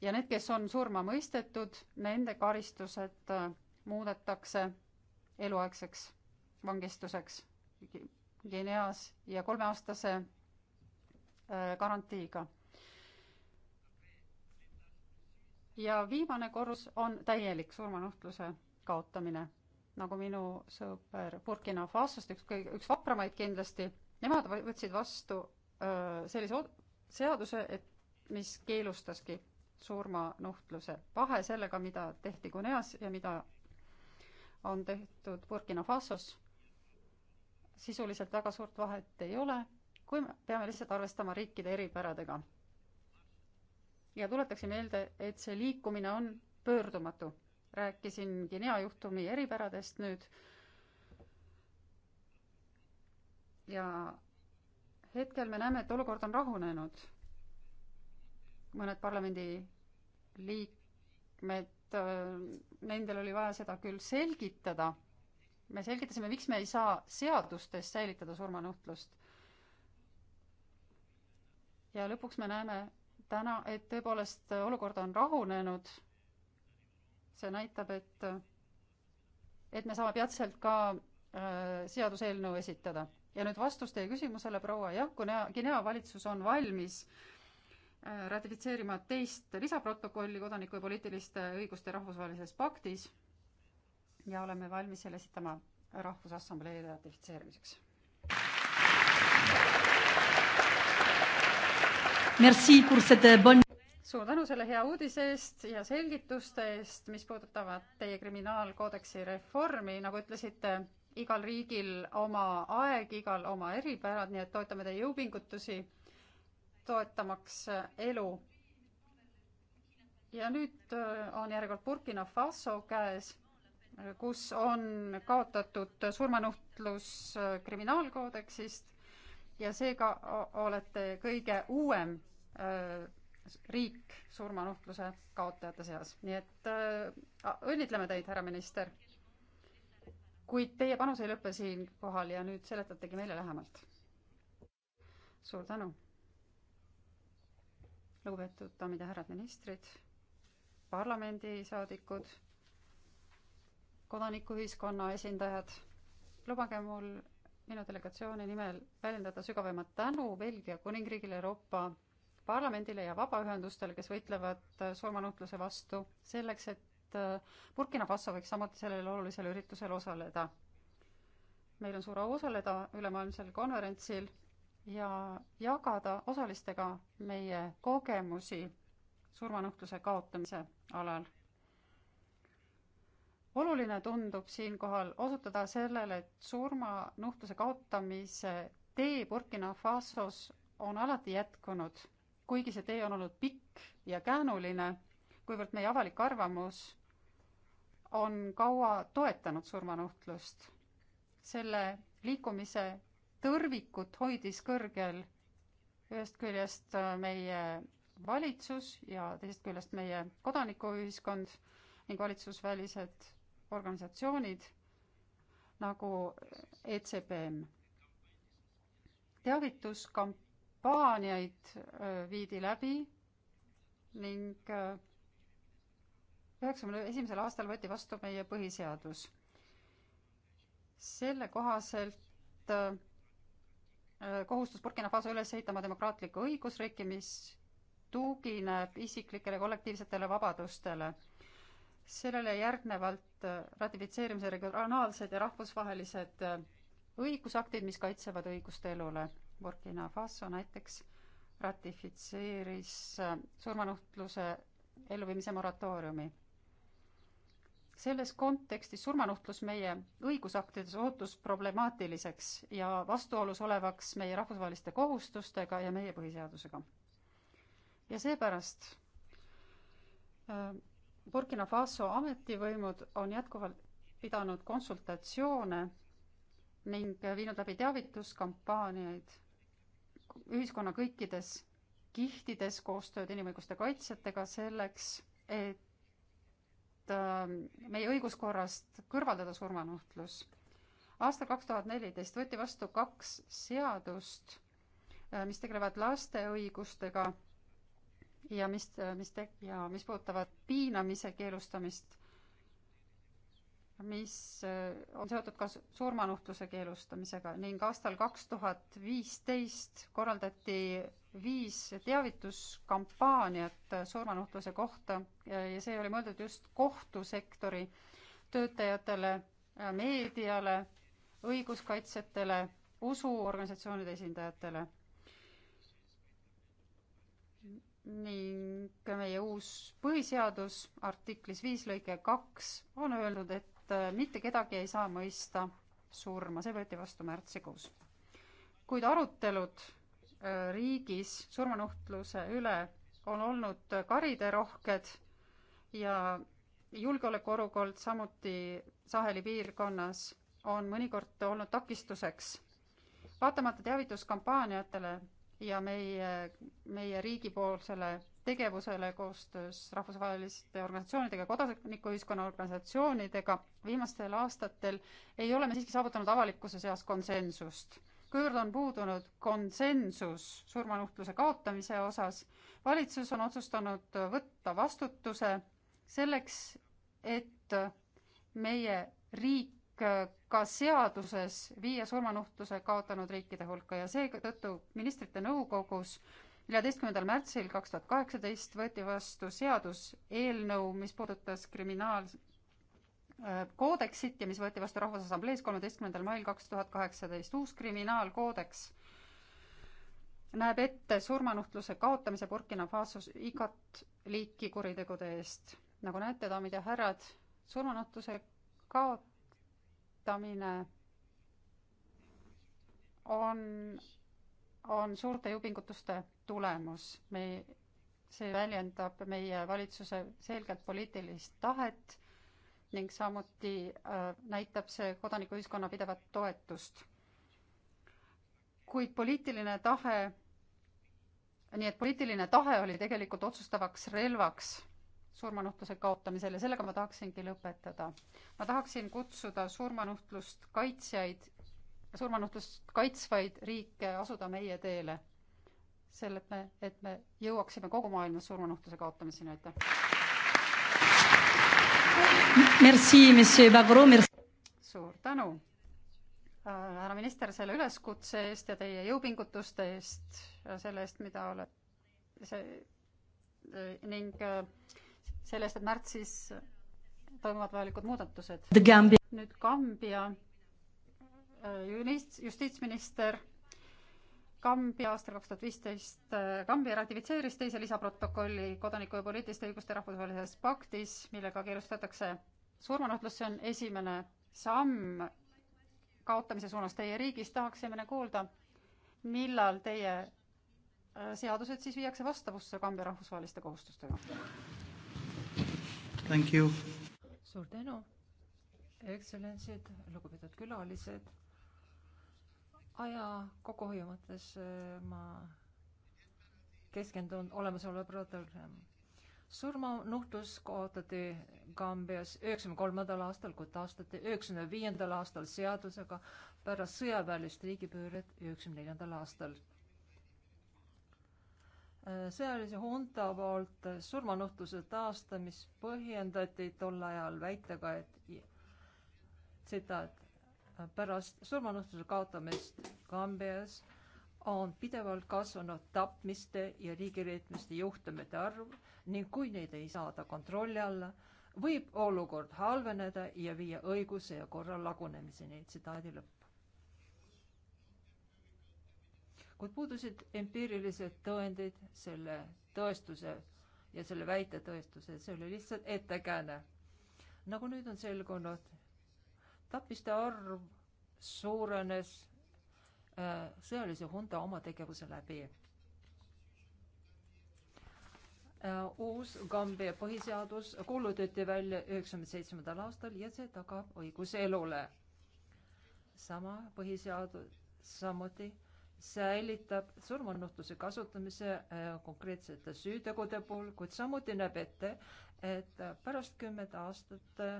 ja need, kes on surma mõistetud, nende karistused äh, muudetakse eluaegseks vangistuseks Guineas ja kolmeaastase äh, garantiiga ja viimane korrus on täielik surmanuhtluse kaotamine. nagu minu sõber Burkina Fasost, üks kõige, üks vapramaid kindlasti, nemad võtsid vastu öö, sellise seaduse, et mis keelustaski surmanuhtluse. vahe sellega, mida tehti Guineas ja mida on tehtud Burkina Fasos, sisuliselt väga suurt vahet ei ole, kui me peame lihtsalt arvestama riikide eripäradega ja tuletaksin meelde, et see liikumine on pöördumatu. rääkisin Guinea juhtumi eripäradest nüüd ja hetkel me näeme, et olukord on rahunenud. mõned parlamendi liikmed, äh, nendel oli vaja seda küll selgitada. me selgitasime, miks me ei saa seadustes säilitada surmanuhtlust. ja lõpuks me näeme, täna, et tõepoolest olukord on rahunenud. see näitab, et, et me saame peatselt ka äh, seaduseelnõu esitada. ja nüüd vastus teie küsimusele, proua, jah, Guinea, Guinea valitsus on valmis äh, ratifitseerima teist lisaprotokolli kodaniku ja poliitiliste õiguste rahvusvahelises paktis ja oleme valmis selle esitama Rahvusassamblee ratifitseerimiseks suur tänu selle hea uudise eest ja selgituste eest, mis puudutavad teie kriminaalkoodeksi reformi, nagu ütlesite, igal riigil oma aeg, igal oma eripärad, nii et toetame teie jõupingutusi, toetamaks elu. ja nüüd äh, on järjekord Burkina Faso käes kus on kaotatud surmanuhtlus äh, kriminaalkoodeksist ja seega olete kõige uuem öö, riik surmanuhtluse kaotajate seas. nii et õnnitleme teid, härra minister. kuid teie panus ei lõpe siinkohal ja nüüd seletategi meile lähemalt. suur tänu. lugupeetud daamid ja härrad ministrid, parlamendisaadikud, kodanikuühiskonna esindajad, lubage mul minu delegatsiooni nimel väljendada sügavaimat tänu Belgia Kuningriigile, Euroopa Parlamendile ja vabaühendustele, kes võitlevad äh, surmanuhtluse vastu, selleks et äh, Burkina Faso võiks samuti sellel olulisel üritusel osaleda. meil on suur au osaleda ülemaailmsel konverentsil ja jagada osalistega meie kogemusi surmanuhtluse kaotamise alal oluline tundub siinkohal osutada sellele, et surmanuhtluse kaotamise tee Burkina Fasos on alati jätkunud, kuigi see tee on olnud pikk ja käänuline, kuivõrd meie avalik arvamus on kaua toetanud surmanuhtlust. selle liikumise tõrvikut hoidis kõrgel ühest küljest äh, meie valitsus ja teisest küljest meie kodanikuühiskond ning valitsusvälised organisatsioonid nagu ECPM. teavituskampaaniaid äh, viidi läbi ning äh, üheksakümne esimesel aastal võeti vastu meie põhiseadus. selle kohaselt äh, kohustus Burkina Faso üles ehitama demokraatlikku õigusriiki, mis tugineb isiklikele kollektiivsetele vabadustele sellele järgnevalt äh, ratifitseerimise regionaalsed ja rahvusvahelised äh, õigusaktid, mis kaitsevad õigust elule. Burkina Faso näiteks ratifitseeris äh, surmanuhtluse elluviimise moratooriumi. selles kontekstis surmanuhtlus meie õigusaktides ootus problemaatiliseks ja vastuolus olevaks meie rahvusvaheliste kohustustega ja meie põhiseadusega. ja seepärast äh, Burkina Faso ametivõimud on jätkuvalt pidanud konsultatsioone ning viinud läbi teavituskampaaniaid ühiskonna kõikides kihtides koostööd inimõiguste kaitsjatega selleks, et ähm, meie õiguskorrast kõrvaldada surmanuhtlus. aastal kaks tuhat neliteist võeti vastu kaks seadust, äh, mis tegelevad laste õigustega ja mis, mis te- ja mis puudutavad piinamise keelustamist, mis äh, on seotud ka surmanuhtluse keelustamisega ning aastal kaks tuhat viisteist korraldati viis teavituskampaaniat surmanuhtluse kohta ja see oli mõeldud just kohtusektori töötajatele, äh, meediale, õiguskaitsjatele, usuorganisatsioonide esindajatele ning meie uus põhiseadus artiklis viis lõige kaks on öelnud, et äh, mitte kedagi ei saa mõista surma, see võeti vastu märtsikuus. kuid arutelud äh, riigis surmanuhtluse üle on olnud äh, kariderohked ja julgeolekuolukord samuti Saheli piirkonnas on mõnikord olnud takistuseks. vaatamata teavituskampaaniatele ja meie, meie riigipoolsele tegevusele koostöös rahvusvaheliste organisatsioonidega, kodanikuühiskonna organisatsioonidega viimastel aastatel ei ole me siiski saavutanud avalikkuse seas konsensust. kuivõrd on puudunud konsensus surmanuhtluse kaotamise osas, valitsus on otsustanud võtta vastutuse selleks, et meie riik Äh, ka seaduses viia surmanuhtluse kaotanud riikide hulka ja seetõttu ministrite nõukogus neljateistkümnendal märtsil kaks tuhat kaheksateist võeti vastu seaduseelnõu, mis puudutas kriminaalkoodeksit äh, ja mis võeti vastu Rahvusassamblees kolmeteistkümnendal mail kaks tuhat kaheksateist. uus kriminaalkoodeks näeb ette surmanuhtluse kaotamise Burkina Fasos igat liiki kuritegude eest. nagu näete, daamid ja härrad, surmanuhtluse kaot-, toetamine on, on suurte jõupingutuste tulemus. me, see väljendab meie valitsuse selgelt poliitilist tahet ning samuti äh, näitab see kodanikuühiskonna pidevat toetust. kuid poliitiline tahe, nii et poliitiline tahe oli tegelikult otsustavaks relvaks surmanuhtluse kaotamisel ja sellega ma tahaksingi lõpetada. ma tahaksin kutsuda surmanuhtlust kaitsjaid, surmanuhtlust kaitsvaid riike asuda meie teele. selle, et me, et me jõuaksime kogu maailmas surmanuhtluse kaotamiseni, aitäh. Merci, monsieur Bagro, merci. suur tänu, äh, härra minister, selle üleskutse eest ja teie jõupingutuste eest ja selle eest, mida olete, see äh, ning äh, sellest, et märtsis toimuvad vajalikud muudatused. nüüd Kambja äh, justiits, justiitsminister Kambja aastal kaks tuhat viisteist, äh, Kambja ratifitseeris teise lisaprotokolli kodaniku ja poliitiliste õiguste rahvusvahelises paktis, millega keelustatakse surmanuhtlus, see on esimene samm kaotamise suunas teie riigis, tahaksime kuulda, millal teie äh, seadused siis viiakse vastavusse Kambja rahvusvaheliste kohustustega? Thank you. suur tänu, ekstsellentsid, lugupeetud külalised. aja kokkuhoiu mõttes eh, ma keskendun olemasoleva protokolli. surmanuhtlus kaotati Gambias üheksakümne kolmandal aastal, kui taastati üheksakümne viiendal aastal seadusega pärast sõjaväelist riigipööret üheksakümne neljandal aastal Äh, sõjalise hunta poolt äh, surmanuhtluse taastamist põhjendati tol ajal väitega, et tsitaat, äh, pärast surmanuhtluse kaotamist Kambias on pidevalt kasvanud tapmiste ja riigireetmiste juhtumite arv ning kui neid ei saada kontrolli alla, võib olukord halveneda ja viia õiguse ja korra lagunemiseni. tsitaadi lõpp. kuid puudusid empiirilised tõendid selle tõestuse ja selle väite tõestuse, see oli lihtsalt ettekääne. nagu nüüd on selgunud, tapmiste arv suurenes äh, sõjalise hunda oma tegevuse läbi äh,. uus Gambia põhiseadus kuulutati välja üheksakümne seitsmendal aastal ja see tagab õiguse elule. sama põhiseadus samuti säilitab surmanuhtluse kasutamise äh, konkreetsete süütegude puhul, kuid samuti näeb ette, et pärast kümmet aastat äh,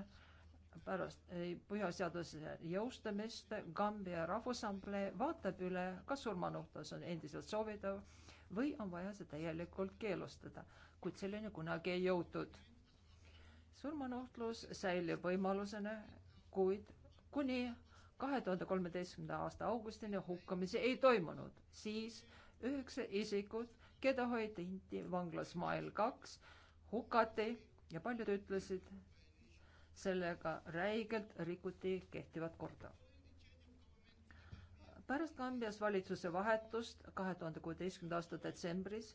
pärast äh, põhiseaduse jõustumist Gambia Rahvusassamblee vaatab üle, kas surmanuhtlus on endiselt soovitav või on vaja see täielikult keelustada, kuid selleni kunagi ei jõutud. surmanuhtlus säilib võimalusena, kuid kuni kahe tuhande kolmeteistkümnenda aasta augustini hukkamisi ei toimunud. siis üheksa isikut, keda hoiti vanglas Mael kaks, hukati ja paljud ütlesid, sellega räigelt rikuti kehtivat korda. pärast Kambias valitsuse vahetust kahe tuhande kuueteistkümnenda aasta detsembris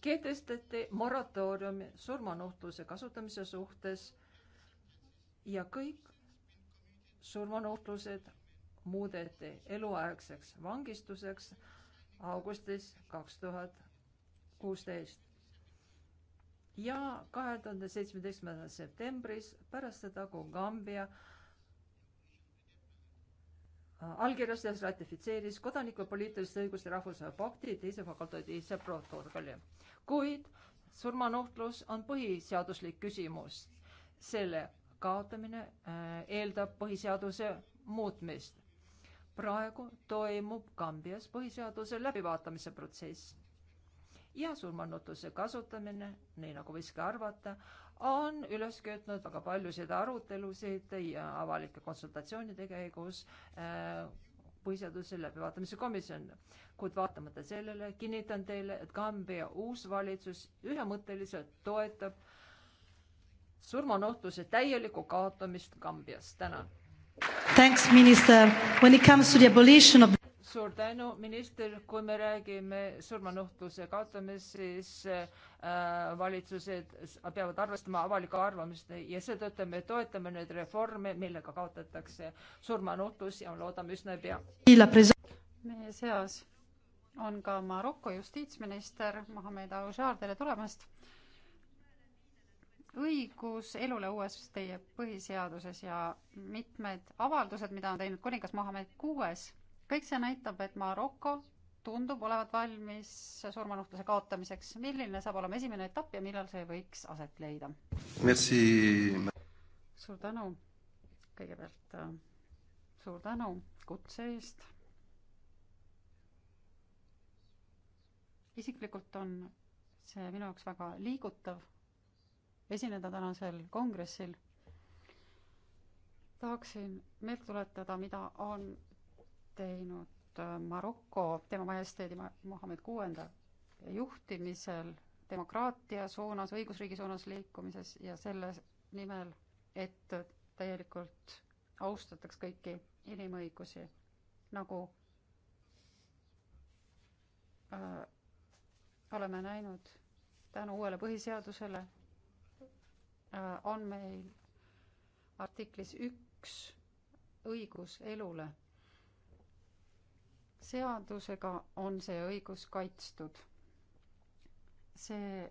kehtestati moratooriumi surmanuhtluse kasutamise suhtes ja kõik surmanuhtlused muudeti eluaegseks vangistuseks augustis kaks tuhat kuusteist. ja kahe tuhande seitsmeteistkümnendal septembris pärast seda, kui Gambia allkirjastas, ratifitseeris kodanikupoliitiliste õiguste rahvusvahelise pakti teise fakultatiivse protokolli. kuid surmanuhtlus on põhiseaduslik küsimus. selle kaotamine äh, eeldab põhiseaduse muutmist. praegu toimub Kambias põhiseaduse läbivaatamise protsess ja surmanutuse kasutamine, nii nagu võiski arvata, on üles köetnud väga paljusid arutelusid ja avalike konsultatsioonide käigus äh, põhiseaduse läbivaatamise komisjon. kuid vaatamata sellele kinnitan teile, et Kambja uus valitsus ühemõtteliselt toetab äh, surmanuhtluse täielikku kaotamist Kambias. tänan. Thanks, minister. When it comes to the abolition of suur tänu, minister, kui me räägime surmanuhtluse kaotamist, siis äh, valitsused peavad arvestama avalikku arvamust ja seetõttu me toetame neid reforme, millega kaotatakse surmanuhtlus ja loodame üsna pea. meie seas on ka Maroko justiitsminister Mohammed Al-Jar, tere tulemast õigus elule uues teie põhiseaduses ja mitmed avaldused, mida on teinud kuningas Mohammed kuues, kõik see näitab, et Maroko tundub olevat valmis surmanuhtluse kaotamiseks. milline saab olema esimene etapp ja millal see võiks aset leida? suur tänu kõigepealt, äh, suur tänu kutse eest. isiklikult on see minu jaoks väga liigutav esineda tänasel kongressil. tahaksin meelde tuletada, mida on teinud äh, Maroko, tema majesteedi Mohammed kuuenda juhtimisel demokraatia suunas, õigusriigi suunas liikumises ja selle nimel, et täielikult austataks kõiki inimõigusi, nagu äh, oleme näinud tänu uuele põhiseadusele Äh, on meil artiklis üks õigus elule. seadusega on see õigus kaitstud. see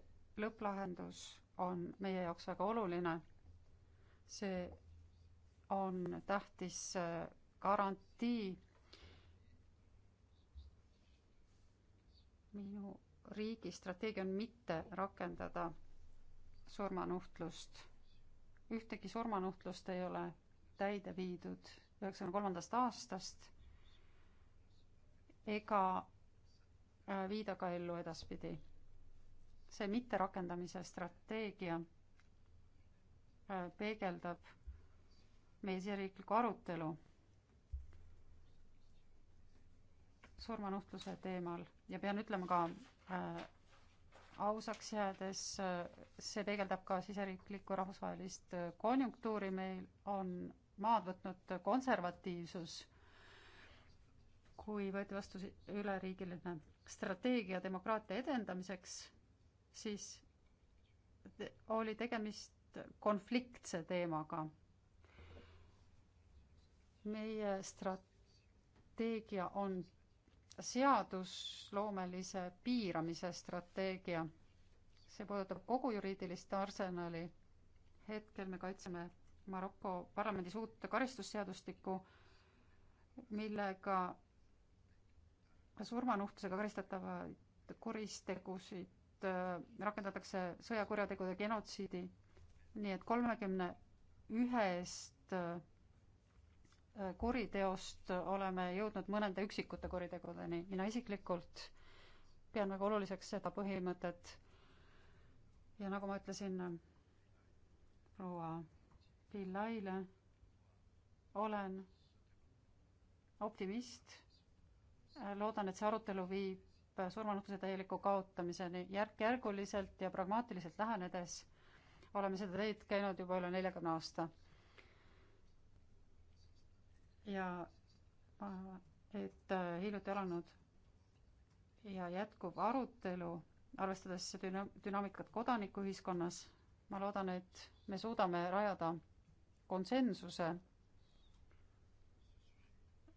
lõpplahendus on meie jaoks väga oluline. see on tähtis äh, garantii minu riigi strateegia on mitte rakendada surmanuhtlust. ühtegi surmanuhtlust ei ole täide viidud üheksakümne kolmandast aastast ega äh, viida ka ellu edaspidi. see mitterakendamise strateegia äh, peegeldab meie siseriiklikku arutelu surmanuhtluse teemal ja pean ütlema ka äh, ausaks jäädes, see peegeldab ka siseriiklikku rahvusvahelist konjunktuuri, meil on maad võtnud konservatiivsus, kui võeti vastu üleriigiline strateegia demokraatia edendamiseks, siis oli tegemist konfliktse teemaga. meie strateegia on seadusloomelise piiramise strateegia. see puudutab kogu juriidilist arsenali. hetkel me kaitseme Maroko parlamendis uut karistusseadustikku, millega surmanuhtlusega karistatavaid kuristegusid äh, rakendatakse sõjakurjategude genotsiidi, nii et kolmekümne ühest äh, kuriteost oleme jõudnud mõnede üksikute kuritegudeni. mina isiklikult pean väga oluliseks seda põhimõtet ja nagu ma ütlesin proua Pillaile, olen optimist, loodan, et see arutelu viib surmanuhtluse täieliku kaotamiseni järk-järguliselt ja pragmaatiliselt lähenedes oleme seda teed käinud juba üle neljakümne aasta ja äh, et äh, hiljuti alanud ja jätkuv arutelu, arvestades düna-, dünaamikat kodanikuühiskonnas, ma loodan, et me suudame rajada konsensuse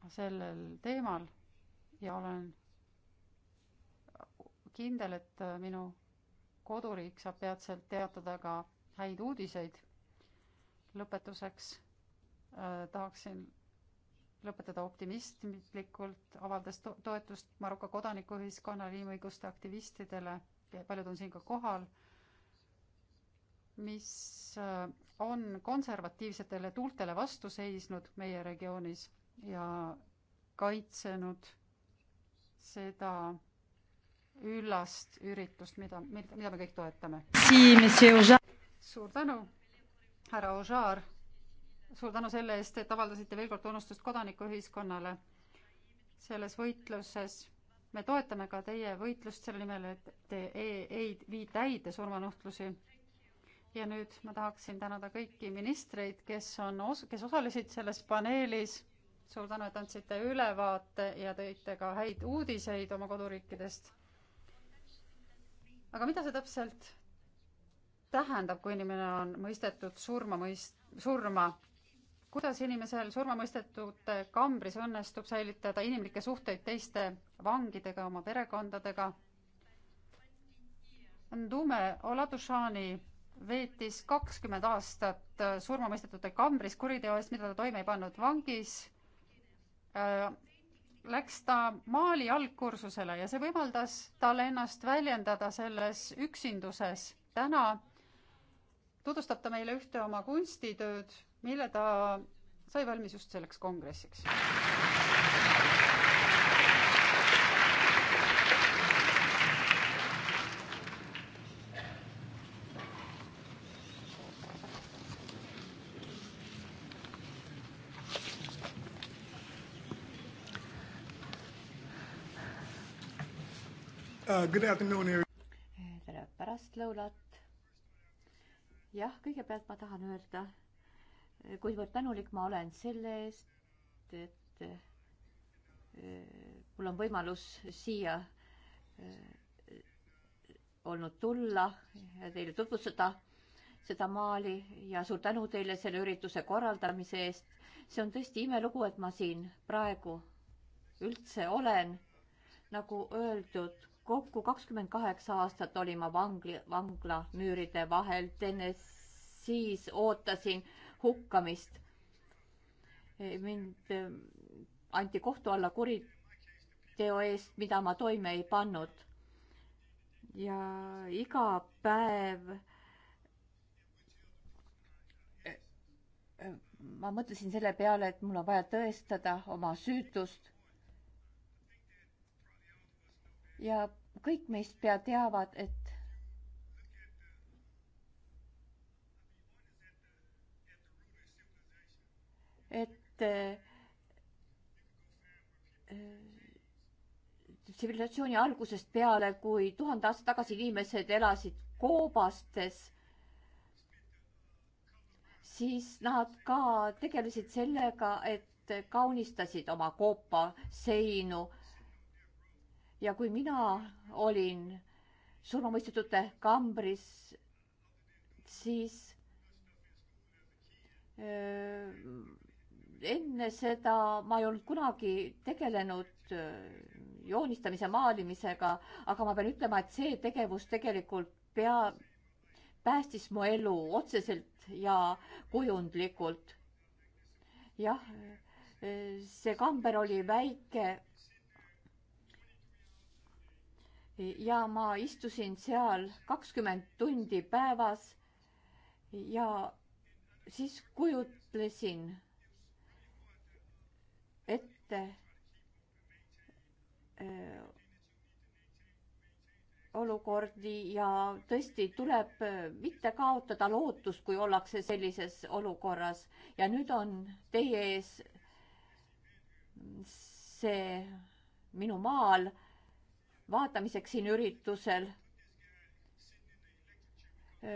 sellel teemal ja olen kindel, et äh, minu koduriik saab peatselt teatada ka häid uudiseid. lõpetuseks äh, tahaksin lõpetada optimistlikult, avaldas to toetust Maroka kodanikuühiskonnale, inimõiguste aktivistidele, paljud on siin ka kohal, mis äh, on konservatiivsetele tuultele vastu seisnud meie regioonis ja kaitsenud seda üllast üritust, mida, mida me kõik toetame. suur tänu, härra Ožaar suur tänu selle eest, et avaldasite veel kord tunnustust kodanikuühiskonnale selles võitluses. me toetame ka teie võitlust selle nimel, et te ei, ei vii täide surmanuhtlusi. ja nüüd ma tahaksin tänada kõiki ministreid, kes on os-, kes osalesid selles paneelis. suur tänu, et andsite ülevaate ja tõite ka häid uudiseid oma koduriikidest. aga mida see täpselt tähendab, kui inimene on mõistetud surma mõist-, surma kuidas inimesel surmamõistetute kambris õnnestub säilitada inimlikke suhteid teiste vangidega, oma perekondadega? Ndume Oladushani veetis kakskümmend aastat äh, surmamõistetute kambris kuriteo eest, mida ta toime ei pannud vangis. Äh, läks ta Mali algkursusele ja see võimaldas tal ennast väljendada selles üksinduses. täna tutvustab ta meile ühte oma kunstitööd mille ta sai valmis just selleks kongressiks. Uh, good afternoon, everyone. tere pärastlõunat. jah, kõigepealt ma tahan öelda kuivõrd tänulik ma olen selle eest, et mul on võimalus siia olnud tulla ja teile tutvustada seda maali ja suur tänu teile selle ürituse korraldamise eest. see on tõesti imelugu, et ma siin praegu üldse olen. nagu öeldud, kokku kakskümmend kaheksa aastat olin ma vangli, vangla müüride vahel, Tennessee's ootasin hukkamist. mind eh, anti kohtu alla kuriteo eest, mida ma toime ei pannud. ja iga päev eh, eh, ma mõtlesin selle peale, et mul on vaja tõestada oma süütust. ja kõik meist pea teavad, et et äh, äh, tsivilisatsiooni algusest peale, kui tuhande aasta tagasi inimesed elasid koobastes, siis nad ka tegelesid sellega, et kaunistasid oma koopaseinu. ja kui mina olin surmamõistetute kambris, siis öö, äh, enne seda ma ei olnud kunagi tegelenud äh, joonistamise, maalimisega, aga ma pean ütlema, et see tegevus tegelikult pea, päästis mu elu otseselt ja kujundlikult. jah, äh, see kamber oli väike. ja ma istusin seal kakskümmend tundi päevas ja siis kujutlesin mitte olukordi ja tõesti tuleb mitte kaotada lootust, kui ollakse sellises olukorras ja nüüd on teie ees see minu maal vaatamiseks siin üritusel.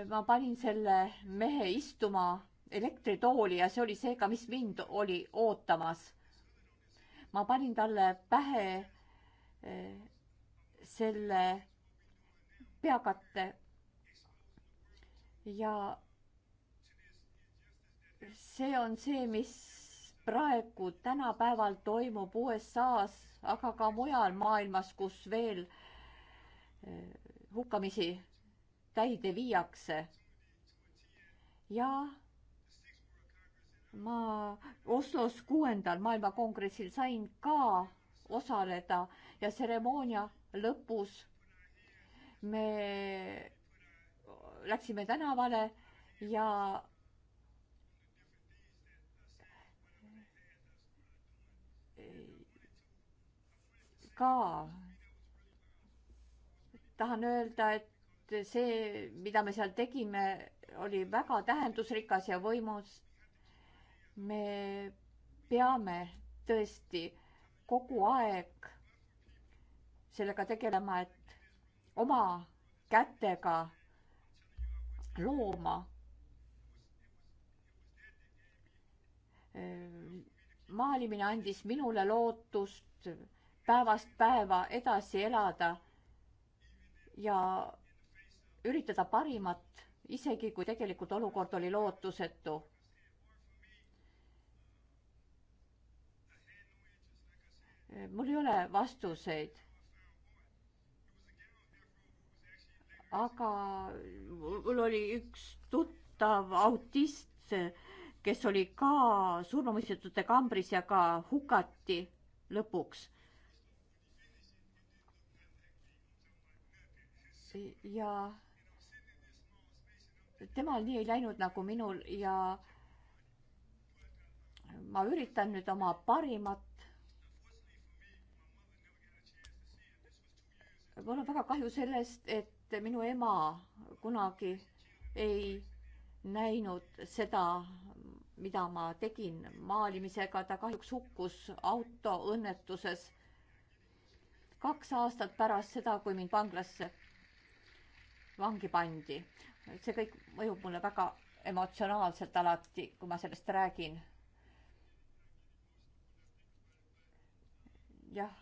ma panin selle mehe istuma elektritooli ja see oli see ka, mis mind oli ootamas ma panin talle pähe eh, selle peakatte ja see on see, mis praegu tänapäeval toimub USA-s, aga ka mujal maailmas, kus veel eh, hukkamisi täide viiakse. ja ma Oslos kuuendal maailmakongressil sain ka osaleda ja tseremoonia lõpus me läksime tänavale ja ka tahan öelda, et see, mida me seal tegime, oli väga tähendusrikas ja võimus me peame tõesti kogu aeg sellega tegelema, et oma kätega looma. maalimine andis minule lootust päevast päeva edasi elada ja üritada parimat, isegi kui tegelikult olukord oli lootusetu mul ei ole vastuseid. aga mul oli üks tuttav autist, kes oli ka surmamõistetute kambris ja ka hukati lõpuks. ja temal nii ei läinud nagu minul ja ma üritan nüüd oma parimat mul on väga kahju sellest, et minu ema kunagi ei näinud seda, mida ma tegin maalimisega, ta kahjuks hukkus autoõnnetuses kaks aastat pärast seda, kui mind vanglasse vangi pandi. see kõik mõjub mulle väga emotsionaalselt alati, kui ma sellest räägin. jah,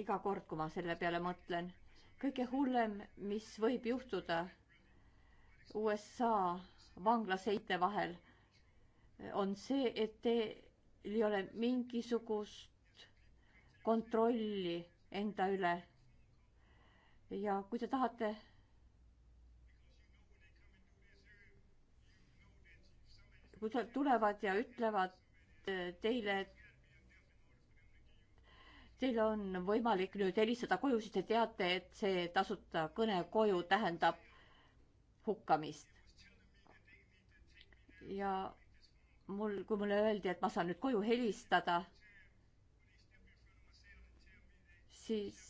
iga kord, kui ma selle peale mõtlen. kõige hullem, mis võib juhtuda USA vanglaseinte vahel, on see, et teil ei ole mingisugust kontrolli enda üle. ja kui te tahate kui tulevad ja ütlevad teile, et Teil on võimalik nüüd helistada koju, siis te teate, et see tasuta kõne koju tähendab hukkamist. ja mul, kui mulle öeldi, et ma saan nüüd koju helistada, siis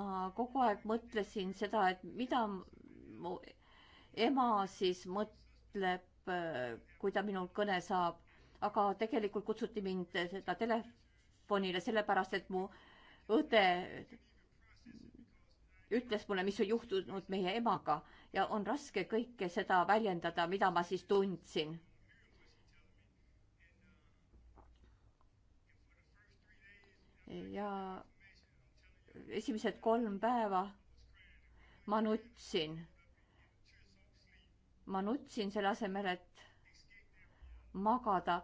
ma kogu aeg mõtlesin seda, et mida mu ema siis mõtleb, kui ta minult kõne saab aga tegelikult kutsuti mind seda telefonile sellepärast, et mu õde ütles mulle, mis on juhtunud meie emaga ja on raske kõike seda väljendada, mida ma siis tundsin. ja esimesed kolm päeva ma nutsin. ma nutsin selle asemel, et magada.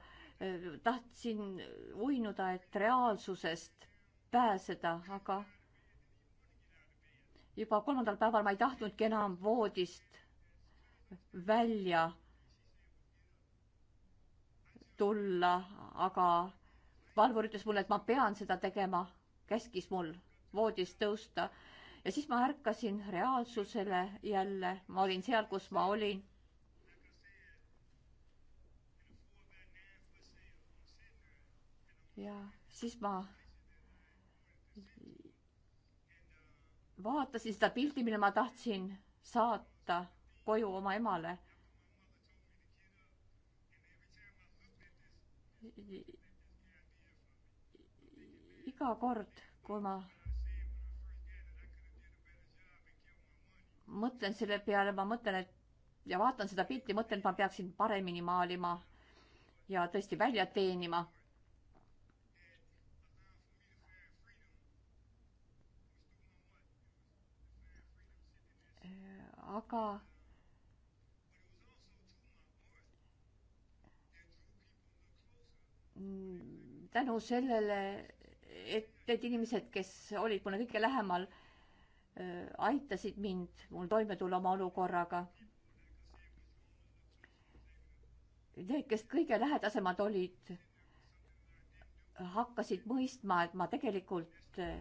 tahtsin uinuda, et reaalsusest pääseda, aga juba kolmandal päeval ma ei tahtnudki enam voodist välja tulla, aga valvur ütles mulle, et ma pean seda tegema, käskis mul voodist tõusta ja siis ma ärkasin reaalsusele jälle, ma olin seal, kus ma olin. ja siis ma vaatasin seda pilti, mille ma tahtsin saata koju oma emale. iga kord, kui ma mõtlen selle peale, ma mõtlen, et ja vaatan seda pilti, mõtlen, et ma peaksin paremini maalima ja tõesti välja teenima aga tänu sellele, et need inimesed, kes olid mulle kõige lähemal, äh, aitasid mind, mul toime tulla oma olukorraga. Need, kes kõige lähedasemad olid, hakkasid mõistma, et ma tegelikult äh,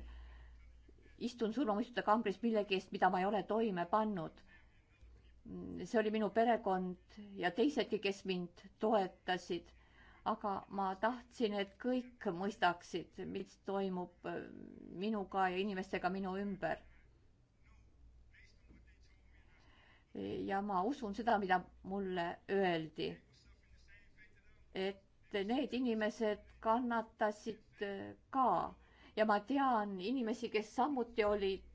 istun surmamõistuse kambris millegi eest, mida ma ei ole toime pannud Mm, see oli minu perekond ja teisedki, kes mind toetasid. aga ma tahtsin, et kõik mõistaksid, mis toimub äh, minuga ja inimestega minu ümber. ja ma usun seda, mida mulle öeldi. et need inimesed kannatasid äh, ka ja ma tean inimesi, kes samuti olid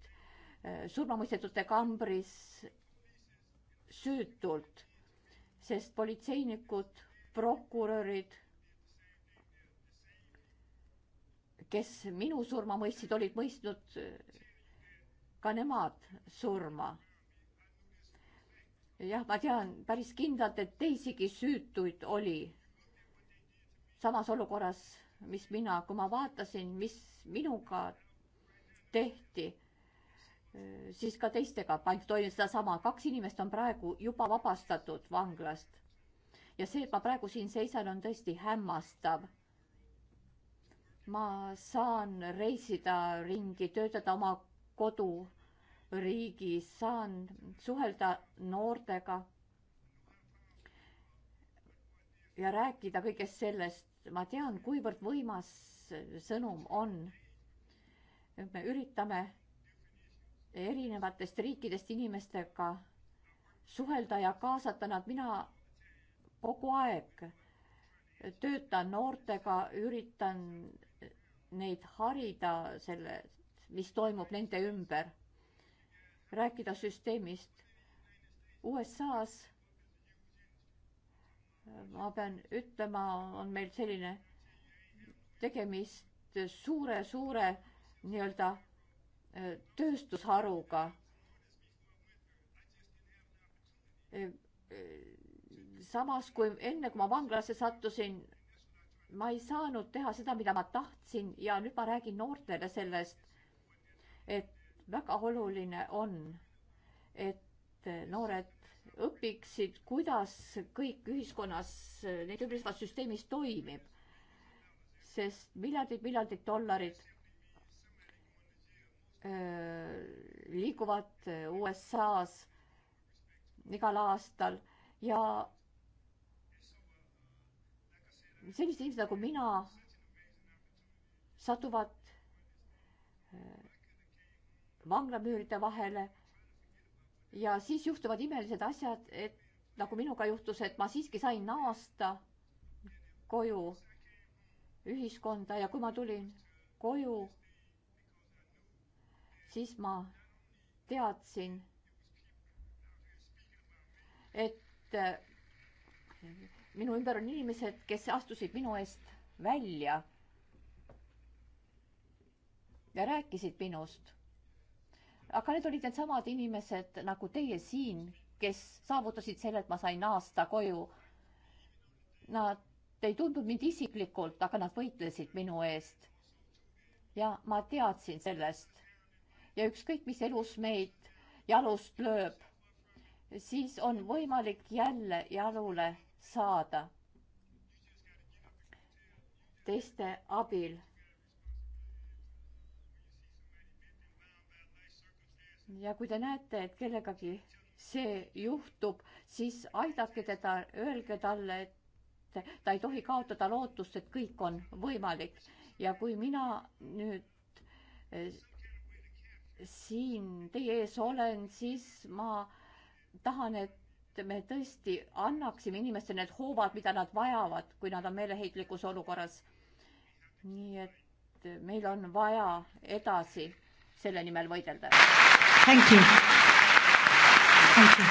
äh, surmamõistetute kambris süütult, sest politseinikud, prokurörid, kes minu surma mõistsid, olid mõistnud ka nemad surma. jah, ma tean päris kindlalt, et teisigi süütuid oli samas olukorras, mis mina, kui ma vaatasin, mis minuga tehti siis ka teistega pandi toime sedasama. kaks inimest on praegu juba vabastatud vanglast. ja see, et ma praegu siin seisan, on tõesti hämmastav. ma saan reisida ringi, töötada oma koduriigis, saan suhelda noortega ja rääkida kõigest sellest. ma tean, kuivõrd võimas sõnum on. me üritame erinevatest riikidest inimestega suhelda ja kaasata nad, mina kogu aeg töötan noortega, üritan neid harida selle, mis toimub nende ümber, rääkida süsteemist. USA-s ma pean ütlema, on meil selline tegemist suure-suure nii-öelda tööstusharuga. samas kui enne, kui ma vanglasse sattusin, ma ei saanud teha seda, mida ma tahtsin ja nüüd ma räägin noortele sellest, et väga oluline on, et noored õpiksid, kuidas kõik ühiskonnas, neid ümbritsevas süsteemis toimib. sest miljardid, miljardid dollarid Äh, liiguvad äh, USA-s igal aastal ja sellised inimesed nagu mina satuvad äh, vanglamüüride vahele ja siis juhtuvad imelised asjad, et nagu minuga juhtus, et ma siiski sain naasta koju ühiskonda ja kui ma tulin koju siis ma teadsin, et eh, minu ümber on inimesed, kes astusid minu eest välja ja rääkisid minust. aga need olid needsamad inimesed nagu teie siin, kes saavutasid selle, et ma sain naasta koju. Nad ei tundnud mind isiklikult, aga nad võitlesid minu eest. ja ma teadsin sellest ja ükskõik, mis elus meid jalust lööb, siis on võimalik jälle jalule saada teiste abil. ja kui te näete, et kellegagi see juhtub, siis aidake teda, öelge talle, et ta ei tohi kaotada lootust, et kõik on võimalik. ja kui mina nüüd siin teie ees olen, siis ma tahan, et me tõesti annaksime inimestele need hoovad, mida nad vajavad, kui nad on meeleheitlikus olukorras. nii et meil on vaja edasi selle nimel võidelda. Thank you. Thank you.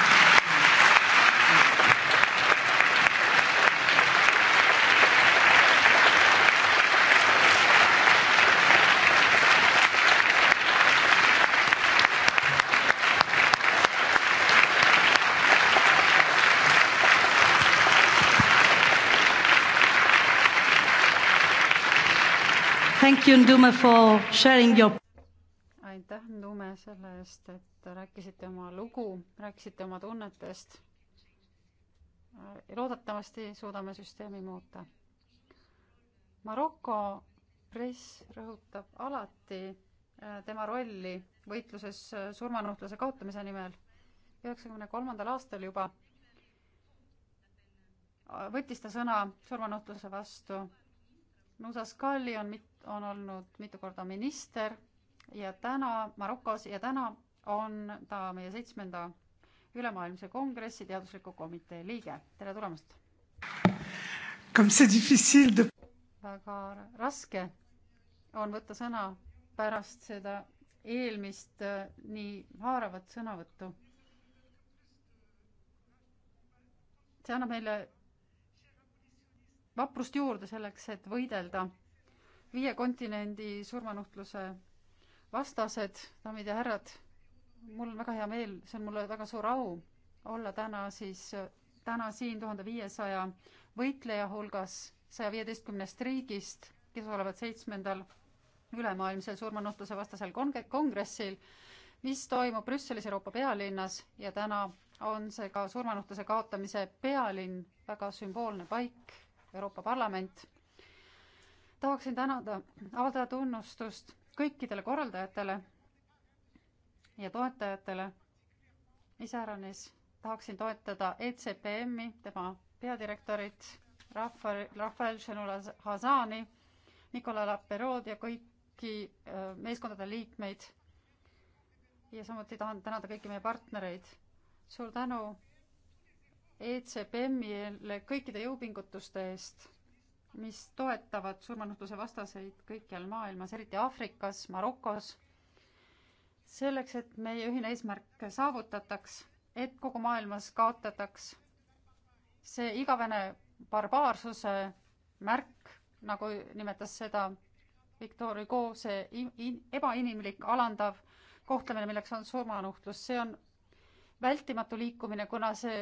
Thank you, Ndume, for sharing your aitäh, Ndume, selle eest, et rääkisite oma lugu, rääkisite oma tunnetest. Äh, loodetavasti suudame süsteemi muuta. Maroko press rõhutab alati äh, tema rolli võitluses äh, surmanuhtluse kaotamise nimel. üheksakümne kolmandal aastal juba võttis ta sõna surmanuhtluse vastu. Nusa Scali on mit-, on olnud mitu korda minister ja täna Marokos ja täna on ta meie seitsmenda ülemaailmse kongressi teadusliku komitee liige. tere tulemast! De... väga raske on võtta sõna pärast seda eelmist äh, nii haaravat sõnavõttu. see annab meile vaprust juurde selleks, et võidelda viie kontinendi surmanuhtluse vastased, daamid ja härrad, mul on väga hea meel, see on mulle väga suur au olla täna siis, täna siin tuhande viiesaja võitleja hulgas saja viieteistkümnest riigist, kes olevat seitsmendal ülemaailmsel surmanuhtluse vastasel konge-, kongressil, mis toimub Brüsselis, Euroopa pealinnas ja täna on see ka surmanuhtluse kaotamise pealinn, väga sümboolne paik, Euroopa Parlament tahaksin tänada, avaldada tunnustust kõikidele korraldajatele ja toetajatele. iseäranis tahaksin toetada ECPM-i, tema peadirektorit, rahva, Rafael Ženulazani, Nikolai Laperod ja kõiki meeskondade liikmeid. ja samuti tahan tänada kõiki meie partnereid. suur tänu ECPM-ile kõikide jõupingutuste eest mis toetavad surmanuhtluse vastaseid kõikjal maailmas, eriti Aafrikas, Marokos. selleks, et meie ühine eesmärk saavutataks, et kogu maailmas kaotataks see igavene barbaarsuse märk, nagu nimetas seda Victor Hugo, see ebainimlik, alandav kohtlemine, milleks on surmanuhtlus, see on vältimatu liikumine, kuna see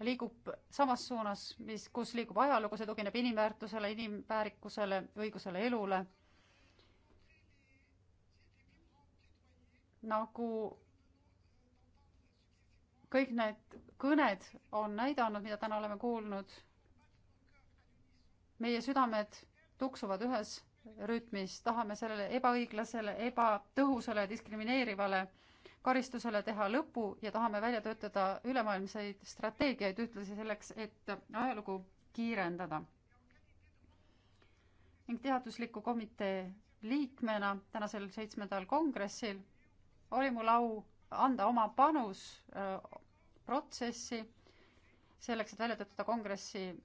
liigub samas suunas, mis, kus liigub ajalugu, see tugineb inimväärtusele, inimväärikusele, õigusele elule. nagu kõik need kõned on näidanud, mida täna oleme kuulnud, meie südamed tuksuvad ühes rütmis, tahame sellele ebaõiglasele, ebatõhusale, diskrimineerivale karistusele teha lõpu ja tahame välja töötada ülemaailmseid strateegiaid ühtlasi selleks, et ajalugu kiirendada. ning teadusliku komitee liikmena tänasel seitsmendal kongressil oli mul au anda oma panus öö, äh, protsessi selleks, et välja töötada kongressi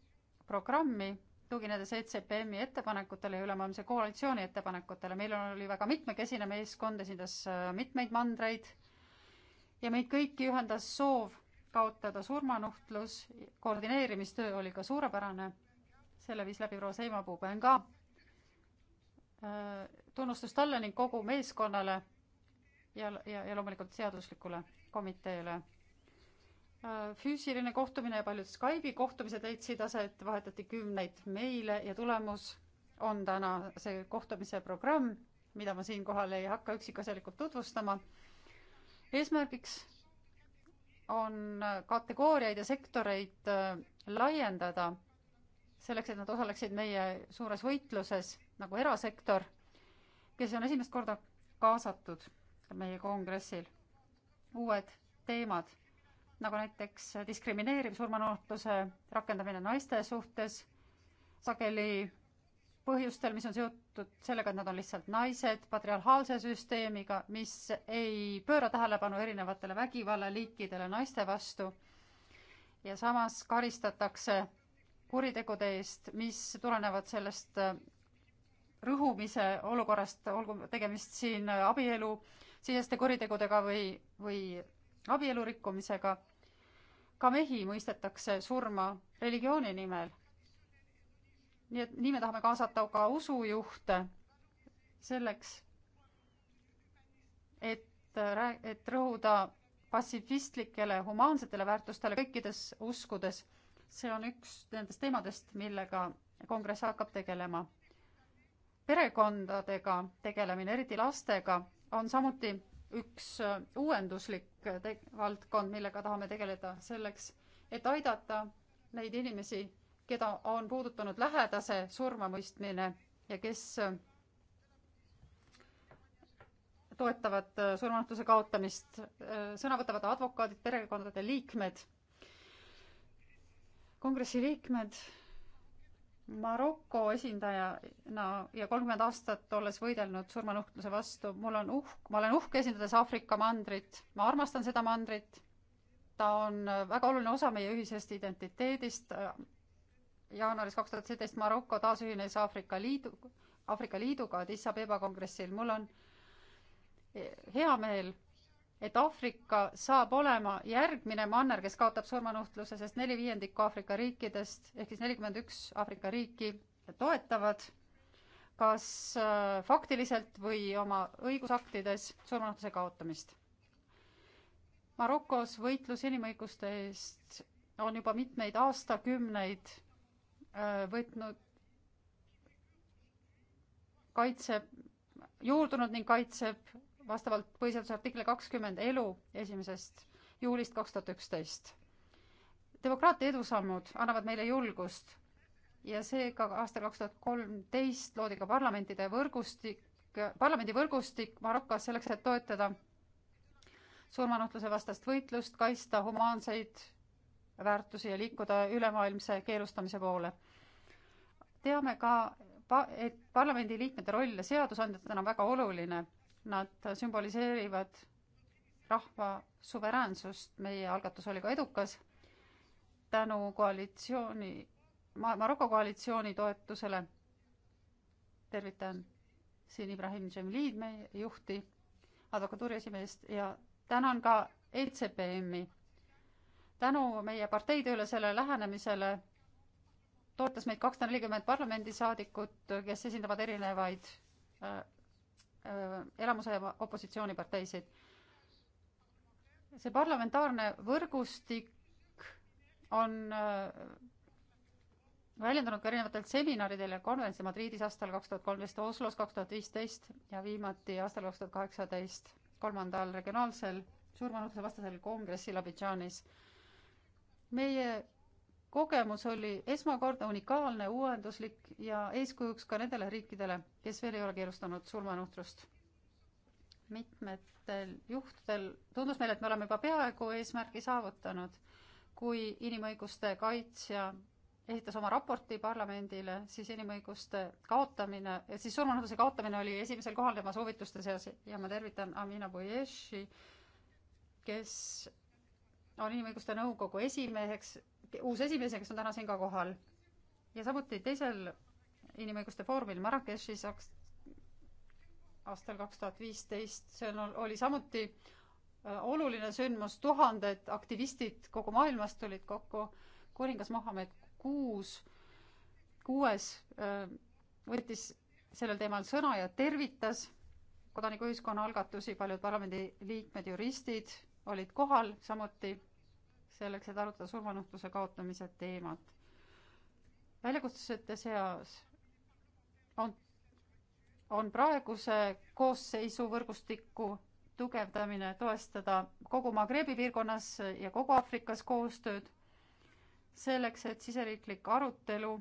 programmi, tuginedes ECPM-i ettepanekutele ja ülemaailmse koalitsiooni ettepanekutele. meil oli väga mitmekesine meeskond, esindas äh, mitmeid mandreid ja meid kõiki ühendas soov kaotada surmanuhtlus, koordineerimistöö oli ka suurepärane, selle viis läbi proua Seimapuu Benga. Äh, tunnustus talle ning kogu meeskonnale ja, ja, ja loomulikult seaduslikule komiteele. Äh, füüsiline kohtumine ja paljud Skype'i kohtumised leidsid aset, vahetati kümneid meile ja tulemus on täna see kohtumise programm, mida ma siinkohal ei hakka üksikasjalikult tutvustama eesmärgiks on kategooriaid ja sektoreid äh, laiendada selleks, et nad osaleksid meie suures võitluses nagu erasektor, kes on esimest korda kaasatud meie kongressil. uued teemad nagu näiteks diskrimineeriv surmanuhtluse rakendamine naiste suhtes, sageli põhjustel, mis on seotud sellega, et nad on lihtsalt naised, patriarhaalse süsteemiga, mis ei pööra tähelepanu erinevatele vägivallaliikidele naiste vastu. ja samas karistatakse kuritegude eest, mis tulenevad sellest äh, rõhumise olukorrast, olgu tegemist siin abielu siseste kuritegudega või, või abielu rikkumisega. ka mehi mõistetakse surma religiooni nimel nii et nii me tahame kaasata ka usujuhte selleks, et, et rõhuda passivistlikele humaansetele väärtustele kõikides uskudes. see on üks nendest teemadest, millega kongress hakkab tegelema. perekondadega tegelemine, eriti lastega, on samuti üks äh, uuenduslik äh, valdkond, millega tahame tegeleda selleks, et aidata neid inimesi keda on puudutanud lähedase surmamõistmine ja kes äh, toetavad äh, surmanutuse kaotamist, äh, sõna võtavad advokaadid, perekondade liikmed, kongressi liikmed, Maroko esindajana ja kolmkümmend aastat olles võidelnud surmanuhtluse vastu, mul on uhk, ma olen uhke esindades Aafrika mandrit, ma armastan seda mandrit, ta on väga oluline osa meie ühisest identiteedist, jaanuaris kaks tuhat seitseteist Maroko taasühines Aafrika Liidu, Aafrika Liiduga Addis Abeba kongressil. mul on hea meel, et Aafrika saab olema järgmine manner, kes kaotab surmanuhtluse, sest neli viiendikku Aafrika riikidest ehk siis nelikümmend üks Aafrika riiki toetavad kas äh, faktiliselt või oma õigusaktides surmanuhtluse kaotamist. Marokos võitlus inimõiguste eest on juba mitmeid aastakümneid Äh, võtnud kaitseb, juurdunud ning kaitseb vastavalt põhiseaduse artikli kakskümmend elu esimesest juulist kaks tuhat üksteist. demokraatia edusammud annavad meile julgust ja seega ka aastal kaks tuhat kolmteist loodi ka parlamentide võrgustik, parlamendivõrgustik Marokos selleks, et toetada surmanuhtluse vastast võitlust, kaitsta humaanseid väärtusi ja liikuda ülemaailmse keelustamise poole. teame ka, et parlamendiliikmete roll seadusandjatena on väga oluline. Nad sümboliseerivad rahva suveräänsust, meie algatus oli ka edukas tänu koalitsiooni, Maroko koalitsiooni toetusele. tervitan siin Ibrahim Džemlid, meie juhti, advokatuuri esimeest ja tänan ka ECPM-i tänu meie partei tööle sellele lähenemisele toetas meid kakssada nelikümmend parlamendisaadikut, kes esindavad erinevaid äh, äh, elamuse ja opositsiooniparteisid. see parlamentaarne võrgustik on äh, väljendunud ka erinevatel seminaridel ja konverentsil Madridis aastal kaks tuhat kolmteist, Oslos kaks tuhat viisteist ja viimati aastal kaks tuhat kaheksateist kolmandal regionaalsel surmanuhtluse vastasel kongressil Abidžaanis meie kogemus oli esmakordne, unikaalne, uuenduslik ja eeskujuks ka nendele riikidele, kes veel ei ole keelustanud surmanuhtlust. mitmetel juhtudel tundus meile, et me oleme juba peaaegu eesmärgi saavutanud, kui inimõiguste kaitsja esitas oma raporti parlamendile, siis inimõiguste kaotamine, siis surmanuhtluse kaotamine oli esimesel kohal tema soovituste seas ja ma tervitan Amina Boyeshi, kes on Inimõiguste Nõukogu esimeheks, uus esimees, kes on täna siin ka kohal. ja samuti teisel Inimõiguste Foorumil Marrakechis aastal kaks tuhat viisteist, seal oli samuti äh, oluline sündmus, tuhanded aktivistid kogu maailmast tulid kokku, kuningas Mohammed kuus, kuues äh, võttis sellel teemal sõna ja tervitas kodanikuühiskonna algatusi, paljud parlamendiliikmed, juristid olid kohal samuti selleks, et arutada surmanuhtluse kaotamise teemat. väljakutsete seas on, on praeguse koosseisu võrgustiku tugevdamine, toestada kogu Magrebi piirkonnas ja kogu Aafrikas koostööd selleks, et siseriiklik arutelu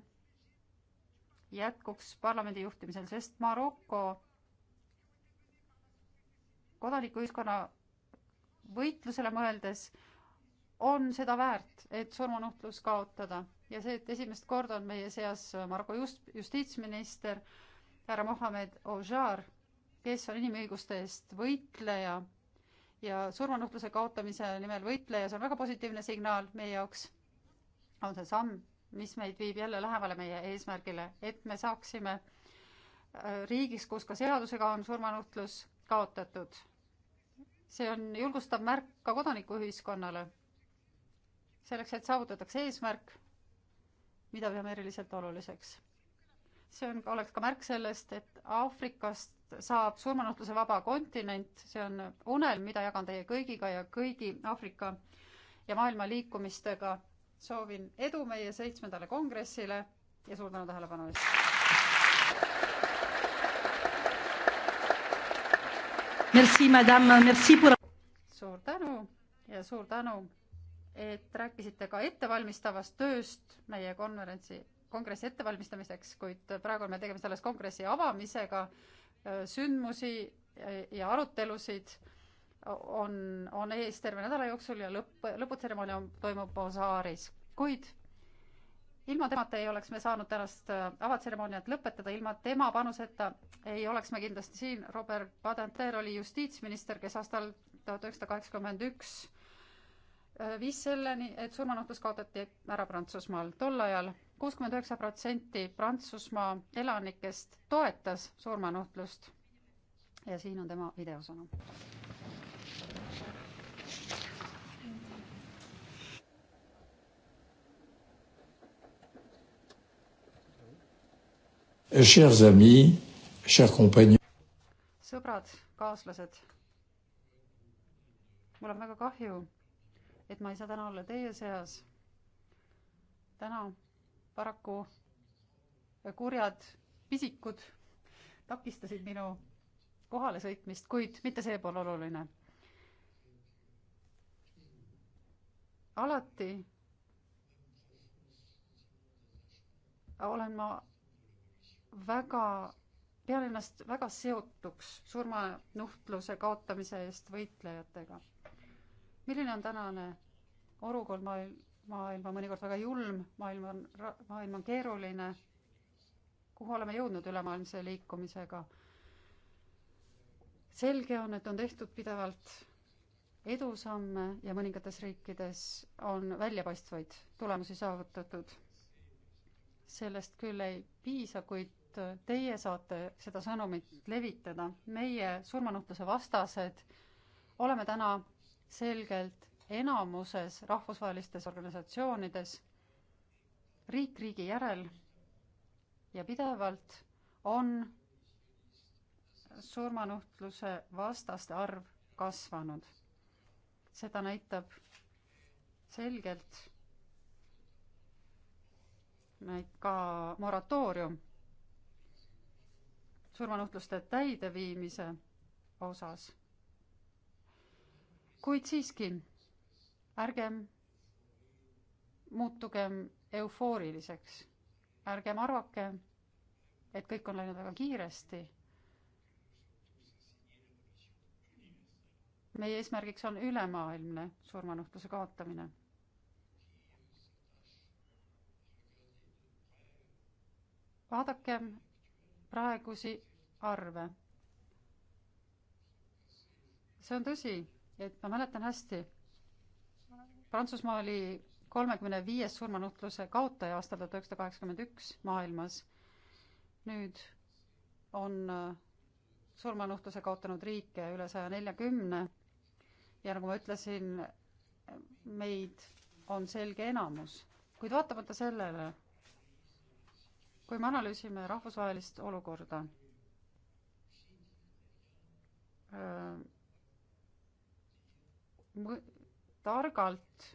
jätkuks parlamendi juhtimisel, sest Maroko kodanikuühiskonna võitlusele mõeldes on seda väärt, et surmanuhtlus kaotada ja see, et esimest korda on meie seas Margo Just-, justiitsminister, härra Mohammed Ožar, kes on inimõiguste eest võitleja ja surmanuhtluse kaotamise nimel võitleja, see on väga positiivne signaal meie jaoks. on see samm, mis meid viib jälle lähemale meie eesmärgile, et me saaksime äh, riigis, kus ka seadusega on surmanuhtlus kaotatud see on julgustav märk ka kodanikuühiskonnale. selleks, et saavutatakse eesmärk, mida peame eriliselt oluliseks. see on, oleks ka märk sellest, et Aafrikast saab surmanuhtluse vaba kontinent, see on unelm, mida jagan teie kõigiga ja kõigi Aafrika ja maailma liikumistega. soovin edu meie seitsmendale kongressile ja suur tänu tähelepanu eest! suur tänu ja suur tänu, et rääkisite ka ettevalmistavast tööst meie konverentsi, kongressi ettevalmistamiseks, kuid praegu on meil tegemist alles kongressi avamisega, äh, sündmusi äh, ja arutelusid on, on ees terve nädala jooksul ja lõpp, lõputseremoonia toimub Osaaris, kuid ilma temata ei oleks me saanud tänast äh, avatseremooniat lõpetada, ilma tema panuseta ei oleks me kindlasti siin. Robert Badinter oli justiitsminister, kes aastal tuhat üheksasada kaheksakümmend üks äh, viis selleni, et surmanuhtlus kaotati ära Prantsusmaal. tol ajal kuuskümmend üheksa protsenti Prantsusmaa elanikest toetas surmanuhtlust. ja siin on tema videosõnum. Chers amis, chers compagnons. sõbrad, kaaslased. mul on väga kahju, et ma ei saa täna olla teie seas. täna paraku kurjad pisikud takistasid minu kohalesõitmist, kuid mitte see pole oluline. alati olen ma väga, pean ennast väga seotuks surmanuhtluse kaotamise eest võitlejatega. milline on tänane olukord maailm, maailm on mõnikord väga julm, maailm on, maailm on keeruline. kuhu oleme jõudnud ülemaailmse liikumisega? selge on, et on tehtud pidevalt edusamme ja mõningates riikides on väljapaistvaid tulemusi saavutatud. sellest küll ei piisa, kuid ainult teie saate seda sõnumit levitada. meie surmanuhtluse vastased oleme täna selgelt enamuses rahvusvahelistes organisatsioonides riik riigi järel ja pidevalt on surmanuhtluse vastaste arv kasvanud. seda näitab selgelt näit- ka moratoorium surmanuhtluste täideviimise osas. kuid siiski, ärgem muutugem eufooriliseks, ärgem arvake, et kõik on läinud väga kiiresti. meie eesmärgiks on ülemaailmne surmanuhtluse kaotamine vaadakem praegusi arve. see on tõsi, et ma mäletan hästi, Prantsusmaa oli kolmekümne viies surmanuhtluse kaotaja aastal tuhat üheksasada kaheksakümmend üks maailmas. nüüd on äh, surmanuhtluse kaotanud riike üle saja neljakümne ja nagu ma ütlesin, meid on selge enamus, kuid vaatamata sellele kui me analüüsime rahvusvahelist olukorda, äh, targalt,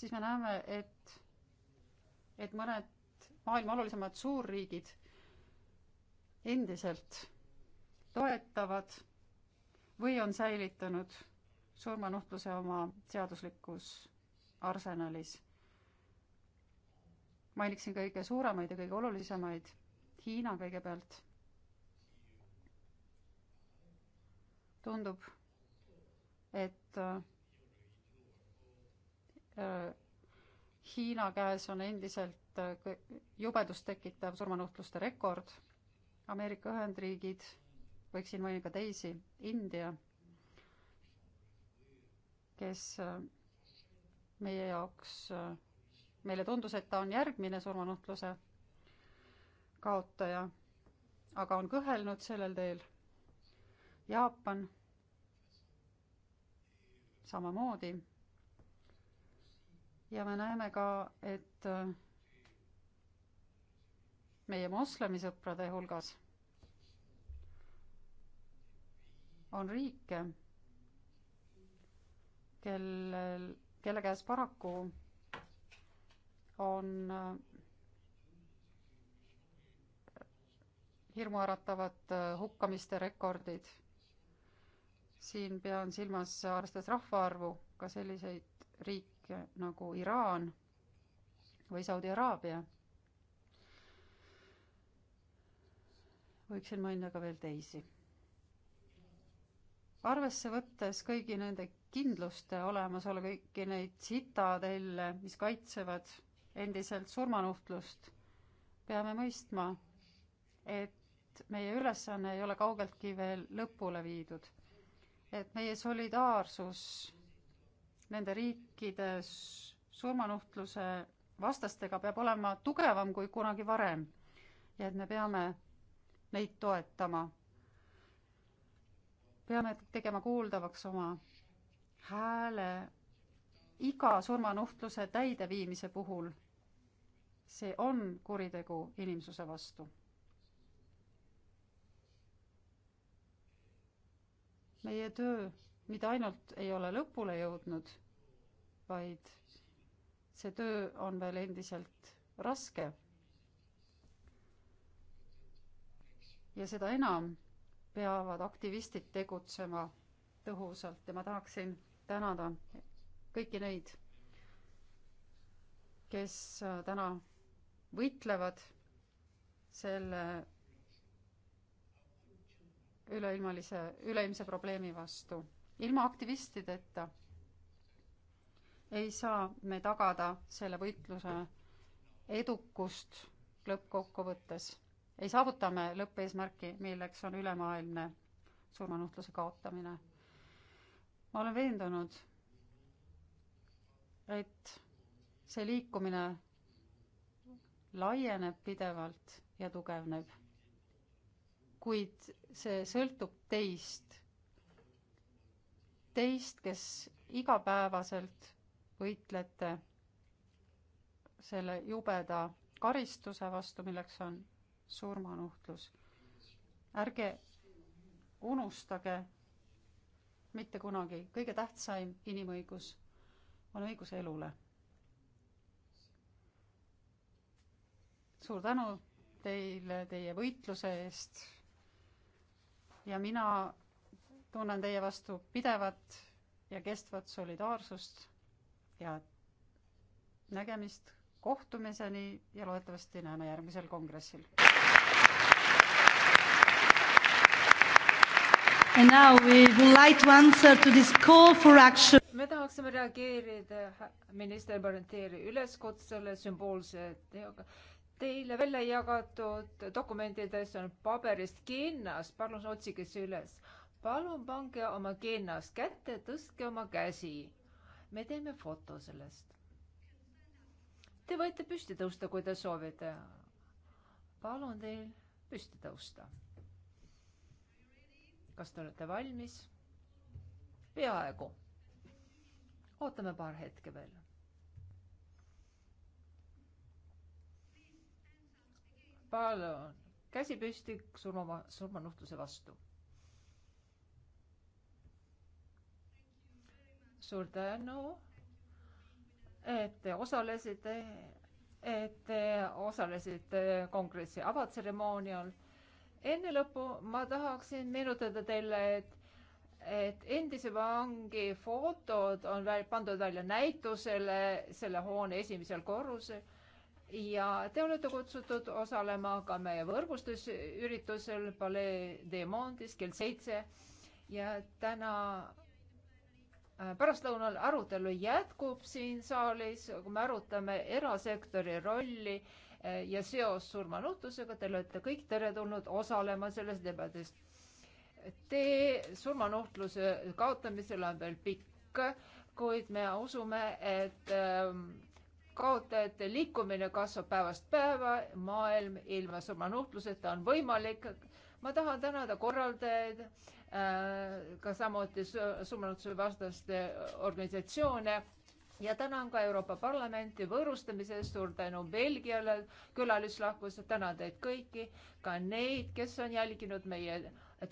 siis me näeme, et, et mõned maailma olulisemad suurriigid endiselt toetavad või on säilitanud surmanuhtluse oma seaduslikus arsenalis mainiksin kõige suuremaid ja kõige olulisemaid. Hiina kõigepealt. tundub, et äh, äh Hiina käes on endiselt äh, jubedust tekitav surmanuhtluste rekord. Ameerika Ühendriigid, võiksin mainida ka teisi, India, kes äh, meie jaoks äh, meile tundus, et ta on järgmine surmanuhtluse kaotaja, aga on kõhelnud sellel teel. Jaapan samamoodi. ja me näeme ka, et äh, meie moslemisõprade hulgas on riike, kellel, kelle käes paraku on äh, hirmuäratavad äh, hukkamiste rekordid. siin pean silmas, arvestades rahvaarvu, ka selliseid riike nagu Iraan või Saudi Araabia. võiksin mainida ka veel teisi. arvesse võttes kõigi nende kindluste olemasolu, kõiki neid sitadelle, mis kaitsevad endiselt surmanuhtlust. peame mõistma, et meie ülesanne ei ole kaugeltki veel lõpule viidud. et meie solidaarsus nende riikide surmanuhtluse vastastega peab olema tugevam kui kunagi varem ja et me peame neid toetama. peame tegema kuuldavaks oma hääle iga surmanuhtluse täideviimise puhul see on kuritegu inimsuse vastu. meie töö mitte ainult ei ole lõpule jõudnud, vaid see töö on veel endiselt raske. ja seda enam peavad aktivistid tegutsema tõhusalt ja ma tahaksin tänada kõiki neid, kes äh, täna võitlevad selle üleilmalise, üleilmse probleemi vastu. ilma aktivistideta ei saa me tagada selle võitluse edukust lõppkokkuvõttes. ei saavuta me lõppeesmärki, milleks on ülemaailmne surmanuhtluse kaotamine. ma olen veendunud, et see liikumine laieneb pidevalt ja tugevneb. kuid see sõltub teist, teist, kes igapäevaselt võitlete selle jubeda karistuse vastu, milleks on surmanuhtlus. ärge unustage mitte kunagi, kõige tähtsam inimõigus on õigus elule suur tänu teile teie võitluse eest ja mina tunnen teie vastu pidevat ja kestvat solidaarsust ja nägemist, kohtumiseni ja loodetavasti näeme järgmisel kongressil. And now we would like to answer to this call for action. me tahaksime reageerida minister Barentieri üleskutsele sümboolse teoga Teile välja jagatud dokumentides on paberist kinnas, palun otsige see üles. palun pange oma kinnas kätte, tõstke oma käsi. me teeme foto sellest. Te võite püsti tõusta, kui te soovite. palun teil püsti tõusta. kas te olete valmis? peaaegu. ootame paar hetke veel palun, käsi püsti surma, surmanuhtluse vastu. suur tänu, et te osalesite, et te osalesite kongressi avatseremoonial. enne lõppu ma tahaksin meenutada teile, et et endise vangi fotod on väl, pandud välja näitusele selle hoone esimesel korrusel ja te olete kutsutud osalema ka meie võrgustusüritusel Palais de Mondis kell seitse ja täna äh, pärastlõunal arutelu jätkub siin saalis, kui me arutame erasektori rolli äh, ja seost surmanuhtlusega, te olete kõik teretulnud osalema selles debatis. tee surmanuhtluse kaotamisel on veel pikk, kuid me usume, et ähm, kaotajate liikumine kasvab päevast päeva, maailm ilma surmanuhtluseta on võimalik. ma tahan tänada korraldajaid äh,, ka samuti surmanuhtluse vastaste organisatsioone ja tänan ka Euroopa Parlamenti võõrustamise eest, suur tänu Belgiale külalislahkus, tänan teid kõiki, ka neid, kes on jälginud meie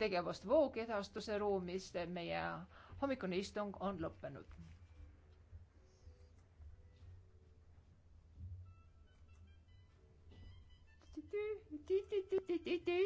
tegevust voogedastuse ruumist, meie hommikune istung on lõppenud. ti ti ti ti ti ti